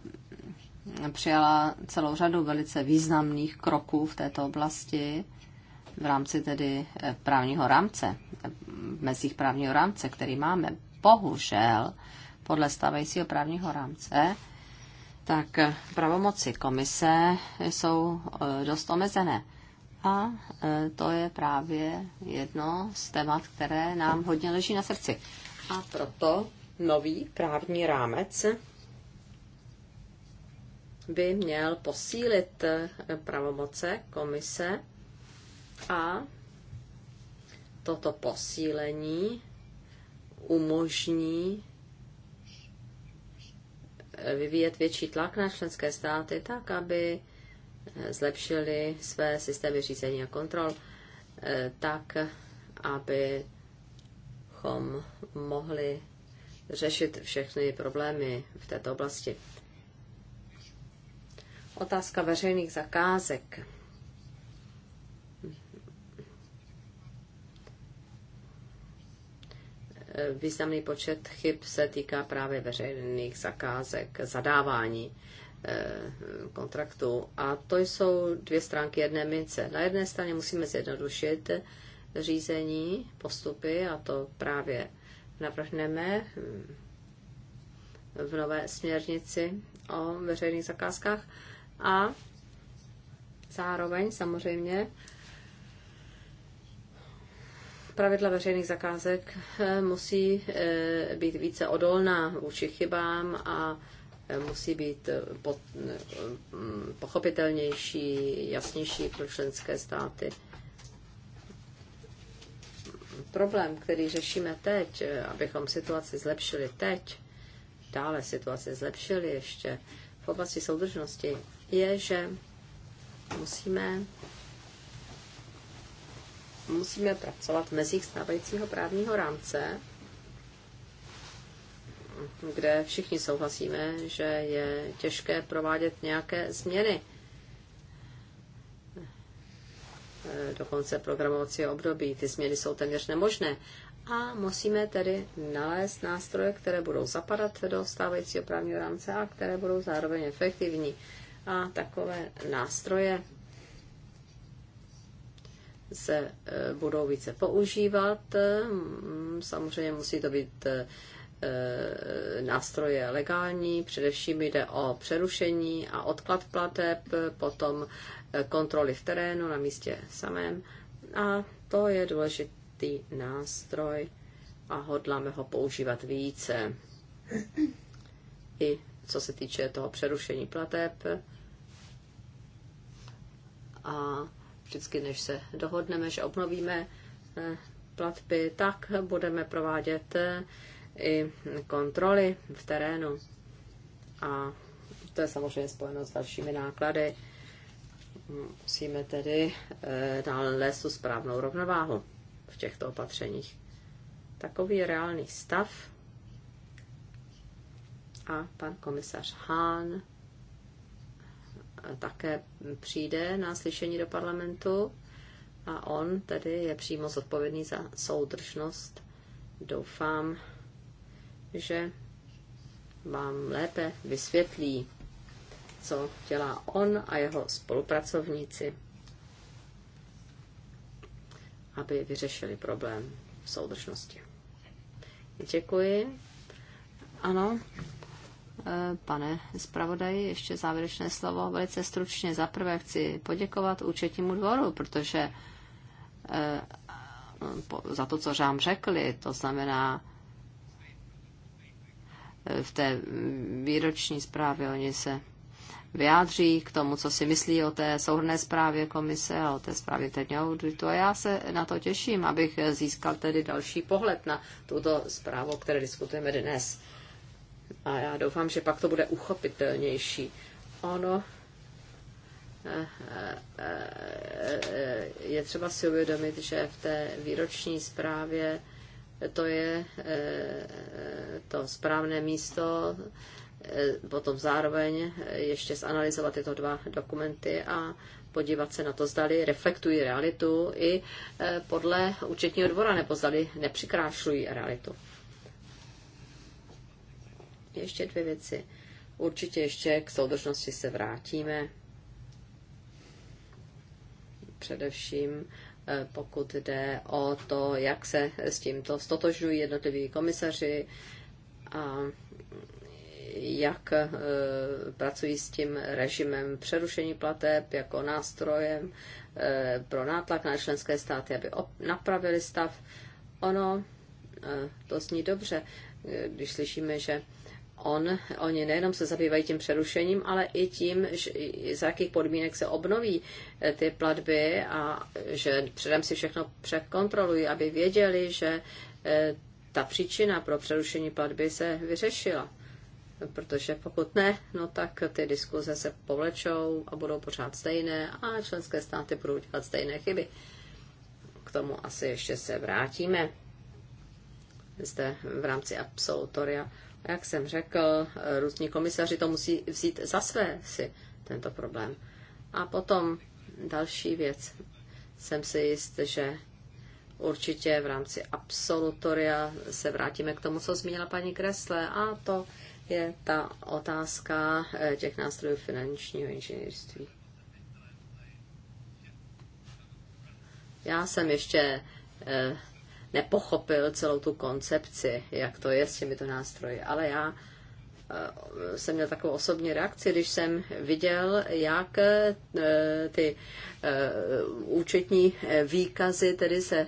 přijala celou řadu velice významných kroků v této oblasti v rámci tedy eh, právního rámce, v mezích právního rámce, který máme. Bohužel, podle stávajícího právního rámce, tak eh, pravomoci komise jsou dost omezené. A to je právě jedno z témat, které nám hodně leží na srdci. A proto nový právní rámec by měl posílit pravomoce komise a toto posílení umožní vyvíjet větší tlak na členské státy tak, aby zlepšili své systémy řízení a kontrol eh, tak, aby abychom mohli řešit všechny problémy v této oblasti. Otázka veřejných zakázek. Významný počet chyb se týká právě veřejných zakázek, zadávání eh, kontraktu. A to jsou dvě stránky jedné mince. Na jedné straně musíme zjednodušit řízení, postupy a to právě navrhneme hm, v nové směrnici o veřejných zakázkách a zároveň samozřejmě pravidla veřejných zakázek hm, musí hm, být více odolná vůči chybám a musí být pochopitelnější, jasnější pro členské státy problém, který řešíme teď, eh, abychom situaci zlepšili teď, dále situaci zlepšili ještě v oblasti soudržnosti, je, že musíme musíme pracovat v mezích stávajícího právního rámce, kde všichni souhlasíme, že je těžké provádět nějaké změny Eh, do konce programovacího období. Ty změny jsou téměř nemožné. A musíme tedy nalézt nástroje, které budou zapadat do stávajícího právního rámce a které budou zároveň efektivní. A takové nástroje se eh, budou více používat. Samozřejmě musí to být eh, Eh, nástroje legální, především jde o přerušení a odklad plateb, potom eh, kontroly v terénu na místě samém a to je důležitý nástroj a hodláme ho používat více. I co se týče toho přerušení plateb a vždycky, než se dohodneme, že obnovíme eh, platby, tak budeme provádět i kontroly v terénu. A to je samozřejmě spojeno s dalšími náklady. Musíme tedy eh, dále nalézt tu správnou rovnováhu v těchto opatřeních. Takový je reálný stav. A pan komisař Hahn eh, také přijde na slyšení do parlamentu a on tedy je přímo zodpovědný za soudržnost. Doufám, že vám lépe vysvětlí, co dělá on a jeho spolupracovníci, aby vyřešili problém soudržnosti. Děkuji. Ano, eh, pane zpravodaji, ještě závěrečné slovo. Velice stručně zaprvé chci poděkovat účetnímu dvoru, protože eh, za to, co řám řekli, to znamená, v té výroční zprávě oni se vyjádří k tomu, co si myslí o té souhrné zprávě komise a o té zprávě interního auditu. A já se na to těším, abych získal tedy další pohled na tuto zprávu, které diskutujeme dnes. A já doufám, že pak to bude uchopitelnější. Ono eh, eh, eh, je třeba si uvědomit, že v té výroční zprávě to je eh, to správné místo, eh, potom zároveň eh, ještě zanalizovat tyto dva dokumenty a podívat se na to, zdali reflektují realitu i podle účetního dvora, nebo zdali nepřikrášlují realitu. Ještě dvě věci. Určitě ještě k soudržnosti se vrátíme. Především Eh, pokud jde o to, jak se s tímto stotožňují jednotliví komisaři a jak eh, pracují s tím režimem přerušení plateb jako nástrojem eh, pro nátlak na členské státy, aby napravili stav. Ono to zní dobře, když slyšíme, že on, oni nejenom se zabývají tím přerušením, ale i tím, že, za jakých podmínek se obnoví eh, ty platby a že předem si všechno překontrolují, aby věděli, že eh, ta příčina pro přerušení platby se vyřešila. Protože pokud ne, no tak ty diskuze se povlečou a budou pořád stejné a členské státy budou dělat stejné chyby. K tomu asi ještě se vrátíme zde v rámci absolutoria jak jsem řekl, různí komisaři to musí vzít za své si tento problém. A potom další věc. Jsem si jist, že určitě v rámci absolutoria se vrátíme k tomu, co zmínila paní Kresle, a to je ta otázka eh, těch nástrojů finančního inženýrství. Já jsem ještě eh, nepochopil celou tu koncepci, jak to je s těmito nástroji, ale já eh, jsem měl takovou osobní reakci, když jsem viděl, jak eh, ty eh, účetní výkazy tedy se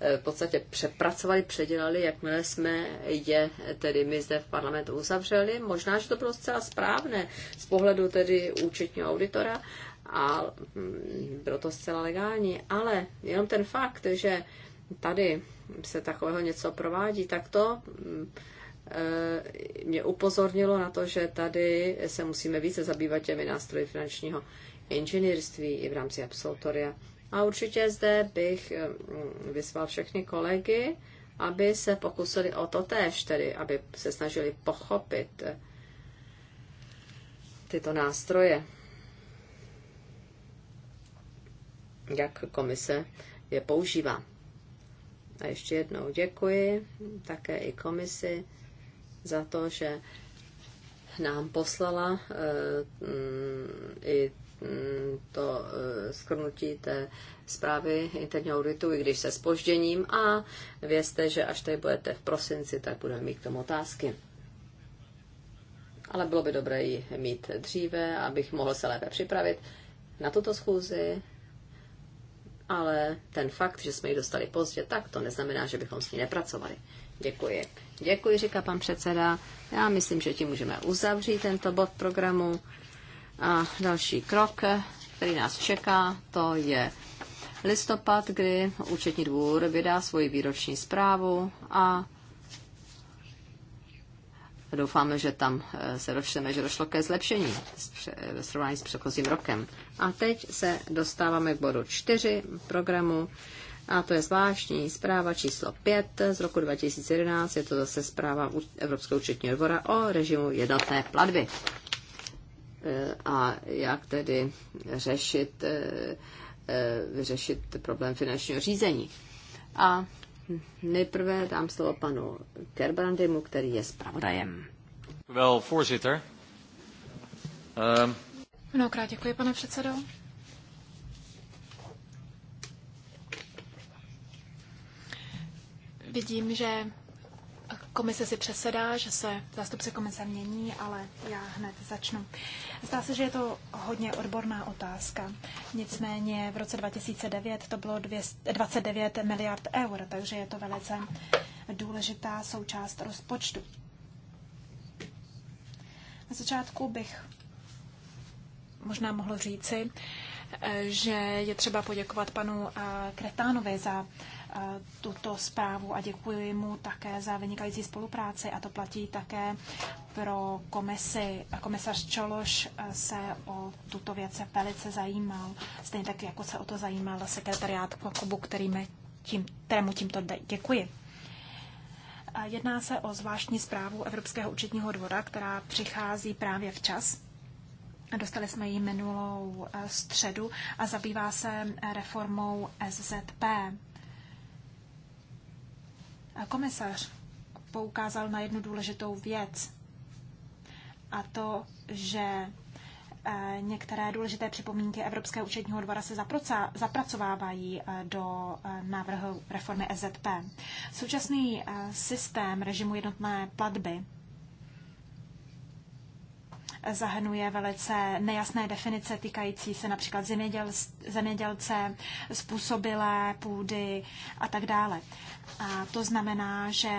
v podstatě přepracovali, předělali, jakmile jsme je tedy my zde v parlamentu uzavřeli. Možná, že to bylo zcela správné z pohledu tedy účetního auditora a hm, bylo to zcela legální, ale jenom ten fakt, že tady se takového něco provádí, tak to mm, eh, mě upozornilo na to, že tady se musíme více zabývat těmi nástroji finančního inženýrství i v rámci absolutoria. A určitě zde bych eh, mm, vyzval všechny kolegy, aby se pokusili o to též, tedy aby se snažili pochopit eh, tyto nástroje, jak komise je používá. A ještě jednou děkuji také i komisi za to, že nám poslala eh, mm, i mm, to eh, skrnutí té zprávy interního auditu, i když se spožděním a vězte, že až tady budete v prosinci, tak budeme mít k tomu otázky. Ale bylo by dobré ji mít dříve, abych mohl se lépe připravit na tuto schůzi ale ten fakt, že jsme ji dostali pozdě, tak to neznamená, že bychom s ní nepracovali. Děkuji. Děkuji, říká pan předseda. Já myslím, že tím můžeme uzavřít tento bod programu. A další krok, který nás čeká, to je listopad, kdy účetní dvůr vydá svoji výroční zprávu a doufáme, že tam eh, se dočteme, že došlo ke zlepšení ve srovnání s předchozím rokem. A teď se dostáváme k bodu 4 programu a to je zvláštní zpráva číslo 5 z roku 2011. Je to zase zpráva Evropského účetního dvora o režimu jednotné platby. Eh, a jak tedy řešit, eh, vyřešit problém finančního řízení. A Nejprve dám slovo panu Gerbrandymu, který je zpravodajem. Well, voorzitter. Um... Mnohokrát děkuji, pane předsedo. Vidím, že Komise si přesedá, že se zástupce komise mění, ale já hned začnu. Zdá se, že je to hodně odborná otázka. Nicméně v roce 2009 to bylo 29 miliard eur, takže je to velice důležitá součást rozpočtu. Na začátku bych možná mohl říci, eh, že je třeba poděkovat panu eh, Kretánovi za Eh, tuto zprávu a děkuji mu také za vynikající spolupráci a to platí také pro komisi. Komisař Čološ eh, se o tuto věc velice zajímal, stejně tak jako se o to zajímal sekretariát Kokobu, kterým tím, kterému tímto děkuji. Eh, jedná se o zvláštní zprávu Evropského účetního dvora, která přichází právě včas. Dostali jsme ji minulou středu a zabývá se reformou SZP. Komisař poukázal na jednu důležitou věc, a to, že eh, některé důležité připomínky Evropského účetního dvora se zapracovávají eh, do eh, návrhu reformy EZP. Současný systém režimu jednotné platby zahrnuje velice nejasné definice týkající se například zeměděl, zemědělce, způsobilé půdy a tak dále. A to znamená, že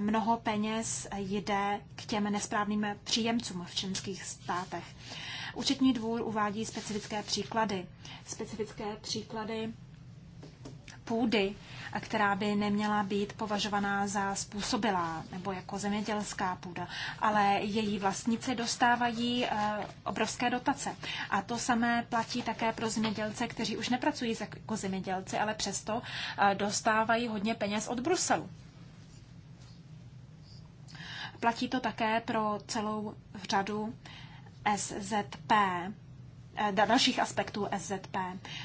mnoho peněz jde k těm nesprávným příjemcům v členských státech. Účetní dvůr uvádí specifické příklady. Specifické příklady půdy, která by neměla být považovaná za způsobilá nebo jako zemědělská půda, ale její vlastníci dostávají eh, obrovské dotace. A to samé platí také pro zemědělce, kteří už nepracují jako zemědělci, ale přesto eh, dostávají hodně peněz od Bruselu. Platí to také pro celou řadu SZP Eh, dalších aspektů SZP.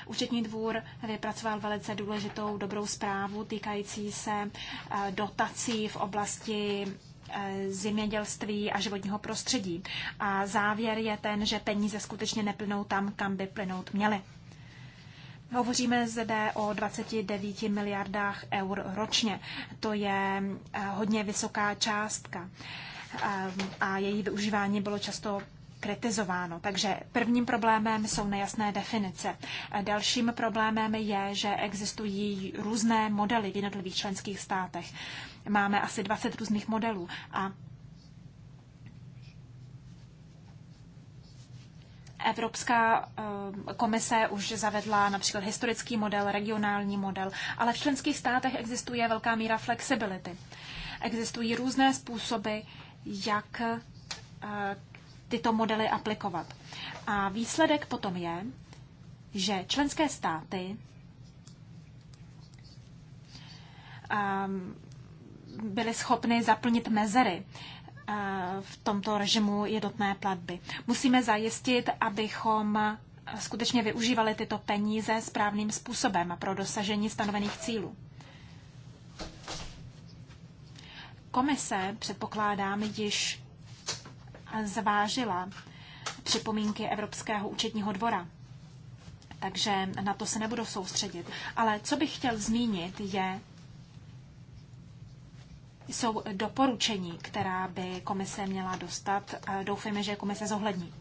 Účetní dvůr vypracoval velice důležitou dobrou zprávu týkající se eh, dotací v oblasti eh, zemědělství a životního prostředí. A závěr je ten, že peníze skutečně neplynou tam, kam by plynout měly. Hovoříme zde o 29 miliardách eur ročně. To je hodně vysoká částka a její využívání bylo často kritizováno. Takže prvním problémem jsou nejasné definice. Dalším problémem je, že existují různé modely v jednotlivých členských státech. Máme asi 20 různých modelů a Evropská eh, komise už zavedla například historický model, regionální model, ale v členských státech existuje velká míra flexibility. Existují různé způsoby, jak eh, tyto modely aplikovat. A výsledek potom je, že členské státy ehm, byly schopny zaplnit mezery ehm, v tomto režimu jednotné platby. Musíme zajistit, abychom skutečně využívali tyto peníze správným způsobem pro dosažení stanovených cílů. Komise, předpokládám, již zvážila připomínky Evropského účetního dvora. Takže na to se nebudu soustředit. Ale co bych chtěl zmínit, je, jsou doporučení, která by komise měla dostat. Doufejme, že komise zohlední.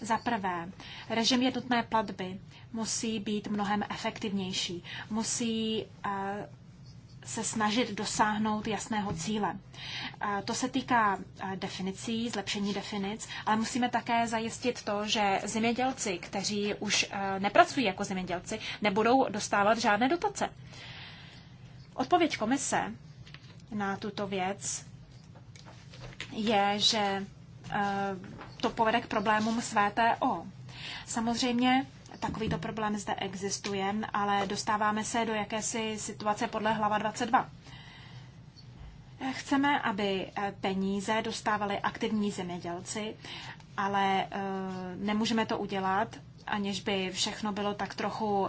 Za prvé, režim jednotné platby musí být mnohem efektivnější. Musí se snažit dosáhnout jasného cíle. To se týká definicí, zlepšení definic, ale musíme také zajistit to, že zemědělci, kteří už nepracují jako zemědělci, nebudou dostávat žádné dotace. Odpověď komise na tuto věc je, že to povede k problémům s VTO. Samozřejmě takovýto problém zde existuje, ale dostáváme se do jakési situace podle hlava 22. Chceme, aby eh, peníze dostávali aktivní zemědělci, ale eh, nemůžeme to udělat, aniž by všechno bylo tak trochu uh,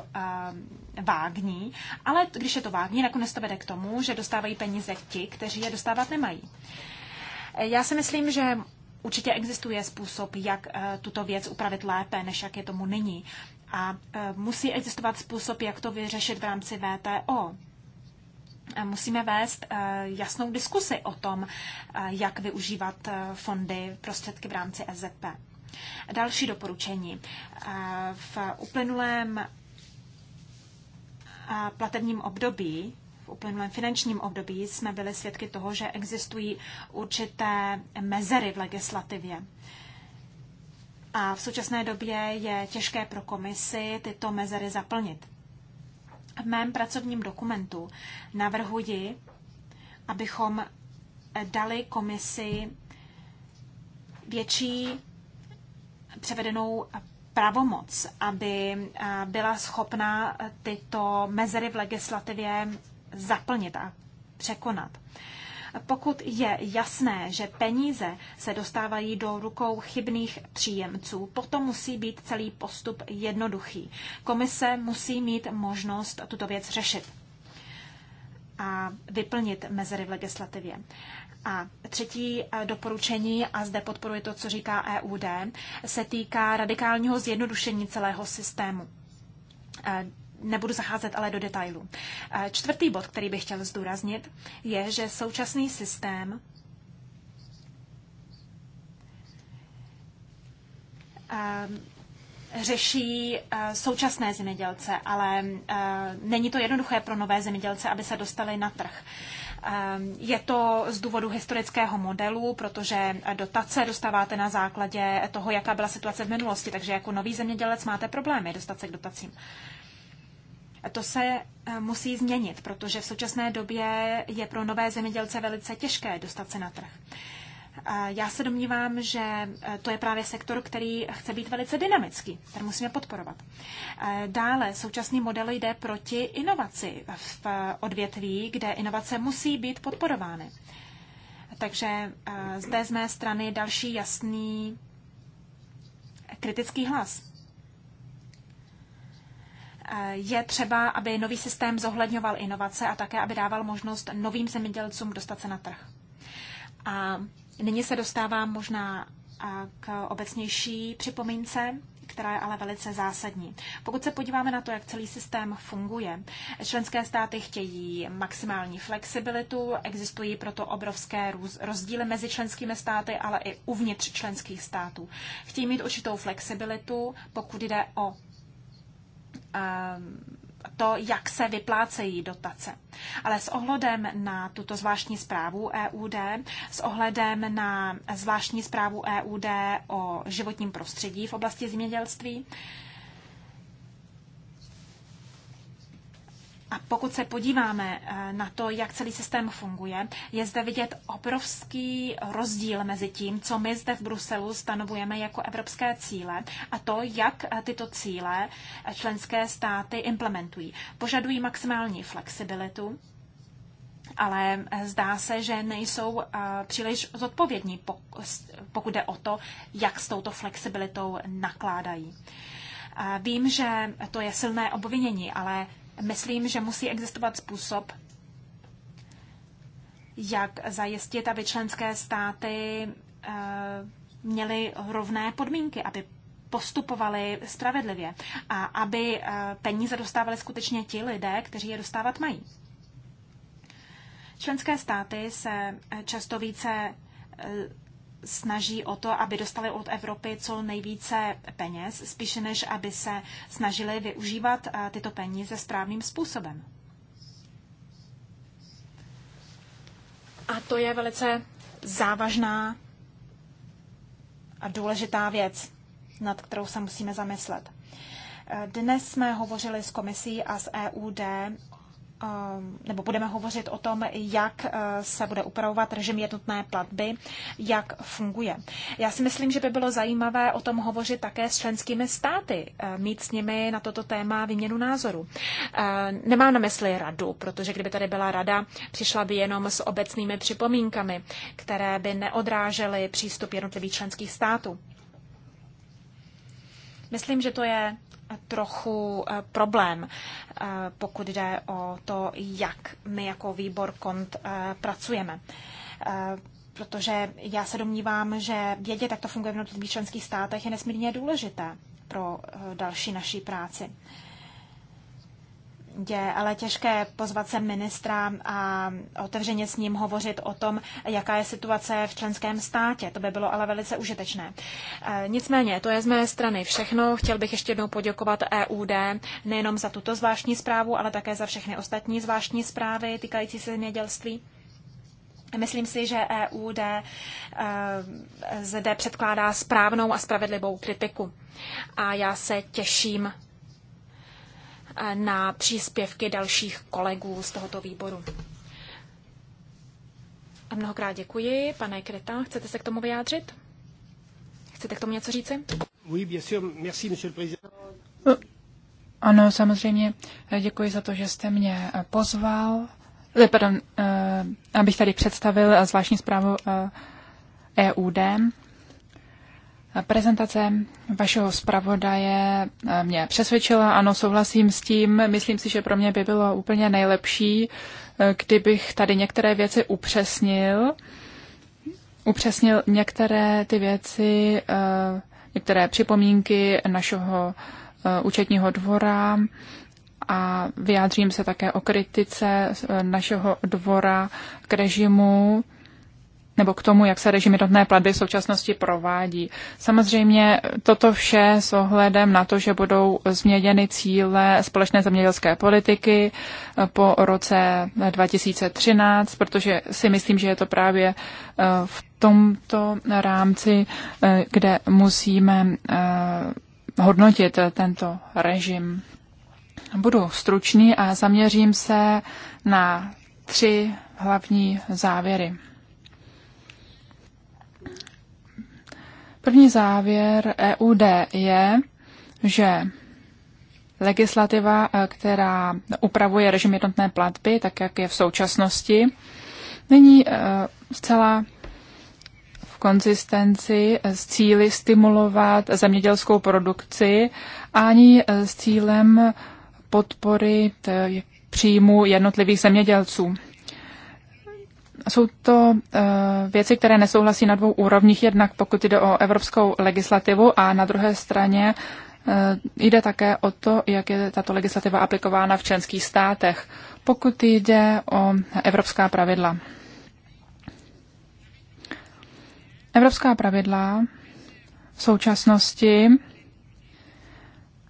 vágní. Ale když je to vágní, nakonec to vede k tomu, že dostávají peníze ti, kteří je dostávat nemají. Já si myslím, že určitě existuje způsob, jak uh, tuto věc upravit lépe, než jak je tomu nyní. A e, musí existovat způsob, jak to vyřešit v rámci VTO. Musíme vést e, jasnou diskusi o tom, e, jak využívat fondy, prostředky v rámci SZP. Další doporučení. V uplynulém platebním období, v uplynulém finančním období jsme byli svědky toho, že existují určité mezery v legislativě. A v současné době je těžké pro komisi tyto mezery zaplnit. V mém pracovním dokumentu navrhuji, abychom dali komisi větší převedenou pravomoc, aby byla schopna tyto mezery v legislativě zaplnit a překonat. Pokud je jasné, že peníze se dostávají do rukou chybných příjemců, potom musí být celý postup jednoduchý. Komise musí mít možnost tuto věc řešit a vyplnit mezery v legislativě. A třetí eh, doporučení, a zde podporuje to, co říká EUD, se týká radikálního zjednodušení celého systému. Eh, nebudu zacházet ale do detailu. Eh, čtvrtý bod, který bych chtěl zdůraznit, je, že současný systém eh, řeší eh, současné zemědělce, ale není to jednoduché pro nové zemědělce, aby se dostali na trh. Je to z důvodu historického modelu, protože dotace dostáváte na základě toho, jaká byla situace v minulosti, takže jako nový zemědělec máte problémy dostat se k dotacím. To se eh, musí změnit, protože v současné době je pro nové zemědělce velice těžké dostat se na trh. Já se domnívám, že eh, to je právě sektor, který chce být velice dynamický, který musíme podporovat. Eh, dále současný model jde proti inovaci v odvětví, kde inovace musí být podporovány. Takže zde z mé strany další jasný kritický hlas je třeba, aby nový systém zohledňoval inovace a také, aby dával možnost novým zemědělcům dostat se na trh. A nyní se dostávám možná k obecnější připomínce, která je ale velice zásadní. Pokud se podíváme na to, jak celý systém funguje, členské státy chtějí maximální flexibilitu, existují proto obrovské rozdíly mezi členskými státy, ale i uvnitř členských států. Chtějí mít určitou flexibilitu, pokud jde o Ehm, to, jak se vyplácejí dotace. Ale s ohledem na tuto zvláštní zprávu EUD, s ohledem na zvláštní zprávu EUD o životním prostředí v oblasti zemědělství, A pokud se podíváme eh, na to, jak celý systém funguje, je zde vidět obrovský rozdíl mezi tím, co my zde v Bruselu stanovujeme jako evropské cíle a to, jak eh, tyto cíle eh, členské státy implementují. Požadují maximální flexibilitu, ale zdá se, že nejsou příliš zodpovědní, pokud jde o to, jak s touto flexibilitou nakládají. Vím, že to je silné obvinění, ale Myslím, že musí existovat způsob, jak zajistit, aby členské státy eh, měly rovné podmínky, aby postupovali spravedlivě a aby eh, peníze dostávali skutečně ti lidé, kteří je dostávat mají. Členské státy se eh, často více snaží o to, aby dostali od Evropy co nejvíce peněz, spíše než aby se snažili využívat eh, tyto peníze správným způsobem. A to je velice závažná a důležitá věc, nad kterou se musíme zamyslet. Eh, dnes jsme hovořili s komisí a s EUD Eh, nebo budeme hovořit o tom, jak eh, se bude upravovat režim jednotné platby, jak funguje. Já si myslím, že by bylo zajímavé o tom hovořit také s členskými státy, eh, mít s nimi na toto téma výměnu názoru. Nemám na mysli radu, protože kdyby tady byla rada, přišla by jenom s obecnými připomínkami, které by neodrážely přístup jednotlivých členských států. Myslím, že to je trochu eh, problém, eh, pokud jde o to, jak my jako výbor kont eh, pracujeme. Protože já se domnívám, že vědět, jak to funguje v jednotlivých členských státech, je nesmírně důležité pro další naší práci. Je ale těžké pozvat se ministra a otevřeně s ním hovořit o tom, jaká je situace v členském státě. To by bylo ale velice užitečné. E, nicméně, to je z mé strany všechno. Chtěl bych ještě jednou poděkovat EUD nejenom za tuto zvláštní zprávu, ale také za všechny ostatní zvláštní zprávy týkající se zemědělství. Myslím si, že EUD e, zde předkládá správnou a spravedlivou kritiku. A já se těším Eh, na příspěvky dalších kolegů z tohoto výboru. A mnohokrát děkuji. Pane Kreta, chcete se k tomu vyjádřit? Chcete k tomu něco říci? Oui, bien sûr. Merci, monsieur le président. Eh, ano, samozřejmě. Eh, děkuji za to, že jste mě pozval. Pardon, abych tady představil zvláštní zprávu EUD e Prezentace vašeho zpravodaje eh, mě přesvědčila, ano, souhlasím s tím. Myslím si, že pro mě by bylo úplně nejlepší, eh, kdybych tady některé věci upřesnil. Upřesnil některé ty věci, eh, některé připomínky našeho účetního dvora a vyjádřím se také o kritice našeho dvora k režimu nebo k tomu, jak se režim jednotné platby v současnosti provádí. Samozřejmě toto vše s ohledem na to, že budou změněny cíle společné zemědělské politiky eh, po roce 2013, eh, protože si myslím, že je to právě eh, v tomto rámci, kde musíme hodnotit tento režim. Budu stručný a zaměřím se na tři hlavní závěry. První závěr EUD je, že legislativa, eh, která upravuje režim jednotné platby, tak jak je v současnosti, není eh, zcela v konzistenci s cíly stimulovat zemědělskou produkci ani eh, s cílem podpory příjmu jednotlivých zemědělců jsou to eh, věci, které nesouhlasí na dvou úrovních. Jednak pokud jde o evropskou legislativu a na druhé straně eh, jde také o to, jak je tato legislativa aplikována v členských státech, pokud jde o evropská pravidla. Evropská pravidla v současnosti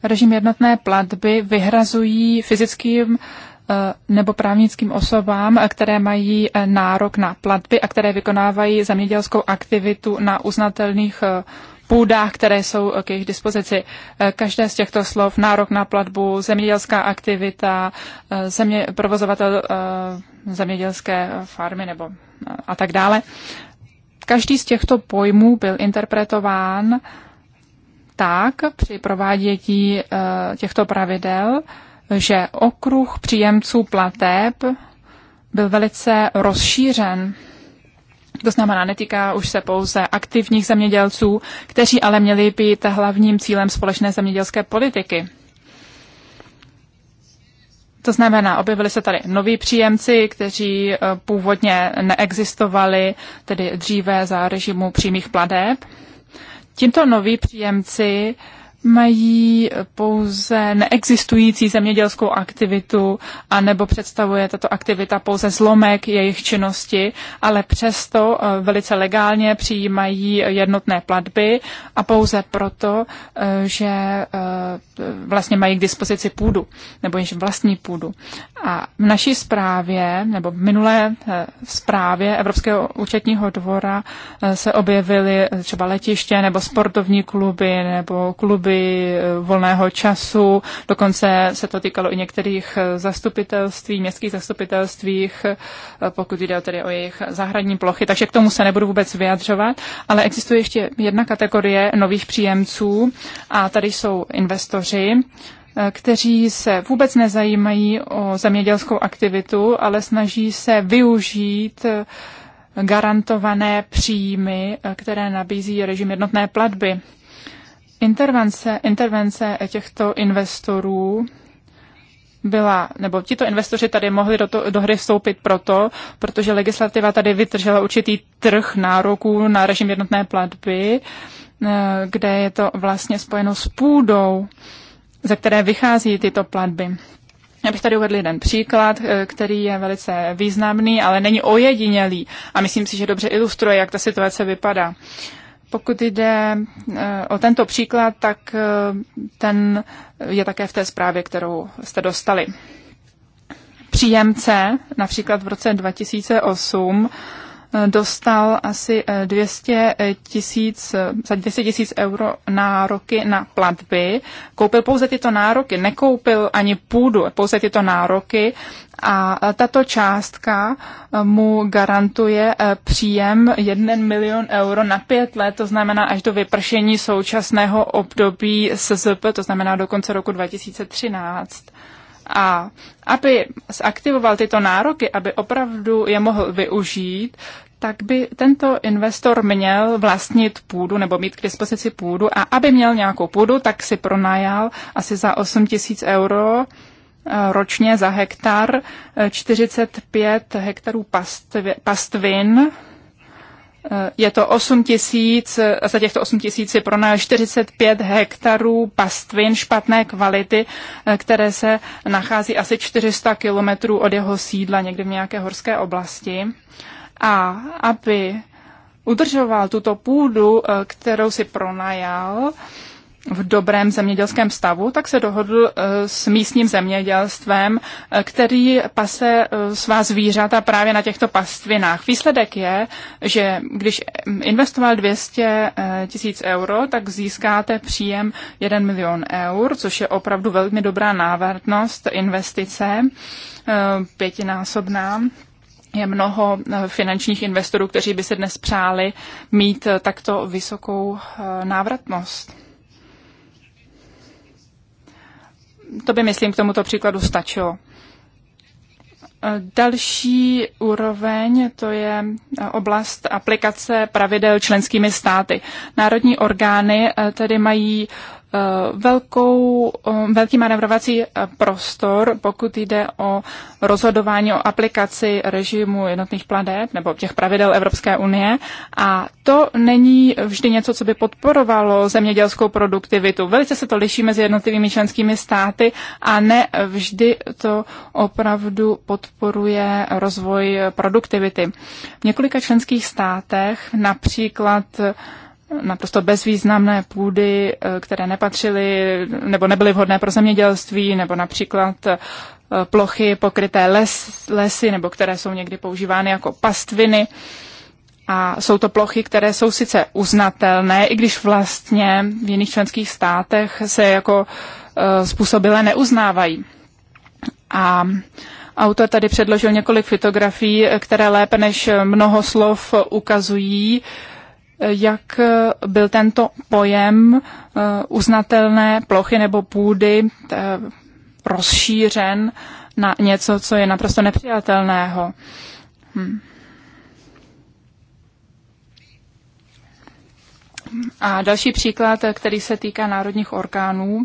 režim jednotné platby vyhrazují fyzickým Eh, nebo právnickým osobám, eh, které mají eh, nárok na platby a které vykonávají zemědělskou aktivitu na uznatelných půdách, které jsou k jejich dispozici. Každé z těchto slov, nárok na platbu, zemědělská aktivita, země, provozovatel zemědělské farmy nebo a tak dále. Každý z těchto pojmů byl interpretován tak při provádění těchto pravidel, že okruh příjemců plateb byl velice rozšířen. To znamená, netýká už se pouze aktivních zemědělců, kteří ale měli být hlavním cílem společné zemědělské politiky. To znamená, objevili se tady noví příjemci, kteří eh, původně neexistovali, tedy dříve za režimu přímých pladeb. Tímto noví příjemci uh, mají pouze neexistující zemědělskou aktivitu, anebo představuje tato aktivita pouze zlomek jejich činnosti, ale přesto eh, velice legálně přijímají jednotné platby a pouze proto, eh, že eh, vlastně mají k dispozici půdu, nebo již vlastní půdu. A v naší zprávě, nebo v minulé zprávě Evropského účetního dvora se objevily třeba letiště, nebo sportovní kluby, nebo kluby služby, eh, volného času, dokonce se to týkalo i některých eh, zastupitelství, městských zastupitelstvích, eh, pokud jde tedy o jejich zahradní plochy, takže k tomu se nebudu vůbec vyjadřovat, ale existuje ještě jedna kategorie nových příjemců a tady jsou investoři, kteří se vůbec nezajímají o zemědělskou aktivitu, ale snaží se využít garantované příjmy, které nabízí režim jednotné platby intervence, intervence těchto investorů byla, nebo tito investoři tady mohli do, to, do hry vstoupit proto, protože legislativa tady vytržela určitý trh nároků na režim jednotné platby, eh, kde je to vlastně spojeno s půdou, ze které vychází tyto platby. Já bych tady uvedl jeden příklad, eh, který je velice významný, ale není ojedinělý a myslím si, že dobře ilustruje, jak ta situace vypadá. Pokud jde eh, o tento příklad, tak eh, ten je také v té zprávě, kterou jste dostali. Příjemce například v roce 2008 dostal asi 200 eh, eh, tisíc, eh, za 200 tisíc euro nároky na platby. Koupil pouze tyto nároky, nekoupil ani půdu, pouze tyto nároky a tato částka mu garantuje příjem 1 milion euro na pět let, to znamená až do vypršení současného období SZP, to znamená do konce roku 2013. A aby zaktivoval tyto nároky, aby opravdu je mohl využít, tak by tento investor měl vlastnit půdu nebo mít k dispozici půdu a aby měl nějakou půdu, tak si pronajal asi za 8 tisíc euro eh, ročně za hektar 45 eh, hektarů pastvi, pastvin. Eh, je to 8 tisíc, za těchto 8 tisíc si pronajal 45 hektarů pastvin špatné kvality, které se nachází asi 400 kilometrů od jeho sídla někde v nějaké horské oblasti a aby udržoval tuto půdu, eh, kterou si pronajal v dobrém zemědělském stavu, tak se dohodl eh, s místním zemědělstvem, eh, který pase svá zvířata právě na těchto pastvinách. Výsledek je, že když mm, investoval 200 tisíc euro, tak získáte příjem 1 milion eur, což je opravdu velmi dobrá návratnost investice, pětinásobná je mnoho eh, finančních investorů, kteří by se dnes přáli mít eh, takto vysokou eh, návratnost. To by, myslím, k tomuto příkladu stačilo. Další úroveň to je oblast aplikace pravidel členskými státy. Národní orgány tedy mají Eh, velkou, eh, velký manevrovací eh, prostor, pokud jde o rozhodování o aplikaci režimu jednotných planet nebo těch pravidel Evropské unie. A to není vždy něco, co by podporovalo zemědělskou produktivitu. Velice se to liší mezi jednotlivými členskými státy a ne vždy to opravdu podporuje rozvoj produktivity. V několika členských státech, například naprosto bezvýznamné půdy, eh, které nepatřily nebo nebyly vhodné pro zemědělství, nebo například eh, plochy pokryté les, lesy, nebo které jsou někdy používány jako pastviny. A jsou to plochy, které jsou sice uznatelné, i když vlastně v jiných členských státech se jako eh, způsobile neuznávají. A autor tady předložil několik fotografií, které lépe než mnoho slov ukazují, jak eh, byl tento pojem eh, uznatelné plochy nebo půdy eh, rozšířen na něco, co je naprosto nepřijatelného. Hm. A další příklad, který se týká národních orgánů.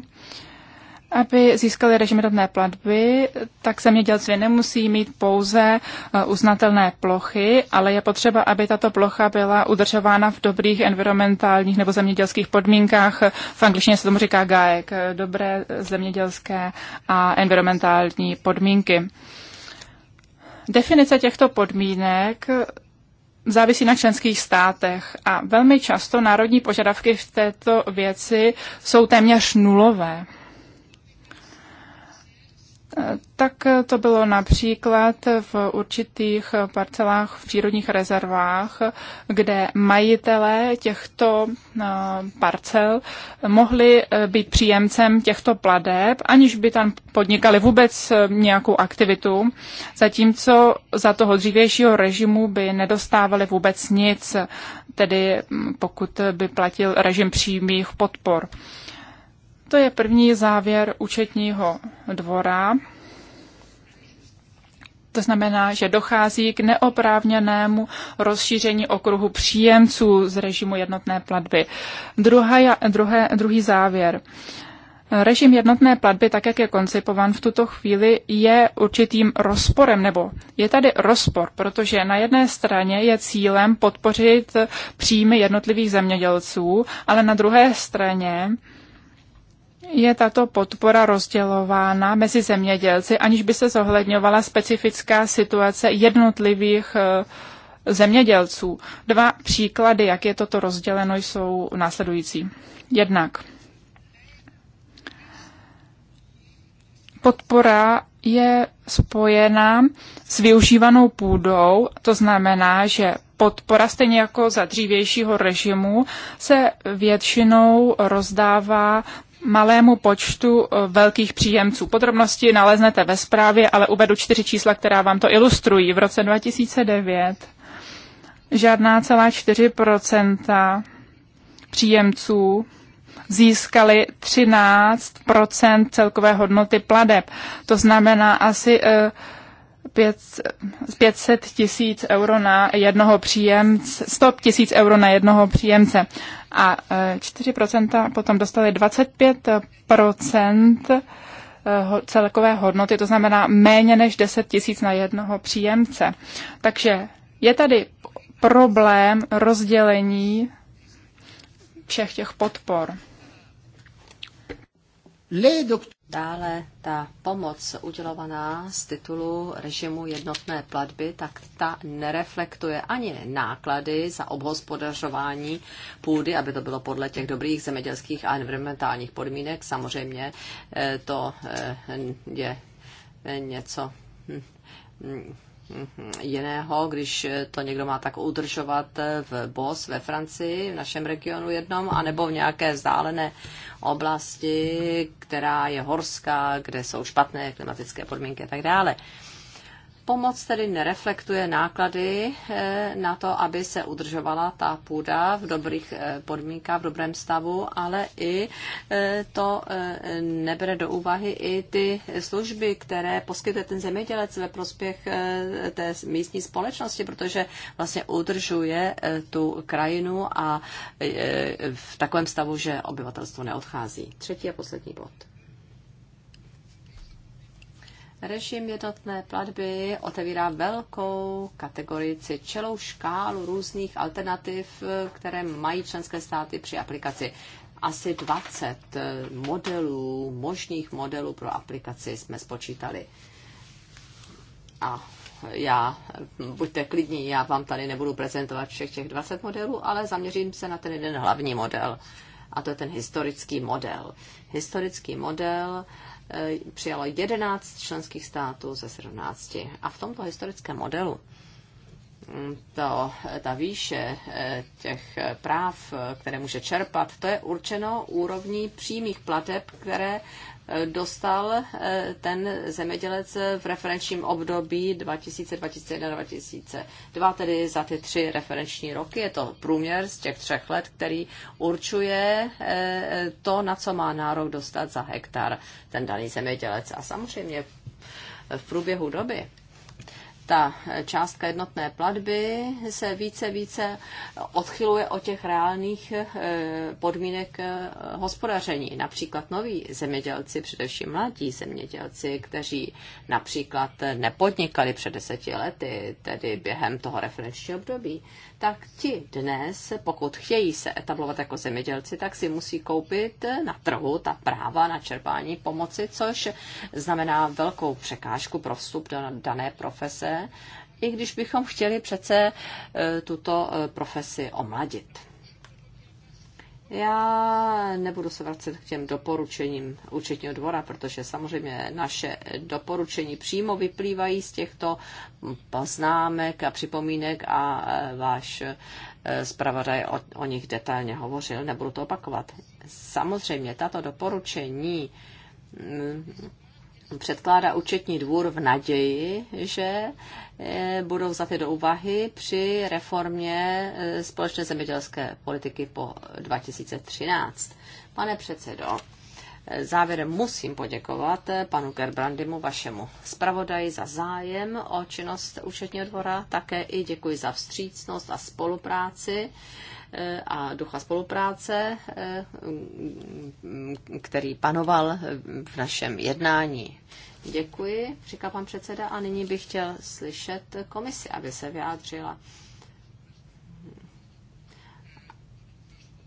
Aby získali režim rovné platby, tak zemědělci nemusí mít pouze eh, uznatelné plochy, ale je potřeba, aby tato plocha byla udržována v dobrých environmentálních nebo zemědělských podmínkách. V angličtině se tomu říká GAEK, eh, dobré eh, zemědělské a environmentální podmínky. Definice těchto podmínek závisí na členských státech a velmi často národní požadavky v této věci jsou téměř nulové. Tak to bylo například v určitých parcelách v přírodních rezervách, kde majitelé těchto eh, parcel mohli eh, být příjemcem těchto pladeb, aniž by tam podnikali vůbec eh, nějakou aktivitu, zatímco za toho dřívějšího režimu by nedostávali vůbec nic, tedy mm, pokud by platil režim přímých podpor. To je první závěr účetního dvora. To znamená, že dochází k neoprávněnému rozšíření okruhu příjemců z režimu jednotné platby. Druhá, druhé, druhý závěr. Režim jednotné platby, tak jak je koncipovan v tuto chvíli, je určitým rozporem, nebo je tady rozpor, protože na jedné straně je cílem podpořit příjmy jednotlivých zemědělců, ale na druhé straně je tato podpora rozdělována mezi zemědělci, aniž by se zohledňovala specifická situace jednotlivých eh, zemědělců. Dva příklady, jak je toto rozděleno, jsou následující. Jednak podpora je spojena s využívanou půdou, to znamená, že podpora, stejně jako za dřívějšího režimu, se většinou rozdává malému počtu eh, velkých příjemců. Podrobnosti naleznete ve zprávě, ale uvedu čtyři čísla, která vám to ilustrují. V roce 2009 žádná celá 4 příjemců získali 13 celkové hodnoty pladeb. To znamená asi 500 eh, tisíc euro na jednoho příjemce, 100 tisíc euro na jednoho příjemce a 4% e, potom dostali 25% e, celkové hodnoty, to znamená méně než 10 tisíc na jednoho příjemce. Takže je tady problém rozdělení všech těch podpor. Dále ta pomoc udělovaná z titulu režimu jednotné platby, tak ta nereflektuje ani náklady za obhospodařování půdy, aby to bylo podle těch dobrých zemědělských a environmentálních podmínek. Samozřejmě eh, to eh, je něco hm, hm, jiného, když to někdo má tak udržovat v BOS ve Francii, v našem regionu jednom, anebo v nějaké vzdálené oblasti, která je horská, kde jsou špatné klimatické podmínky a tak dále. Uh, Pomoc tedy nereflektuje náklady eh, na to, aby se udržovala ta půda v dobrých eh, podmínkách, v dobrém stavu, ale i eh, to nebere do úvahy i ty služby, které poskytuje ten zemědělec ve prospěch té místní společnosti, protože vlastně udržuje tu krajinu a v takovém stavu, že obyvatelstvo neodchází. Třetí a poslední bod. Režim jednotné platby otevírá velkou kategorii, celou škálu různých alternativ, které mají členské státy při aplikaci. Asi 20 eh, modelů, možných modelů pro aplikaci jsme spočítali. A já, eh, buďte klidní, já vám tady nebudu prezentovat všech těch 20 modelů, ale zaměřím se na ten jeden hlavní model. A to je ten historický model. Historický model Eh, přijalo 11 členských států ze 17. A v tomto historickém modelu mm, to, eh, ta výše eh, těch práv, které může čerpat, to je určeno úrovní přímých plateb, které dostal eh, ten zemědělec v referenčním období 2021-2022. 2002, tedy za ty tři referenční roky. Je to průměr z těch třech let, který určuje eh, to, na co má nárok dostat za hektar ten daný zemědělec. A samozřejmě v průběhu doby ta částka jednotné platby se více více odchyluje od těch reálných eh, podmínek eh, hospodaření. Například noví zemědělci, především mladí zemědělci, kteří například nepodnikali před deseti lety, tedy během toho referenčního období, tak ti dnes, pokud chtějí se etablovat jako zemědělci, tak si musí koupit na trhu ta práva na čerpání pomoci, což znamená velkou překážku pro vstup do dané profese, i když bychom chtěli přece eh, tuto eh, profesi omladit. Já nebudu se vracet k těm doporučením účetního dvora, protože samozřejmě naše doporučení přímo vyplývají z těchto poznámek a připomínek a e, váš e, zpravodaj o, o nich detailně hovořil, nebudu to opakovat. Samozřejmě tato doporučení předkládá účetní dvůr v naději, že eh, budou vzaty do úvahy při reformě eh, společné zemědělské politiky po 2013. Pane předsedo, Závěrem musím poděkovat eh, panu Gerbrandimu, vašemu zpravodaji, za zájem o činnost účetního dvora. Také i děkuji za vstřícnost a spolupráci eh, a ducha spolupráce, eh, mm, který panoval v našem jednání. Děkuji, říká pan předseda, a nyní bych chtěl slyšet komisi, aby se vyjádřila.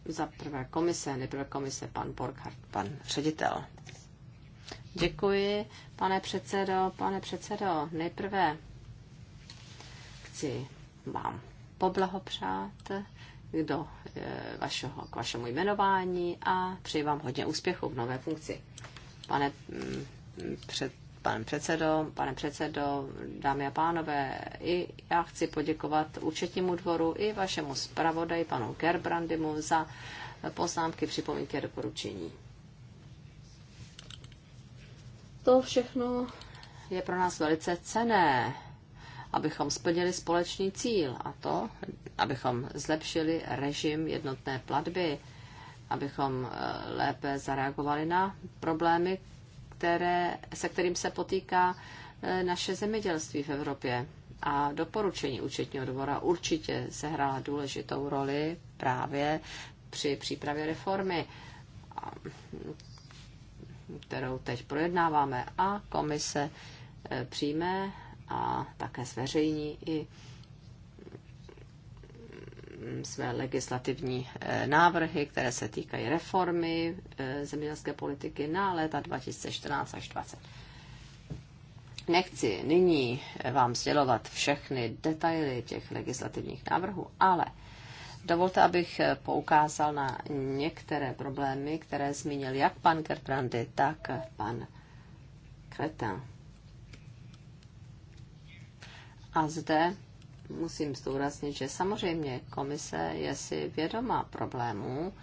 Za prvé komise, nejprve komise pan Borghardt, pan ředitel. Děkuji, pane předsedo, pane předsedo, nejprve chci vám poblahopřát do eh, vašeho, k vašemu jmenování a přeji vám hodně úspěchu v nové funkci. Pane mm, před, Pan předsedo, pane předsedo, dámy a pánové, i já chci poděkovat účetnímu dvoru i vašemu zpravodaji, panu Gerbrandimu, za poznámky, připomínky a doporučení. To všechno je pro nás velice cené, abychom splnili společný cíl a to, abychom zlepšili režim jednotné platby, abychom eh, lépe zareagovali na problémy, které, se kterým se potýká eh, naše zemědělství v Evropě. A doporučení účetního dvora určitě sehrála důležitou roli právě při přípravě reformy, kterou teď projednáváme a komise eh, přijme a také zveřejní i své legislativní eh, návrhy, které se týkají reformy eh, zemědělské politiky na léta 2014 až 2020. Nechci nyní eh, vám sdělovat všechny detaily těch legislativních návrhů, ale dovolte, abych poukázal na některé problémy, které zmínil jak pan Gertrandy, tak pan Kretin. A zde musím zdůraznit, že samozřejmě komise je si vědoma problémů,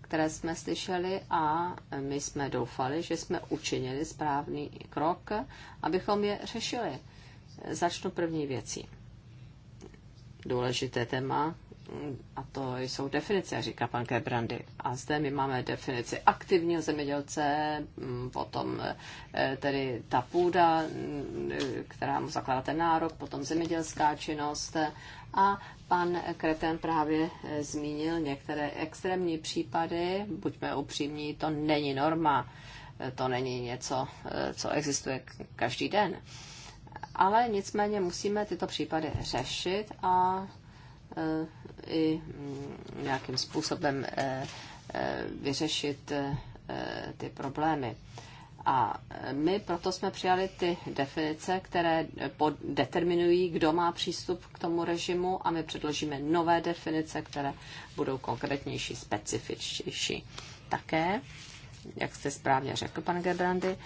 které jsme slyšeli a my jsme doufali, že jsme učinili správný krok, abychom je řešili. Začnu první věcí. Důležité téma, a to jsou definice, říká pan Kebrandy. A zde my máme definici aktivního zemědělce, mm, potom e, tedy ta půda, mm, která mu zakládá ten nárok, potom zemědělská činnost. A pan Kreten právě e, zmínil některé extrémní případy, buďme upřímní, to není norma, e, to není něco, co existuje každý den. Ale nicméně musíme tyto případy řešit a i mm, nějakým způsobem eh, eh, vyřešit eh, ty problémy. A my proto jsme přijali ty definice, které determinují, kdo má přístup k tomu režimu a my předložíme nové definice, které budou konkrétnější, specifičtější. Také, jak jste správně řekl, pan Gebrandy,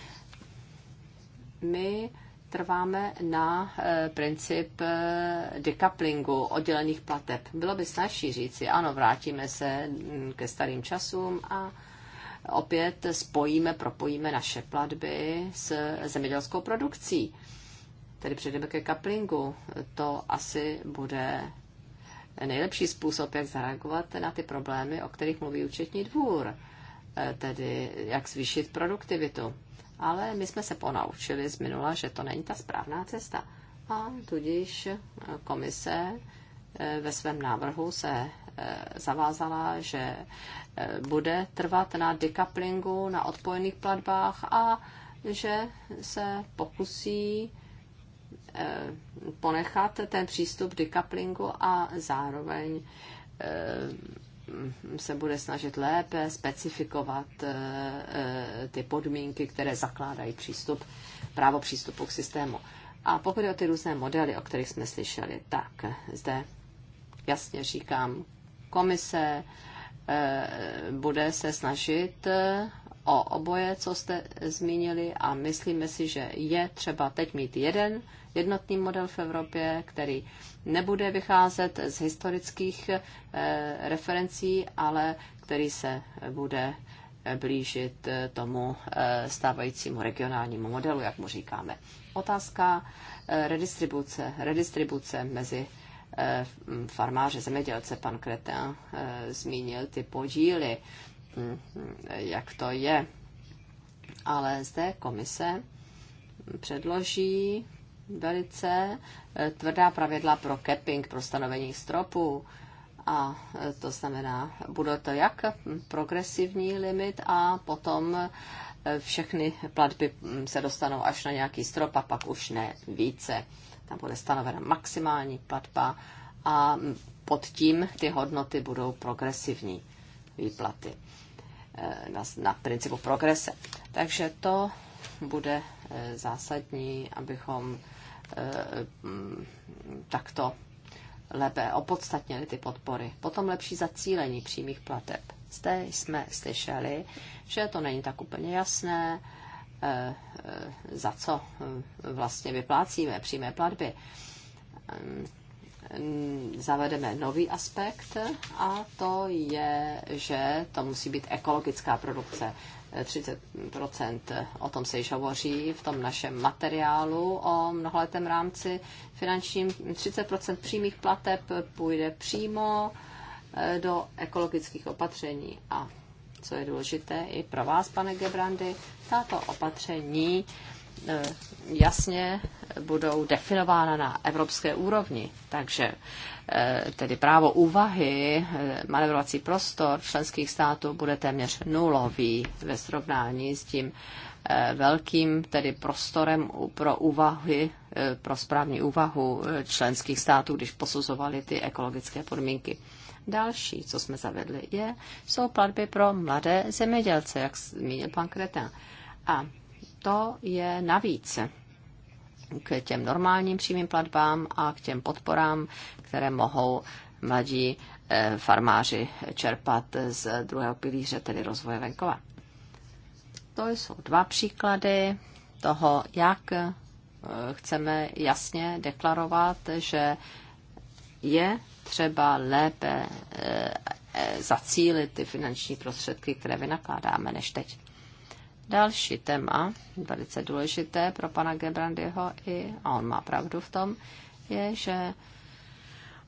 my trváme na eh, princip eh, decouplingu oddělených plateb. Bylo by snažší říci, ano, vrátíme se mm, ke starým časům a opět spojíme, propojíme naše platby s zemědělskou produkcí. Tedy přejdeme ke kaplingu. To asi bude nejlepší způsob, jak zareagovat na ty problémy, o kterých mluví účetní dvůr, eh, tedy jak zvýšit produktivitu ale my jsme se ponaučili z minula, že to není ta správná cesta. A tudíž eh, komise eh, ve svém návrhu se eh, zavázala, že bude trvat na decouplingu, na odpojených platbách a že se pokusí ponechat ten přístup decouplingu a zároveň se bude snažit lépe specifikovat eh, eh, ty podmínky, které zakládají přístup, právo přístupu k systému. A pokud je o ty různé modely, o kterých jsme slyšeli, tak zde jasně říkám, komise eh, bude se snažit o oboje, co jste zmínili a myslíme si, že je třeba teď mít jeden jednotný model v Evropě, který nebude vycházet z historických eh, referencí, ale který se bude eh, blížit eh, tomu stávajícímu regionálnímu modelu, jak mu říkáme. Otázka redistribuce, redistribuce mezi farmáře, zemědělce, pan Kretin zmínil ty podíly jak to je. Ale zde komise předloží velice eh, tvrdá pravidla pro capping, pro stanovení stropů. A eh, to znamená, bude to jak progresivní limit a potom eh, všechny platby mm, se dostanou až na nějaký strop a pak už ne více. Tam bude stanovena maximální platba a mm, pod tím ty hodnoty budou progresivní výplaty. Eh, na, na principu progrese. Takže to bude eh, zásadní, abychom eh, mm, takto lépe opodstatnili ty podpory. Potom lepší zacílení přímých plateb. Zde jsme slyšeli, že to není tak úplně jasné, za co vlastně vyplácíme přímé platby. Ehm, zavedeme nový aspekt a to je, že to musí být ekologická produkce. 30 o tom se již hovoří v tom našem materiálu o mnoholetém rámci finančním. 30 přímých plateb půjde přímo e, do ekologických opatření. A co je důležité i pro vás, pane Gebrandy, tato opatření Eh, jasně budou definována na evropské úrovni. Takže eh, tedy právo úvahy, eh, manevrovací prostor členských států bude téměř nulový ve srovnání s tím velkým tedy prostorem pro úvahy, pro správní úvahu členských států, když posuzovali ty ekologické podmínky. Další, co jsme zavedli, je, jsou platby pro mladé zemědělce, jak zmínil pan Kretan. A to je navíc k těm normálním přímým platbám a k těm podporám, které mohou mladí eh, farmáři čerpat z druhého pilíře, tedy rozvoje venkova. To jsou dva příklady toho, jak eh, chceme jasně deklarovat, že je třeba lépe eh, zacílit ty finanční prostředky, které vynakládáme než teď. Další téma, velice důležité pro pana Gebrandyho, i, a on má pravdu v tom, je, že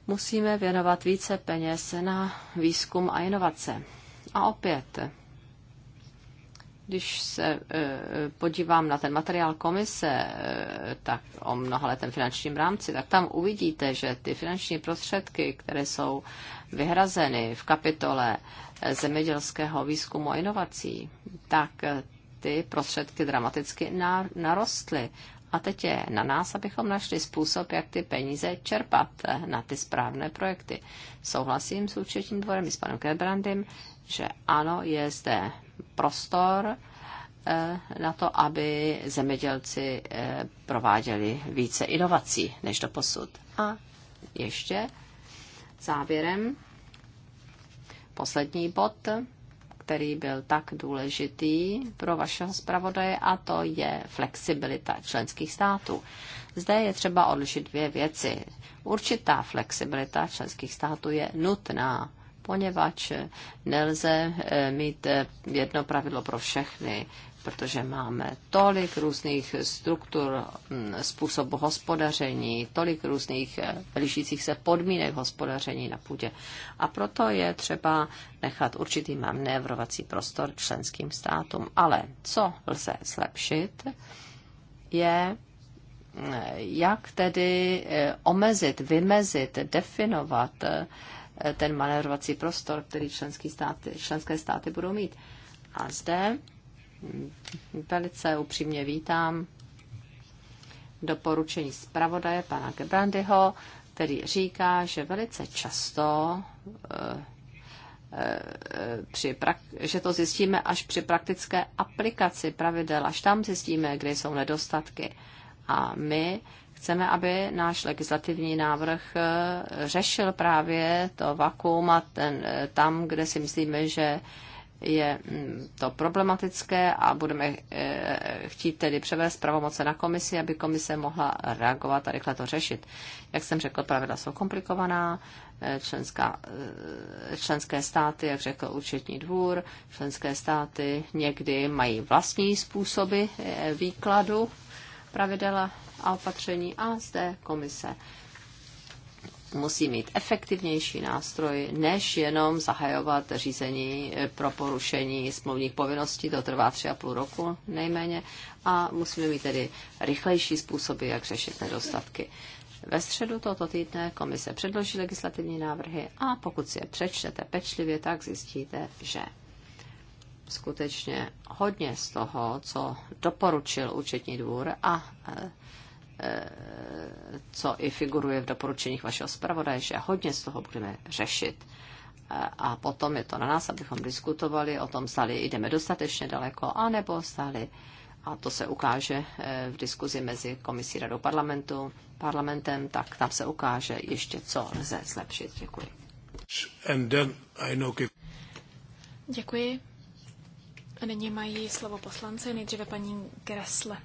musíme věnovat více peněz na výzkum a inovace. A opět, když se e, podívám na ten materiál komise, e, tak o mnohaletém finančním rámci, tak tam uvidíte, že ty finanční prostředky, které jsou vyhrazeny v kapitole e, zemědělského výzkumu a inovací, tak ty prostředky dramaticky narostly. A teď je na nás, abychom našli způsob, jak ty peníze čerpat na ty správné projekty. Souhlasím s účetním dvorem i s panem Kebrandem, že ano, je zde prostor eh, na to, aby zemědělci eh, prováděli více inovací než do posud. A ještě závěrem poslední bod který byl tak důležitý pro vašeho zpravodaje, a to je flexibilita členských států. Zde je třeba odlišit dvě věci. Určitá flexibilita členských států je nutná, poněvadž nelze eh, mít eh, jedno pravidlo pro všechny protože máme tolik různých struktur, mm, způsobu hospodaření, tolik různých eh, lišících se podmínek hospodaření na půdě. A proto je třeba nechat určitý manévrovací prostor členským státům. Ale co lze zlepšit, je eh, jak tedy eh, omezit, vymezit, definovat ten manévrovací prostor, který členský státy, členské státy budou mít. A zde velice upřímně vítám doporučení zpravodaje pana Gebrandyho, který říká, že velice často eh, eh, při že to zjistíme až při praktické aplikaci pravidel, až tam zjistíme, kde jsou nedostatky. A my chceme, aby náš legislativní návrh eh, řešil právě to vakuum a ten, tam, kde si myslíme, že je mm, to problematické a budeme eh, chtít tedy převést pravomoce na komisi, aby komise mohla reagovat a rychle to řešit. Jak jsem řekl, pravidla jsou komplikovaná, eh, členská, eh, členské státy, jak řekl účetní dvůr, členské státy někdy mají vlastní způsoby výkladu pravidel a opatření a zde komise musí mít efektivnější nástroj, než jenom zahajovat řízení eh, pro porušení smluvních povinností. To trvá tři a půl roku nejméně a musíme mít tedy rychlejší způsoby, jak řešit nedostatky. Ve středu tohoto týdne komise předloží legislativní návrhy a pokud si je přečtete pečlivě, tak zjistíte, že skutečně hodně z toho, co doporučil účetní dvůr a eh, co i figuruje v doporučeních vašeho zpravodaje, že hodně z toho budeme řešit. A potom je to na nás, abychom diskutovali o tom, zdali jdeme dostatečně daleko, anebo zdali, a to se ukáže eh, v diskuzi mezi komisí radou parlamentu, parlamentem, tak tam se ukáže ještě, co lze zlepšit. Děkuji. Děkuji. A nyní mají slovo poslance, nejdříve paní Gressle.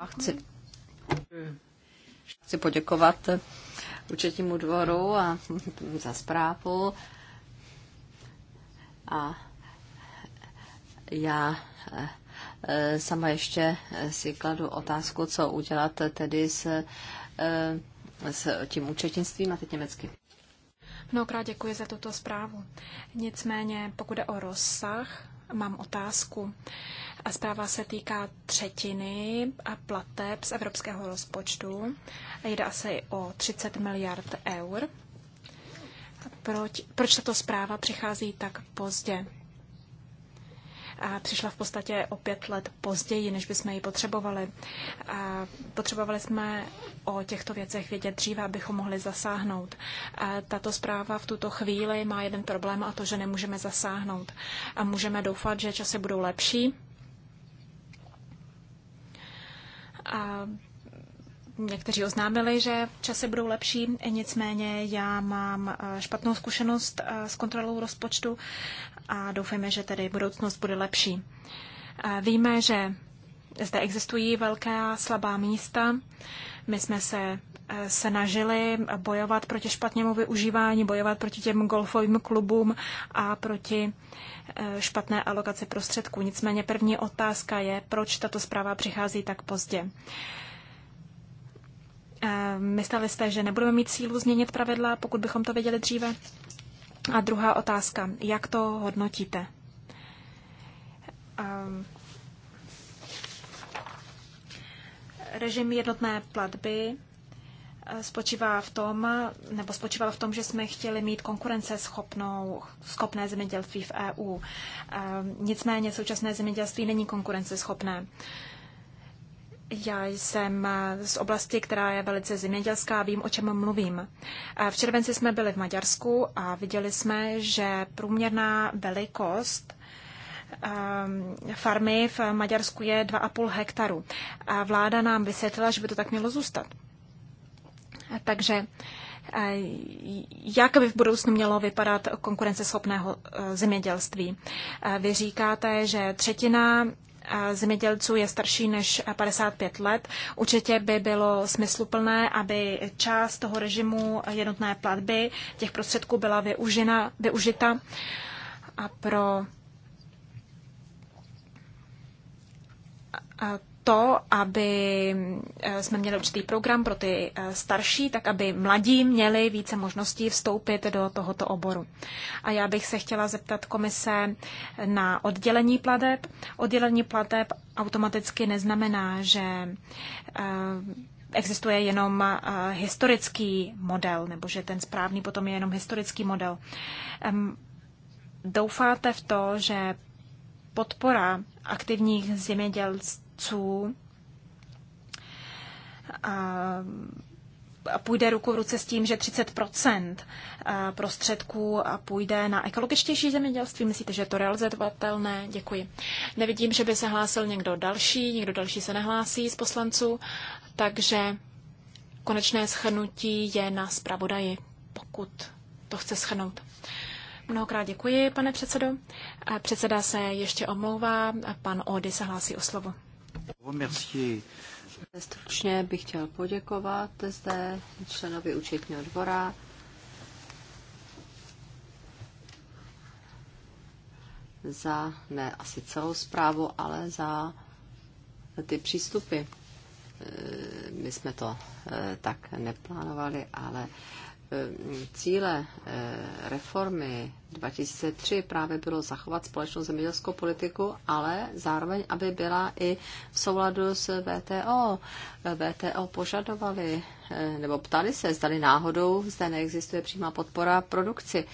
Já chci, chci poděkovat účetnímu dvoru a za zprávu. A já eh, sama ještě si kladu otázku, co udělat tedy s, eh, s tím účetnictvím a teď německy. Mnohokrát děkuji za tuto zprávu. Nicméně, pokud je o rozsah, mám otázku. A zpráva se týká třetiny a plateb z evropského rozpočtu. Jde asi o 30 miliard eur. Proč, proč tato zpráva přichází tak pozdě? A přišla v podstatě o pět let později, než bychom ji potřebovali. A potřebovali jsme o těchto věcech vědět dříve, abychom mohli zasáhnout. A tato zpráva v tuto chvíli má jeden problém a to, že nemůžeme zasáhnout. A můžeme doufat, že časy budou lepší, A někteří oznámili, že časy budou lepší, nicméně já mám eh, špatnou zkušenost eh, s kontrolou rozpočtu a doufejme, že tedy budoucnost bude lepší. Eh, víme, že zde existují velká slabá místa. My jsme se snažili bojovat proti špatnému využívání, bojovat proti těm golfovým klubům a proti eh, špatné alokaci prostředků. Nicméně první otázka je, proč tato zpráva přichází tak pozdě. Eh, mysleli jste, že nebudeme mít sílu změnit pravidla, pokud bychom to věděli dříve? A druhá otázka, jak to hodnotíte? Ehm, režim jednotné platby spočívá v tom, nebo spočívalo v tom, že jsme chtěli mít konkurenceschopnou, schopné zemědělství v EU. E, nicméně současné zemědělství není konkurenceschopné. Já jsem z oblasti, která je velice zemědělská, vím, o čem mluvím. E, v červenci jsme byli v Maďarsku a viděli jsme, že průměrná velikost ehm, farmy v Maďarsku je 2,5 hektaru. A vláda nám vysvětlila, že by to tak mělo zůstat. Takže eh, jak by v budoucnu mělo vypadat konkurenceschopného eh, zemědělství? Eh, vy říkáte, že třetina zemědělců je starší než 55 let. Určitě by bylo smysluplné, aby část toho režimu jednotné platby těch prostředků byla využena, využita a pro to, aby eh, jsme měli určitý program pro ty eh, starší, tak aby mladí měli více možností vstoupit do tohoto oboru. A já bych se chtěla zeptat komise na oddělení plateb. Oddělení plateb automaticky neznamená, že eh, existuje jenom historický model, nebo že ten správný potom je jenom historický model. Doufáte v to, že podpora aktivních zemědělství a půjde ruku v ruce s tím, že 30 prostředků půjde na ekologičtější zemědělství. Myslíte, že je to realizovatelné? Děkuji. Nevidím, že by se hlásil někdo další, někdo další se nehlásí z poslanců, takže konečné schrnutí je na zpravodaji, pokud to chce schrnout. Mnohokrát děkuji, pane předsedo. Předseda se ještě omlouvá, pan Ody se hlásí o slovo. Stručně bych chtěl poděkovat zde členovi účetního dvora. za ne asi celou zprávu, ale za ty přístupy. E, my jsme to e, tak neplánovali, ale Eh, cíle eh, reformy 2003 právě bylo zachovat společnou zemědělskou politiku, ale zároveň, aby byla i v souladu s VTO. Eh, VTO požadovali nebo ptali se, zdali náhodou zde neexistuje přímá podpora produkci.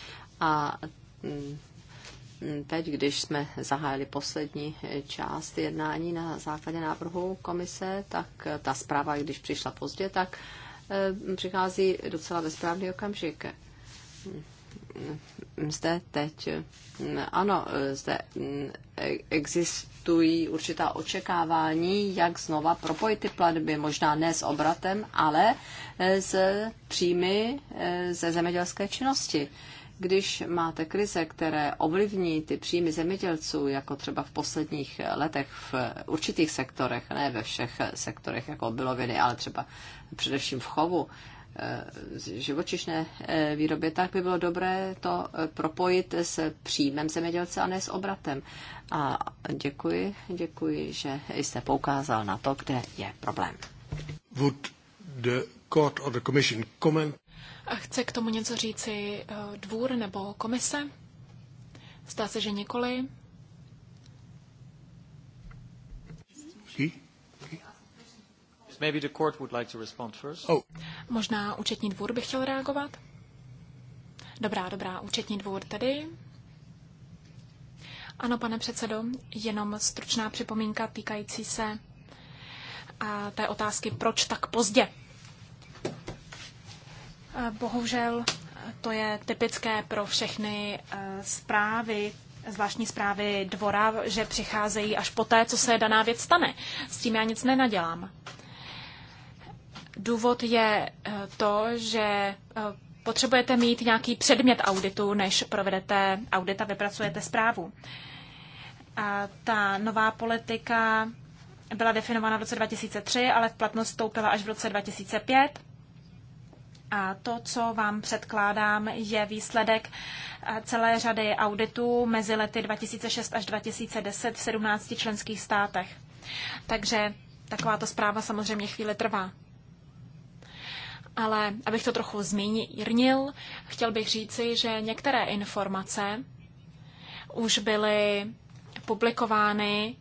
A mm, teď, když jsme zahájili poslední část jednání na základě návrhu komise, tak ta zpráva, když přišla pozdě, tak Eh, přichází docela ve správný okamžik. Eh, zde teď, eh, ano, zde existují určitá očekávání, jak znova propojit ty platby, možná ne s obratem, ale s příjmy ze zemědělské činnosti. Když máte krize, které ovlivní ty příjmy zemědělců, jako třeba v posledních letech v určitých sektorech, ne ve všech sektorech jako obiloviny, ale třeba především v chovu, eh, živočišné eh, výrobě, tak by bylo dobré to eh, propojit s příjmem zemědělce a ne s obratem. A děkuji, děkuji, že jste poukázal na to, kde je problém. Would the court or the commission comment? A chce k tomu něco říci eh, dvůr nebo komise? Zdá se, že nikoli. Hm? Maybe the court would like to respond first. Oh. Možná účetní dvůr by chtěl reagovat? Dobrá, dobrá, účetní dvůr tady. Ano, pane předsedo, jenom stručná připomínka týkající se a té otázky, proč tak pozdě. Bohužel to je typické pro všechny eh, zprávy, zvláštní zprávy dvora, že přicházejí až poté, co se daná věc stane. S tím já nic nenadělám. Důvod je eh, to, že eh, potřebujete mít nějaký předmět auditu, než provedete audit a vypracujete zprávu. A ta nová politika byla definována v roce 2003, ale v platnost stoupila až v roce 2005. A to, co vám předkládám, je výsledek eh, celé řady auditů mezi lety 2006 až 2010 v 17 členských státech. Takže takováto zpráva samozřejmě chvíli trvá. Ale abych to trochu zmínil, chtěl bych říci, že některé informace už byly publikovány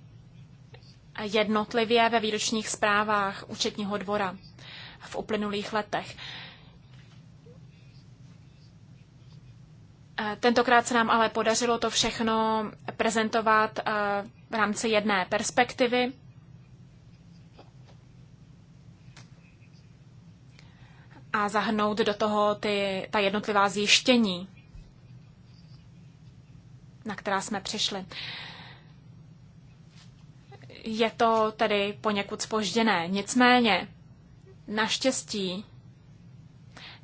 jednotlivě ve výročních zprávách účetního dvora v uplynulých letech. Eh, tentokrát se nám ale podařilo to všechno prezentovat eh, v rámci jedné perspektivy. A zahrnout do toho ty, ta jednotlivá zjištění, na která jsme přišli. Je to tedy poněkud spožděné. Nicméně, naštěstí,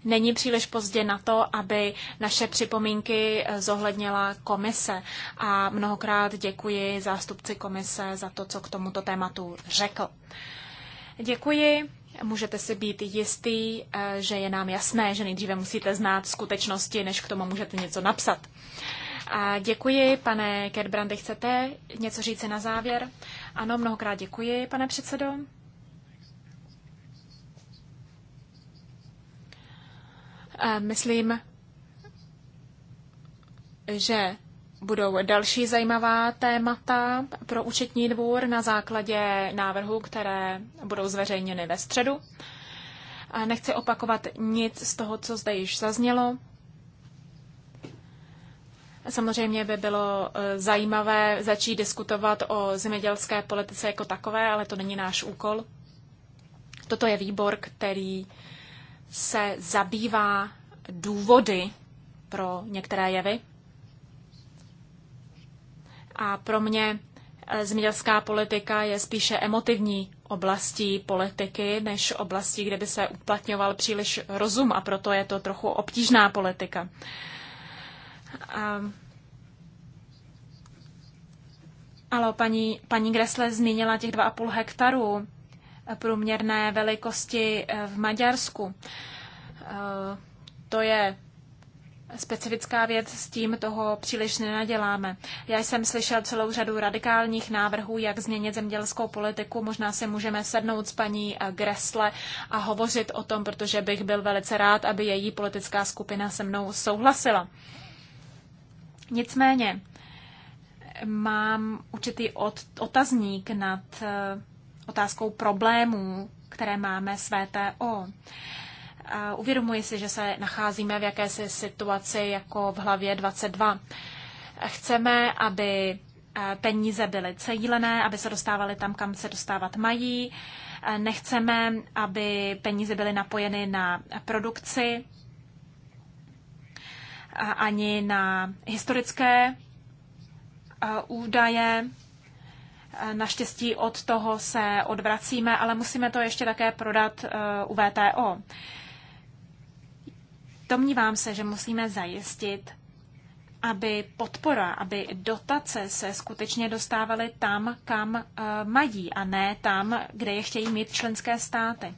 Není příliš pozdě na to, aby naše připomínky eh, zohlednila komise. A mnohokrát děkuji zástupci komise za to, co k tomuto tématu řekl. Děkuji. Můžete si být jistý, eh, že je nám jasné, že nejdříve musíte znát skutečnosti, než k tomu můžete něco napsat. A děkuji, pane Kerbrandy, chcete něco říci na závěr? Ano, mnohokrát děkuji, pane předsedo. Myslím, že budou další zajímavá témata pro účetní dvůr na základě návrhů, které budou zveřejněny ve středu. A nechci opakovat nic z toho, co zde již zaznělo. Samozřejmě by bylo e, zajímavé začít diskutovat o zemědělské politice jako takové, ale to není náš úkol. Toto je výbor, který se zabývá důvody pro některé jevy. A pro mě eh, zemědělská politika je spíše emotivní oblastí politiky, než oblastí, kde by se uplatňoval příliš rozum a proto je to trochu obtížná politika. A... Ehm. Ale paní, paní Gressle zmínila těch 2,5 hektarů průměrné velikosti eh, v Maďarsku. Eh, to je specifická věc, s tím toho příliš nenaděláme. Já jsem slyšel celou řadu radikálních návrhů, jak změnit zemědělskou politiku. Možná se můžeme sednout s paní eh, Gresle a hovořit o tom, protože bych byl velice rád, aby její politická skupina se mnou souhlasila. Nicméně mám určitý otazník nad otázkou problémů, které máme s VTO. Uvědomuji si, že se nacházíme v jakési situaci jako v hlavě 22. Chceme, aby eh, peníze byly cílené, aby se dostávaly tam, kam se dostávat mají. Eh, nechceme, aby peníze byly napojeny na produkci eh, ani na historické údaje. Naštěstí od toho se odvracíme, ale musíme to ještě také prodat eh, u VTO. Domnívám se, že musíme zajistit, aby podpora, aby dotace se skutečně dostávaly tam, kam eh, mají, a ne tam, kde je chtějí mít členské státy.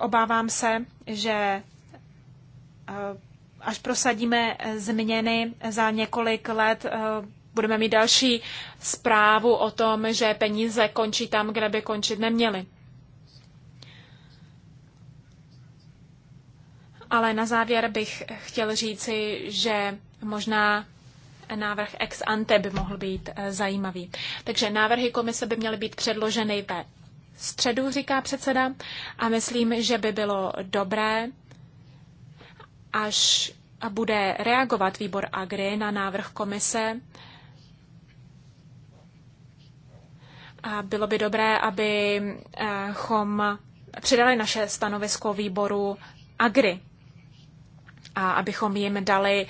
Obávám se, že eh, až prosadíme změny za několik let, eh, budeme mít další zprávu o tom, že peníze končí tam, kde by končit neměly. Ale na závěr bych chtěl říci, že možná návrh ex ante by mohl být eh, zajímavý. Takže návrhy komise by měly být předloženy ve středu, říká předseda, a myslím, že by bylo dobré až bude reagovat výbor Agri na návrh komise, a bylo by dobré, abychom přidali naše stanovisko výboru Agri a abychom jim dali eh,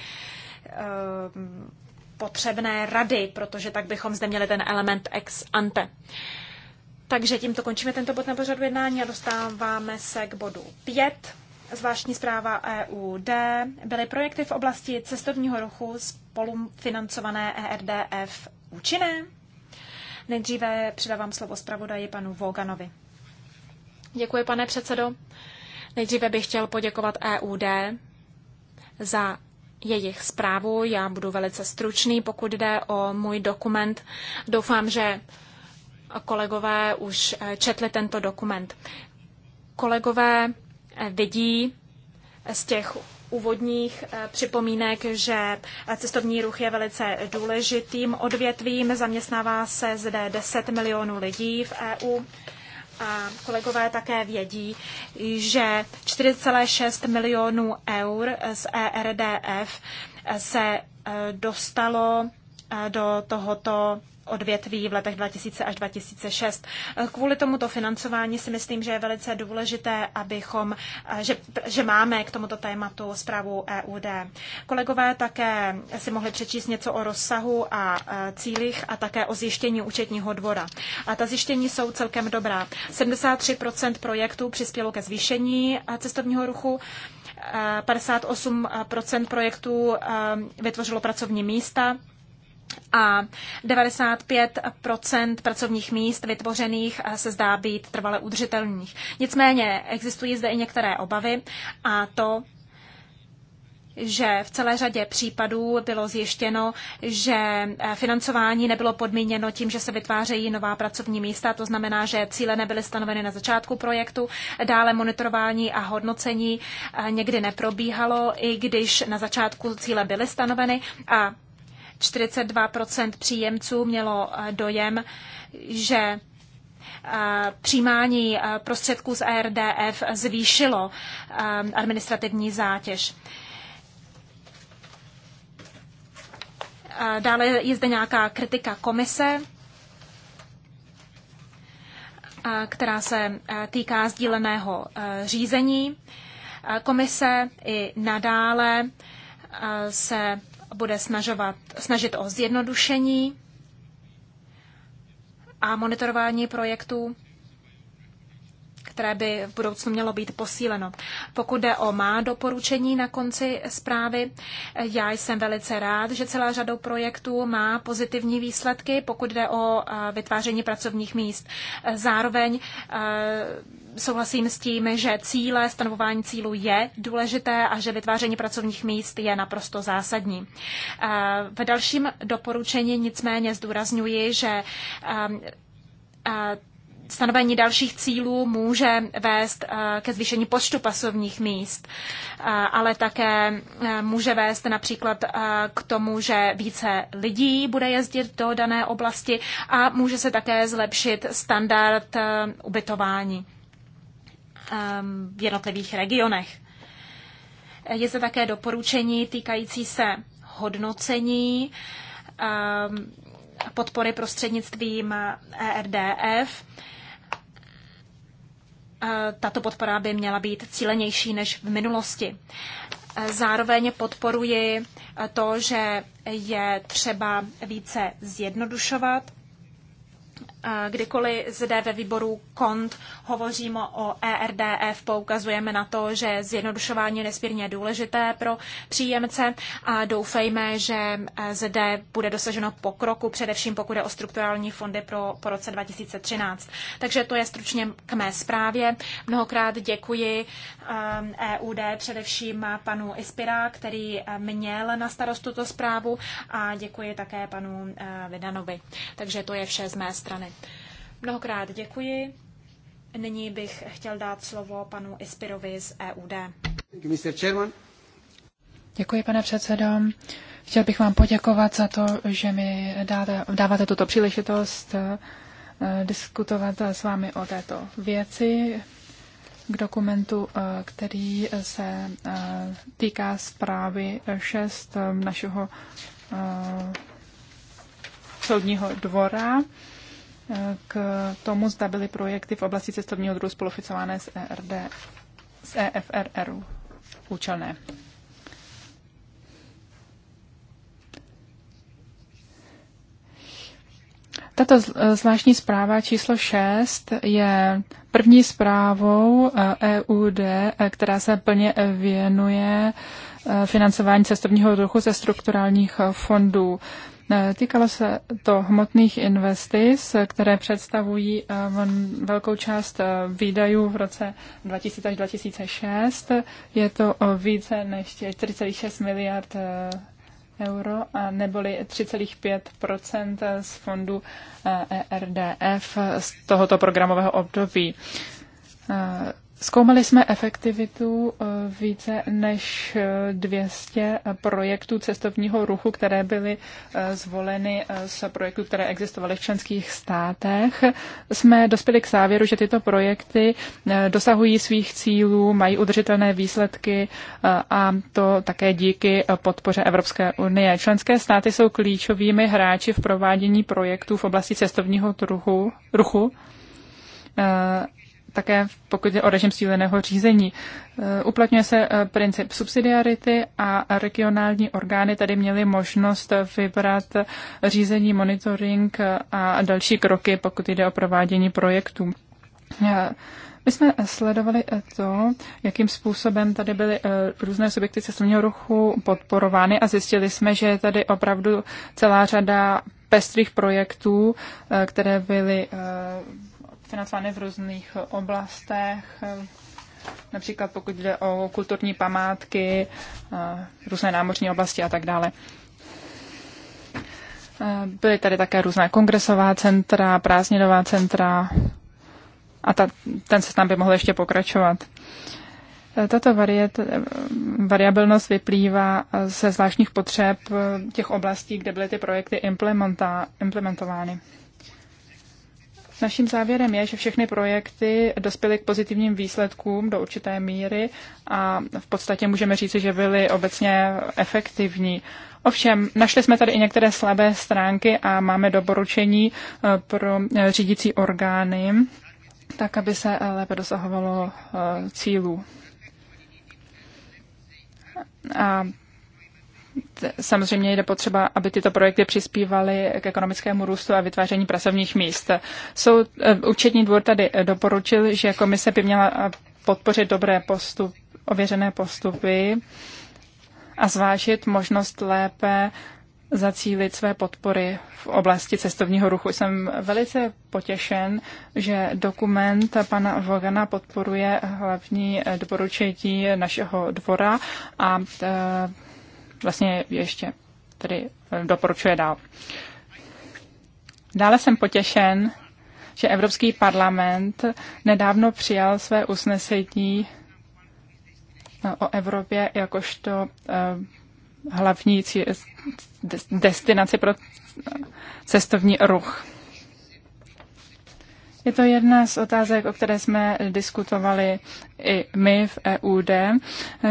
potřebné rady, protože tak bychom zde měli ten element ex ante. Takže tímto končíme tento bod na pořadu jednání a dostáváme se k bodu 5 zvláštní zpráva EUD byly projekty v oblasti cestovního ruchu spolufinancované ERDF účinné? Nejdříve předávám slovo zpravodaji panu Voganovi. Děkuji, pane předsedo. Nejdříve bych chtěl poděkovat EUD za jejich zprávu. Já budu velice stručný, pokud jde o můj dokument. Doufám, že kolegové už četli tento dokument. Kolegové vidí z těch úvodních eh, připomínek, že cestovní ruch je velice důležitým odvětvím. Zaměstnává se zde 10 milionů lidí v EU. A kolegové také vědí, že 4,6 milionů eur z ERDF se eh, dostalo eh, do tohoto odvětví v letech 2000 až 2006. Kvůli tomuto financování si myslím, že je velice důležité, abychom, že, že máme k tomuto tématu zprávu EUD. Kolegové také si mohli přečíst něco o rozsahu a e, cílích a také o zjištění účetního dvora. A ta zjištění jsou celkem dobrá. 73% projektů přispělo ke zvýšení e, cestovního ruchu, 58% e, projektů vytvořilo pracovní místa, a 95 pracovních míst vytvořených se zdá být trvale udržitelných. Nicméně existují zde i některé obavy a to, že v celé řadě případů bylo zjištěno, že financování nebylo podmíněno tím, že se vytvářejí nová pracovní místa, to znamená, že cíle nebyly stanoveny na začátku projektu, dále monitorování a hodnocení eh, někdy neprobíhalo, i když na začátku cíle byly stanoveny a 42 příjemců mělo eh, dojem, že eh, přijímání eh, prostředků z ARDF e zvýšilo administrativní zátěž. Dále je zde nějaká kritika komise, která se týká sdíleného řízení. Komise i nadále se bude snažovat, snažit o zjednodušení a monitorování projektů, které by v budoucnu mělo být posíleno. Pokud jde o má doporučení na konci zprávy, já jsem velice rád, že celá řada projektů má pozitivní výsledky, pokud jde o vytváření pracovních míst. Zároveň souhlasím s tím, že cíle, stanovování cílu je důležité a že vytváření pracovních míst je naprosto zásadní. Eh, v dalším doporučení nicméně zdůrazňuji, že ehm, eh, stanovení dalších cílů může vést eh, ke zvýšení počtu pasovních míst, ale také může vést například k tomu, že více lidí bude jezdit do dané oblasti a může se také zlepšit standard ubytování. Um, v jednotlivých regionech. Je zde také doporučení týkající se hodnocení um, podpory prostřednictvím ERDF. Uh, tato podpora by měla být cílenější než v minulosti. Uh, zároveň podporuji to, že je třeba více zjednodušovat kdykoliv zde ve výboru KONT hovoříme o ERDF, poukazujeme na to, že zjednodušování je nesmírně důležité pro příjemce a doufejme, že e, zde bude dosaženo pokroku, především pokud je o strukturální fondy pro, po roce 2013. Takže to je stručně k mé zprávě. Mnohokrát děkuji e, EUD, ehm, e především panu Ispira, který eh, měl na starost tuto zprávu a děkuji také panu eh, Vidanovi. Takže to je vše z mé strany. Mnohokrát děkuji. Nyní bych chtěl dát slovo panu Ispirovi z EUD. Děkuji, pane předsedo. Chtěl bych vám poděkovat za to, že mi dáte, dáváte tuto příležitost eh, diskutovat s vámi o této věci k dokumentu, eh, který eh, se eh, týká zprávy 6 našeho soudního dvora k tomu, zda byly projekty v oblasti cestovního druhu spolufinancované z, ERD, z EFRR účelné. Tato eh, zvláštní zpráva číslo 6 je první zprávou EUD, eh, e eh, která se plně věnuje financování cestovního ruchu ze strukturálních fondů. Týkalo se to hmotných investic, které představují velkou část výdajů v roce 2000 až 2006. Je to více než 4,6 miliard euro, neboli 3,5 z fondu ERDF eh, e z tohoto programového období. Eh, Zkoumali jsme efektivitu eh, více než 200 eh, eh, projektů cestovního ruchu, které byly zvoleny z projektů, které existovaly v členských státech. Jsme dospěli k závěru, že tyto projekty dosahují svých cílů, mají udržitelné výsledky a to také díky podpoře Evropské unie. Členské státy jsou klíčovými hráči v provádění projektů v oblasti cestovního ruchu, ruchu také pokud je o režim síleného řízení. E, uplatňuje se e, princip subsidiarity a regionální orgány tady měly možnost vybrat řízení, monitoring e, a další kroky, pokud jde o provádění projektů. My jsme sledovali to, jakým způsobem tady byly různé subjekty cestovního ruchu podporovány a zjistili jsme, že je tady opravdu celá řada pestrých projektů, které byly financovány v různých oblastech, například pokud jde o kulturní památky, eh, různé námořní oblasti a tak dále. Eh, byly tady také různé kongresová centra, prázdninová centra a ta, ten seznam by mohl ještě pokračovat. Eh, tato variet, variabilnost vyplývá ze zvláštních potřeb těch oblastí, kde byly ty projekty implementa, implementovány. Naším závěrem je, že všechny projekty dospěly k pozitivním výsledkům do určité míry a v podstatě můžeme říci, že byly obecně efektivní. Ovšem, našli jsme tady i některé slabé stránky a máme doporučení eh, pro eh, řídící orgány, tak aby se eh, lépe dosahovalo cílů. A Samozřejmě je potřeba, aby tyto projekty přispívaly k ekonomickému růstu a vytváření pracovních míst. Jsou, eh, účetní dvůr tady eh, doporučil, že komise by měla eh, podpořit dobré postup, ověřené postupy a zvážit možnost lépe zacílit své podpory v oblasti cestovního ruchu. Jsem velice potěšen, že dokument pana Vogana podporuje hlavní doporučení našeho dvora a vlastně ještě tedy eh, doporučuje dál. Dále jsem potěšen, že Evropský parlament nedávno přijal své usnesení eh, o Evropě jakožto eh, hlavní destinaci pro cestovní ruch. Je to jedna z otázek, o které jsme diskutovali i my v EUD,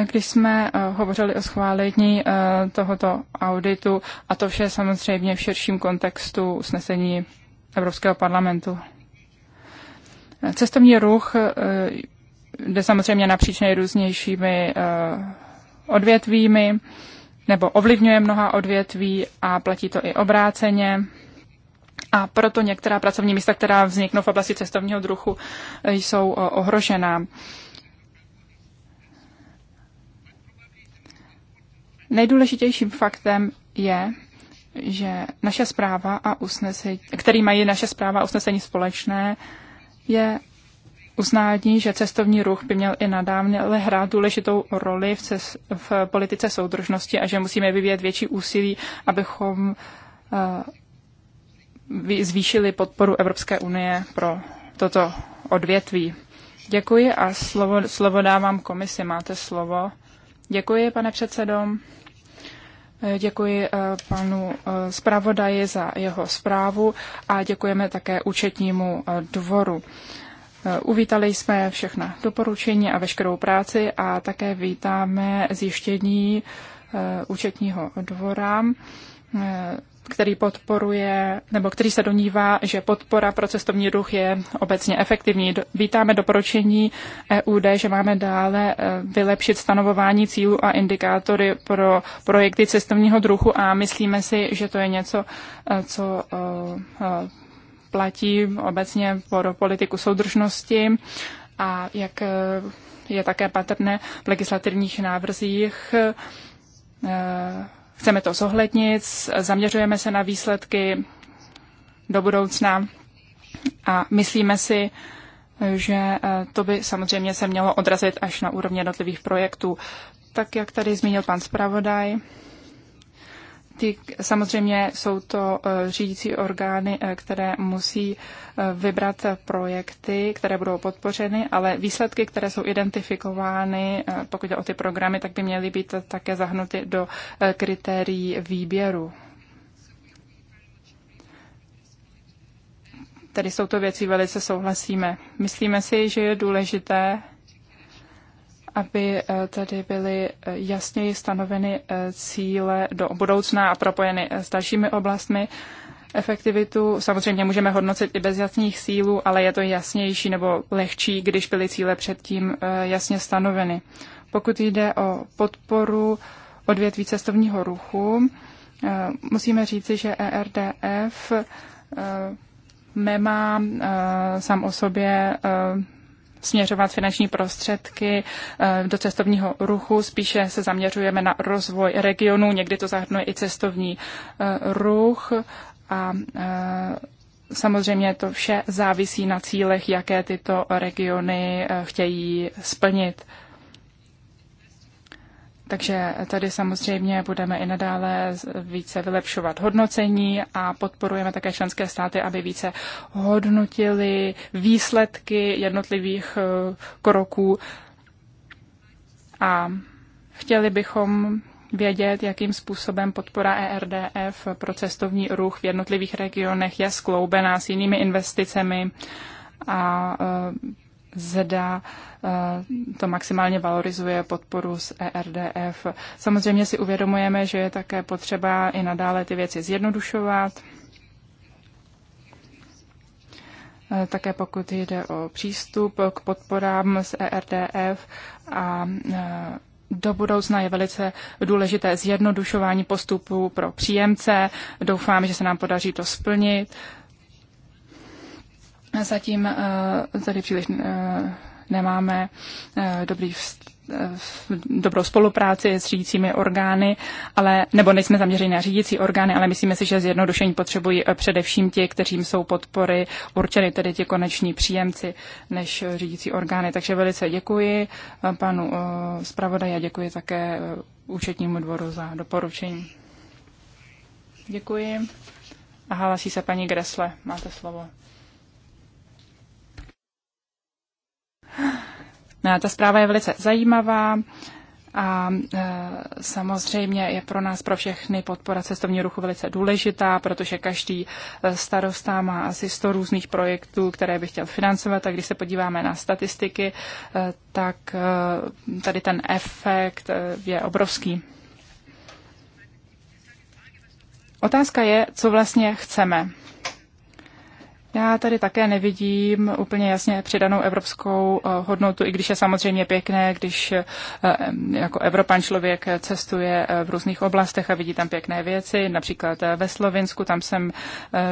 když jsme eh, hovořili o schválení eh, tohoto auditu a to vše samozřejmě v širším kontextu usnesení Evropského parlamentu. Cestovní ruch eh, jde samozřejmě napříč nejrůznějšími odvětvími nebo ovlivňuje mnoha odvětví a platí to i obráceně. A proto některá pracovní místa, která vzniknou v oblasti cestovního druhu, eh, jsou eh, ohrožená. Nejdůležitějším faktem je, že naše zpráva a usnesení, který mají naše zpráva a usnesení společné, je uznání, že cestovní ruch by měl i nadále hrát důležitou roli v, cest, v politice soudržnosti a že musíme vyvíjet větší úsilí, abychom uh, zvýšili podporu Evropské unie pro toto odvětví. Děkuji a slovo, slovo dávám komisi. Máte slovo. Děkuji, pane předsedo. Eh, děkuji eh, panu eh, zpravodaji za jeho zprávu a děkujeme také účetnímu dvoru. Uvítali jsme všechna doporučení a veškerou práci a také vítáme zjištění účetního dvora který podporuje, nebo který se domnívá, že podpora pro cestovní ruch je obecně efektivní. Vítáme doporučení EUD, že máme dále eh, vylepšit stanovování cílů a indikátory pro projekty cestovního druhu a myslíme si, že to je něco, eh, co eh, platí obecně pro politiku soudržnosti a jak je také patrné v legislativních návrzích Chceme to zohlednit, zaměřujeme se na výsledky do budoucna a myslíme si, že eh, to by samozřejmě se mělo odrazit až na úrovni jednotlivých projektů. Tak, jak tady zmínil pan zpravodaj, ty, samozřejmě jsou to e, řídící orgány, e, které musí e, vybrat projekty, které budou podpořeny, ale výsledky, které jsou identifikovány, pokud jde o ty programy, tak by měly být také zahnuty do kritérií výběru. Tady jsou to věci, velice souhlasíme. Myslíme si, že je důležité aby eh, tady byly eh, jasněji stanoveny eh, cíle do budoucna a propojeny s dalšími oblastmi. Efektivitu samozřejmě můžeme hodnocit i bez jasných sílů, ale je to jasnější nebo lehčí, když byly cíle předtím jasně stanoveny. Pokud jde o podporu odvětví cestovního ruchu, musíme říci, že ERDF nemá sám o sobě směřovat finanční prostředky eh, do cestovního ruchu, spíše se zaměřujeme na rozvoj regionu, někdy to zahrnuje i cestovní eh, ruch a eh, Samozřejmě to vše závisí na cílech, jaké tyto regiony chtějí splnit. Takže tady samozřejmě budeme i nadále více vylepšovat hodnocení a podporujeme také členské státy, aby více hodnotili výsledky jednotlivých eh, kroků. A chtěli bychom vědět, jakým způsobem podpora ERDF pro cestovní ruch v jednotlivých regionech je skloubená s jinými investicemi a eh, zda eh, to maximálně valorizuje podporu z ERDF. Samozřejmě si uvědomujeme, že je také potřeba i nadále ty věci zjednodušovat. Eh, také pokud jde o přístup k podporám z ERDF a eh, do budoucna je velice důležité zjednodušování postupů pro příjemce. Doufám, že se nám podaří to splnit. Zatím eh, tady příliš eh, nemáme eh, dobrý vztah dobrou spolupráci s řídícími orgány, ale, nebo nejsme zaměřeni na řídící orgány, ale myslíme si, že zjednodušení potřebují především ti, kterým jsou podpory určeny, tedy ti koneční příjemci, než řídící orgány. Takže velice děkuji panu zpravodaji a děkuji také účetnímu dvoru za doporučení. Děkuji. A hlasí se paní Gresle. Máte slovo. No, ta zpráva je velice zajímavá a e, samozřejmě je pro nás, pro všechny podpora cestovního ruchu velice důležitá, protože každý e, starosta má asi 100 různých projektů, které by chtěl financovat a když se podíváme na statistiky, e, tak e, tady ten efekt e, je obrovský. Otázka je, co vlastně chceme. Já tady také nevidím úplně jasně přidanou evropskou eh, hodnotu, i když je samozřejmě pěkné, když eh, jako Evropan člověk cestuje eh, v různých oblastech a vidí tam pěkné věci. Například ve Slovinsku, tam jsem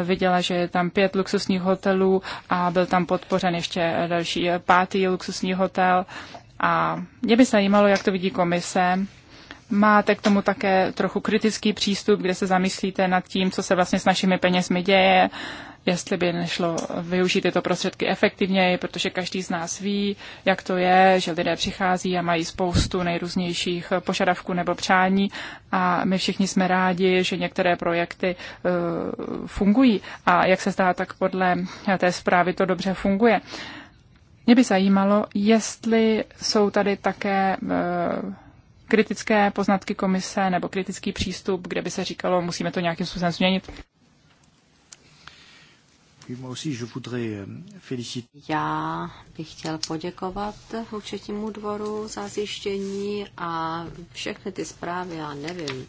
viděla, že je tam pět luxusních hotelů a byl tam podpořen ještě další pátý luxusní hotel. A mě by zajímalo, jak to vidí komise, Máte k tomu také trochu kritický přístup, kde se zamyslíte nad tím, co se vlastně s našimi penězmi děje jestli by nešlo využít tyto prostředky efektivněji, protože každý z nás ví, jak to je, že lidé přichází a mají spoustu nejrůznějších požadavků nebo přání a my všichni jsme rádi, že některé projekty uh, fungují a jak se zdá, tak podle té zprávy to dobře funguje. Mě by zajímalo, jestli jsou tady také e, kritické poznatky komise nebo kritický přístup, kde by se říkalo, musíme to nějakým způsobem změnit. Euh, já bych chtěl poděkovat účetnímu dvoru za zjištění a všechny ty zprávy, já nevím,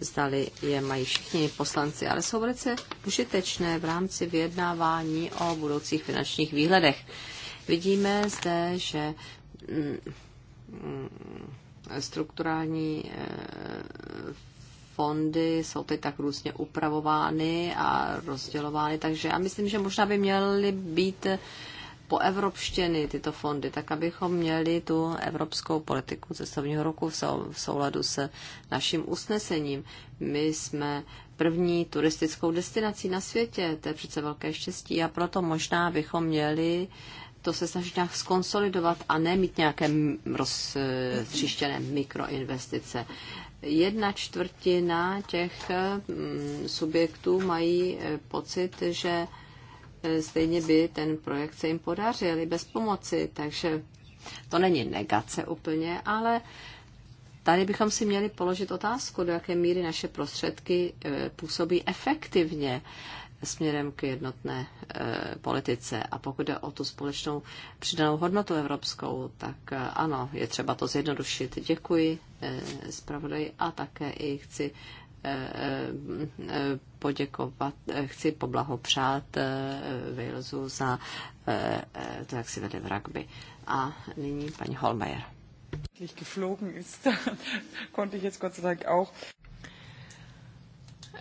zdali je mají všichni poslanci, ale jsou velice užitečné v rámci vyjednávání o budoucích finančních výhledech. Vidíme zde, že mm, mm, strukturální eh, fondy jsou teď tak různě upravovány a rozdělovány, takže já myslím, že možná by měly být poevropštěny tyto fondy, tak abychom měli tu evropskou politiku cestovního roku v, sou, v souladu se naším usnesením. My jsme první turistickou destinací na světě, to je přece velké štěstí a proto možná bychom měli to se snažit nějak skonsolidovat a ne mít nějaké roztříštěné mikroinvestice jedna čtvrtina těch mm, subjektů mají eh, pocit, že eh, stejně by ten projekt se jim podařil i bez pomoci, takže to není negace úplně, ale tady bychom si měli položit otázku, do jaké míry naše prostředky eh, působí efektivně směrem k jednotné e, politice. A pokud jde o tu společnou přidanou hodnotu evropskou, tak e, ano, je třeba to zjednodušit. Děkuji e, zpravodaj a také i chci e, e, poděkovat, chci poblahopřát Walesu za to, jak si vede v rugby. A nyní paní Holmeier. geflogen ist, (laughs) konnte ich jetzt Gott sei Dank auch.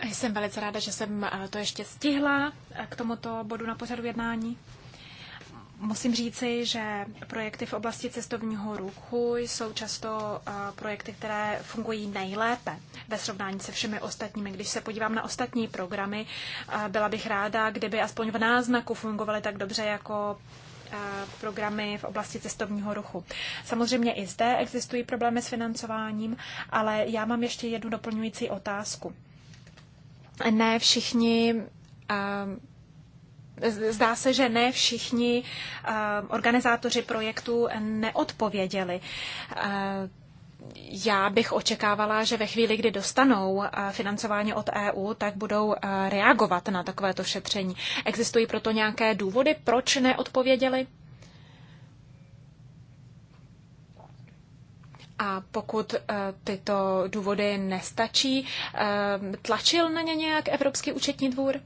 Jsem velice ráda, že jsem eh, to ještě stihla eh, k tomuto bodu na pořadu jednání. Musím říci, že projekty v oblasti cestovního ruchu jsou často eh, projekty, které fungují nejlépe ve srovnání se všemi ostatními. Když se podívám na ostatní programy, byla bych ráda, kdyby aspoň v náznaku fungovaly tak dobře jako programy v oblasti cestovního ruchu. Samozřejmě i zde existují problémy s financováním, ale já mám ještě jednu doplňující otázku ne všichni ehm, Zdá se, že ne všichni ehm, organizátoři projektu neodpověděli. Ehm, já bych očekávala, že ve chvíli, kdy dostanou eh, financování od EU, tak budou eh, reagovat na takovéto šetření. Existují proto nějaké důvody, proč neodpověděli? A pokud eh, tyto důvody nestačí, eh, tlačil na ně nějak Evropský účetní dvůr?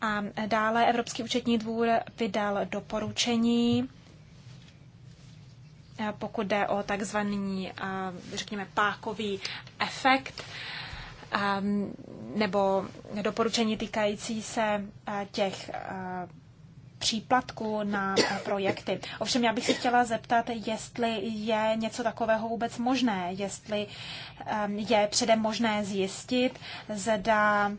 A dále Evropský účetní dvůr vydal doporučení, eh, pokud jde o takzvaný, řekněme, pákový efekt, nebo doporučení týkající se těch příplatku na projekty. Ovšem já bych se chtěla zeptat, jestli je něco takového vůbec možné, jestli um, je předem možné zjistit, zda um,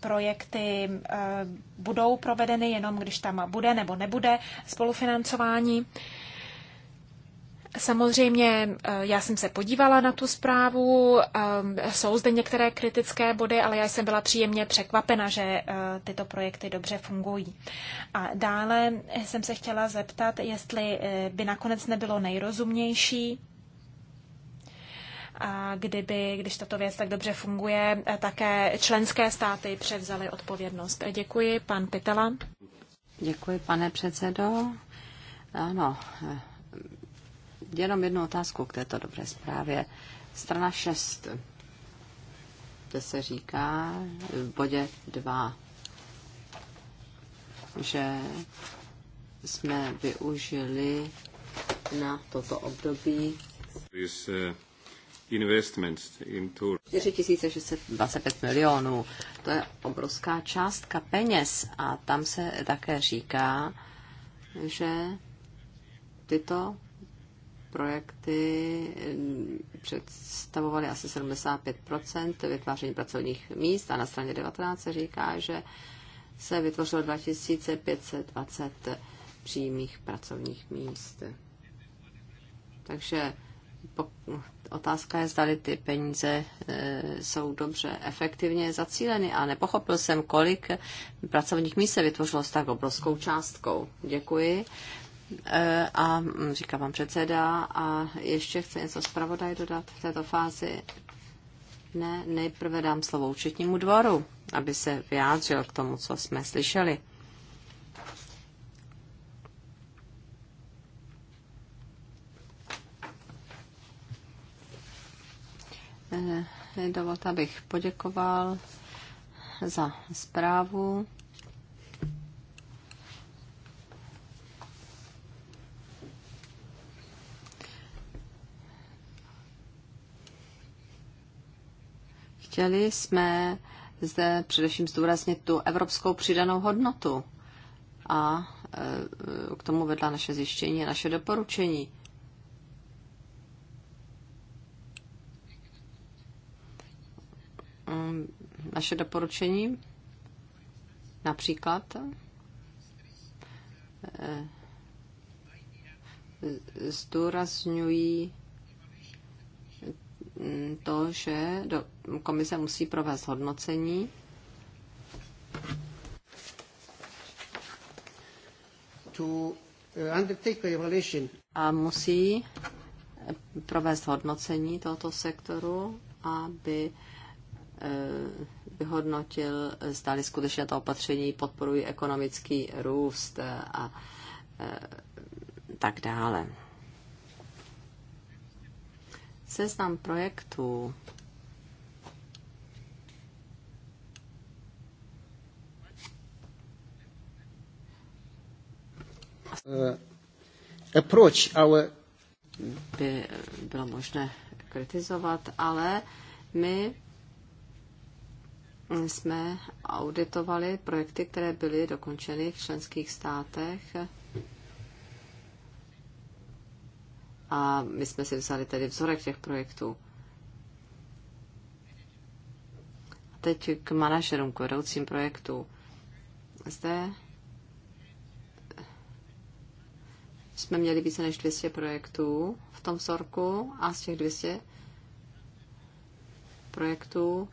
projekty uh, budou provedeny jenom, když tam bude nebo nebude spolufinancování. Samozřejmě eh, já jsem se podívala na tu zprávu, eh, jsou zde některé kritické body, ale já jsem byla příjemně překvapena, že eh, tyto projekty dobře fungují. A dále jsem se chtěla zeptat, jestli by nakonec nebylo nejrozumnější, a kdyby, když tato věc tak dobře funguje, také členské státy převzaly odpovědnost. Děkuji, pan Pitela. Děkuji, pane předsedo. Ano, Jenom jednu otázku k této dobré zprávě. Strana 6, kde se říká v bodě 2, že jsme využili na toto období 4625 uh, milionů. To je obrovská částka peněz a tam se také říká, že tyto projekty mm, představovaly asi 75 vytváření pracovních míst a na straně 19 se říká, že se vytvořilo 2520 přímých pracovních míst. Takže otázka je, zda ty peníze e, jsou dobře efektivně zacíleny a nepochopil jsem, kolik pracovních míst se vytvořilo s tak obrovskou částkou. Děkuji. E, a mm, říká vám předseda a ještě chce něco zpravodaj dodat v této fázi. Ne, nejprve dám slovo účetnímu dvoru, aby se vyjádřil k tomu, co jsme slyšeli. E, dovolte, abych poděkoval za zprávu Chtěli jsme zde především zdůraznit tu evropskou přidanou hodnotu a e, k tomu vedla naše zjištění a naše doporučení. Mm, naše doporučení například e, zdůrazňují to, že do, komise musí provést hodnocení. To uh, undertake evaluation. A musí provést hodnocení tohoto sektoru, aby eh, vyhodnotil, zdali skutečně ta opatření podporují ekonomický růst a eh, tak dále. Seznam projektů Uh, approach our... by bylo možné kritizovat, ale my jsme auditovali projekty, které byly dokončeny v členských státech a my jsme si vzali tedy vzorek těch projektů. A teď k manažerům, k vedoucím projektů. Zde jsme měli více než 200 projektů v tom vzorku a z těch 200 projektů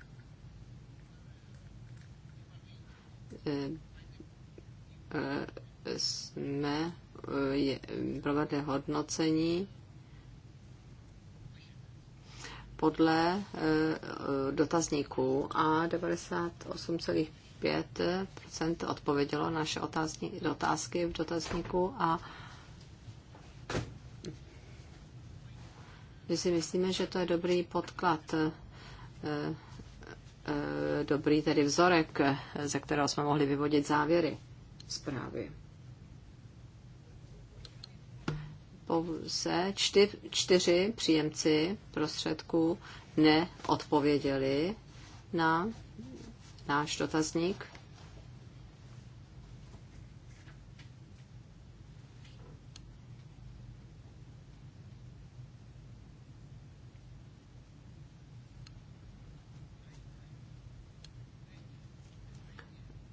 eh, eh, jsme eh, provedli hodnocení podle eh, eh, dotazníků a 98,5% odpovědělo naše otázky, otázky v dotazníku a my si myslíme, že to je dobrý podklad, eh, dobrý tedy vzorek, ze kterého jsme mohli vyvodit závěry zprávy. pouze čty, čtyři příjemci prostředků neodpověděli na náš dotazník.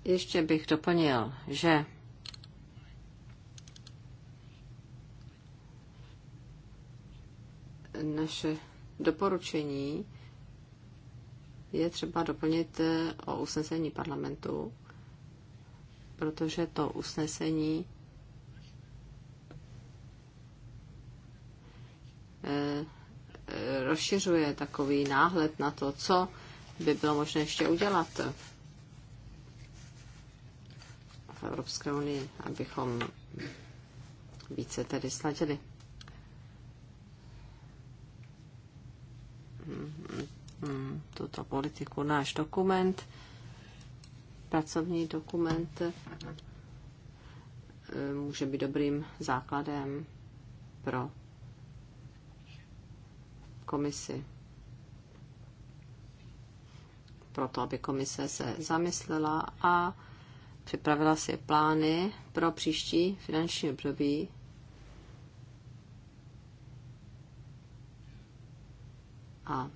Ještě bych doplnil, že naše doporučení je třeba doplnit eh, o usnesení parlamentu, protože to usnesení eh, rozšiřuje takový náhled na to, co by bylo možné ještě udělat v Evropské unii, abychom více tedy sladili tuto politiku, náš dokument, pracovní dokument eh, může být dobrým základem pro komisi. Proto, aby komise se zamyslela a připravila si plány pro příští finanční období A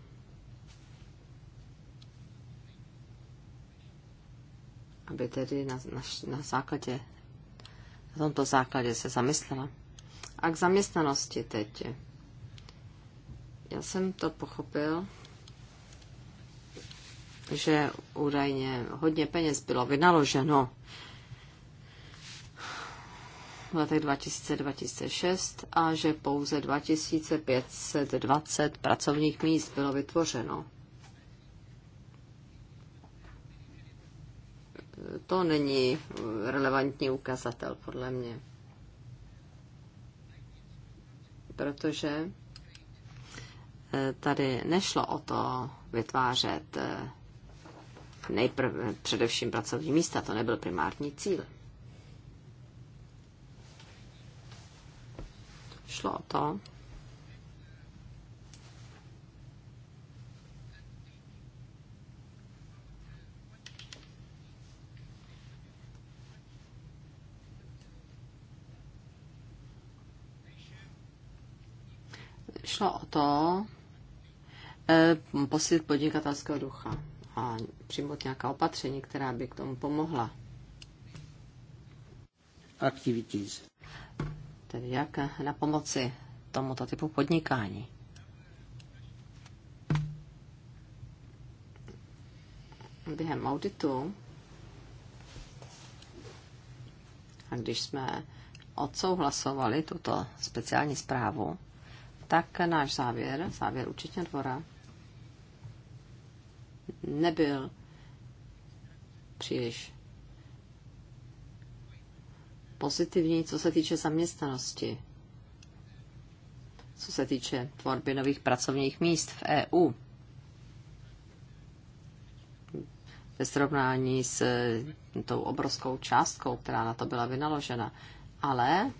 aby tedy na, na, na základě, na tomto základě se zamyslela. A k zaměstnanosti teď. Já jsem to pochopil, že údajně hodně peněz bylo vynaloženo v letech 2000-2006 a že pouze 2520 pracovních míst bylo vytvořeno. To není relevantní ukazatel, podle mě. Protože eh, tady nešlo o to vytvářet eh, nejprve především pracovní místa, to nebyl primární cíl. Šlo o to, šlo o to eh, posílit podnikatelského ducha a přijmout nějaká opatření, která by k tomu pomohla. Activities tedy jak na pomoci tomuto typu podnikání. Během auditu, a když jsme odsouhlasovali tuto speciální zprávu, tak náš závěr, závěr určitě dvora, nebyl příliš pozitivní, co se týče zaměstnanosti, co se týče tvorby nových pracovních míst v EU. ve srovnání s tou obrovskou částkou, která na to byla vynaložena. Ale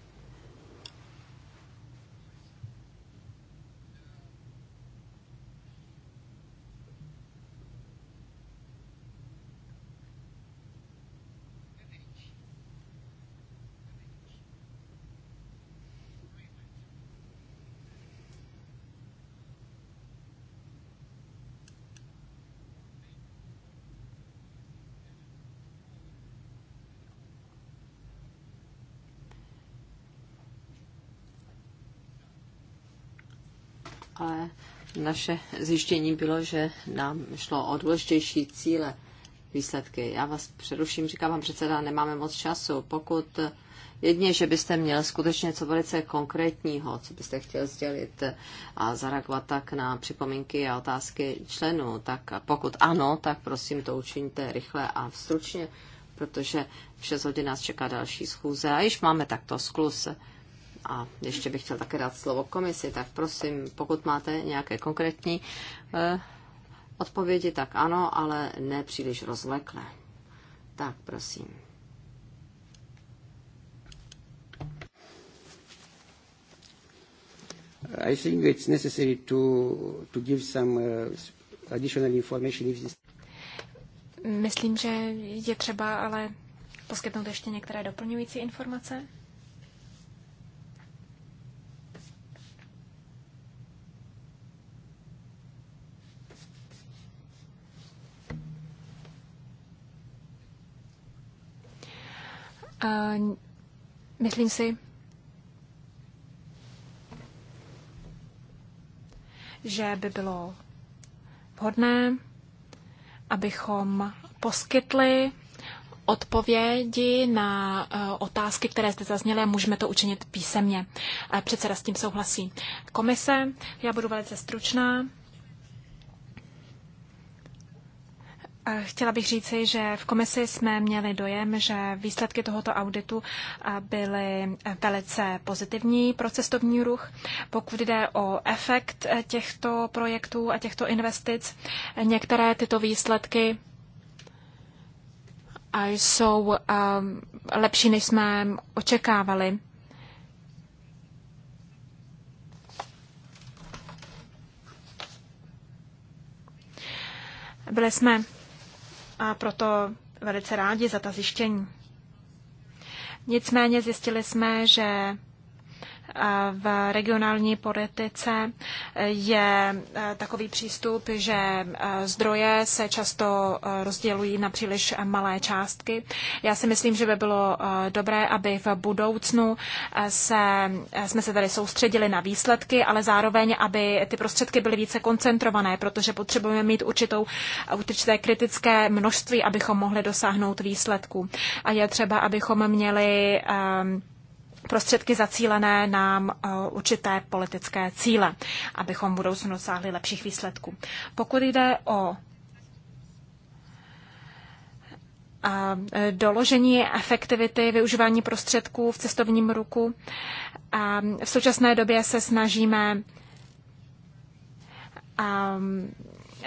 naše zjištění bylo, že nám šlo o důležitější cíle, výsledky. Já vás přeruším, říkám vám předseda, nemáme moc času. Pokud jedně, že byste měl skutečně co velice konkrétního, co byste chtěl sdělit a zareagovat tak na připomínky a otázky členů, tak pokud ano, tak prosím to učiňte rychle a stručně, protože v 6 hodin nás čeká další schůze a již máme takto sklus. A ještě bych chtěl také dát slovo komisi, tak prosím, pokud máte nějaké konkrétní eh, odpovědi, tak ano, ale ne příliš rozleklé. Tak, prosím. I think it's necessary to, to give some uh, additional information if this... Myslím, že je třeba ale poskytnout ještě některé doplňující informace. Myslím si, že by bylo vhodné, abychom poskytli odpovědi na eh, otázky, které zde zazněly, můžeme to učinit písemně. Eh, předseda s tím souhlasí. Komise, já budu velice stručná. Chtěla bych říci, že v komisi jsme měli dojem, že výsledky tohoto auditu byly e, velice pozitivní pro cestovní ruch. Pokud jde o efekt e, těchto projektů a těchto investic, e, některé tyto výsledky jsou lepší, než jsme očekávali. Byli jsme a proto velice rádi za ta zjištění. Nicméně zjistili jsme, že v regionální politice je eh, takový přístup, že eh, zdroje se často eh, rozdělují na příliš malé částky. Já si myslím, že by bylo dobré, aby v budoucnu se, jsme se tady soustředili na výsledky, ale zároveň, aby ty prostředky byly více koncentrované, protože potřebujeme mít určitou, určité kritické množství, abychom mohli dosáhnout výsledků. A je třeba, abychom měli um, prostředky zacílené na eh, určité politické cíle, abychom v budoucnu dosáhli lepších výsledků. Pokud jde o a eh, doložení efektivity využívání prostředků v cestovním ruku. A eh, v současné době se snažíme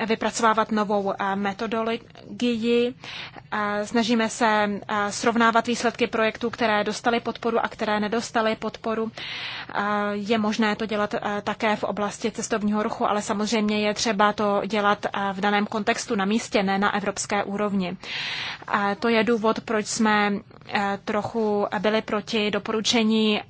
vypracovávat novou eh, metodologii. Eh, snažíme se eh, srovnávat výsledky projektů, které dostaly podporu a které nedostaly podporu. Je možné to dělat také v oblasti cestovního ruchu, ale samozřejmě je třeba to dělat v daném kontextu na místě, ne na evropské úrovni. To je důvod, proč jsme trochu byli proti doporučení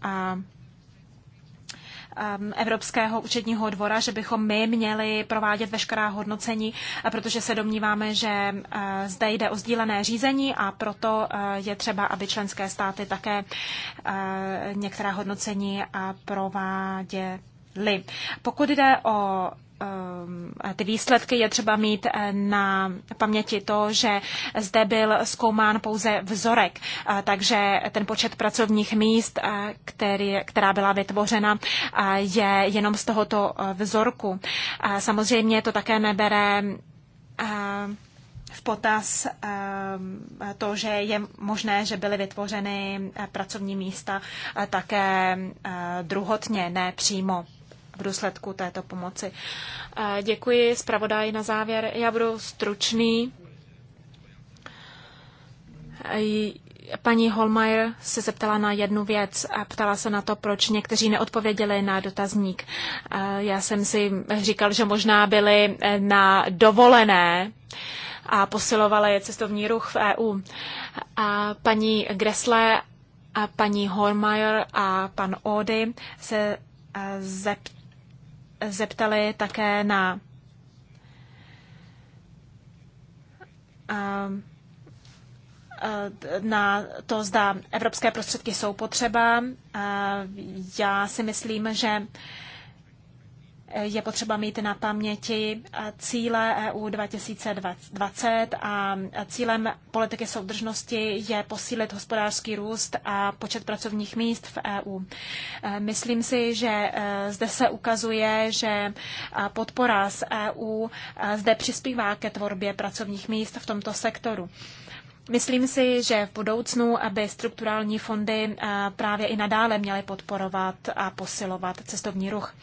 Um, Evropského účetního dvora, že bychom my měli provádět veškerá hodnocení, eh, protože se domníváme, že eh, zde jde o sdílené řízení a proto eh, je třeba, aby členské státy také některá hodnocení prováděly. Pokud jde o Ehm, ty výsledky je třeba mít eh, na paměti to, že zde byl zkoumán pouze vzorek, eh, takže ten počet pracovních míst, eh, který, která byla vytvořena, je jenom z tohoto vzorku. Samozřejmě to také nebere v potaz ehm, to, že je možné, že byly vytvořeny pracovní místa také druhotně, ne přímo v důsledku této pomoci. Děkuji zpravodaji na závěr. Já budu stručný. Paní Holmeier se zeptala na jednu věc a ptala se na to, proč někteří neodpověděli na dotazník. Já jsem si říkal, že možná byli na dovolené a posilovali je cestovní ruch v EU. A paní Gressle a paní Hormajer a pan Ody se zeptali, zeptali také na um, uh, na to, zda evropské prostředky jsou potřeba. Uh, já si myslím, že je potřeba mít na paměti cíle EU 2020 a cílem politiky soudržnosti je posílit hospodářský růst a počet pracovních míst v EU. Myslím si, že e, zde se ukazuje, že e, podpora z EU e, zde přispívá ke tvorbě pracovních míst v tomto sektoru. Myslím si, že v budoucnu, aby strukturální fondy právě i nadále měly podporovat a posilovat cestovní ruch.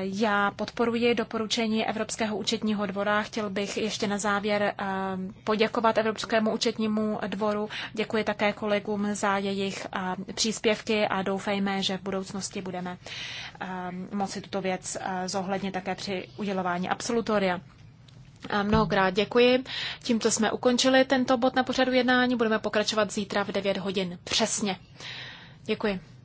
Já podporuji doporučení Evropského účetního dvora. Chtěl bych ještě na závěr eh, poděkovat Evropskému účetnímu dvoru. Děkuji také kolegům za jejich eh, příspěvky a doufejme, že v budoucnosti budeme eh, moci tuto věc zohlednit také při udělování absolutoria. mnohokrát děkuji. Tímto jsme ukončili tento bod na pořadu jednání. Budeme pokračovat zítra v 9 hodin. Přesně. Děkuji.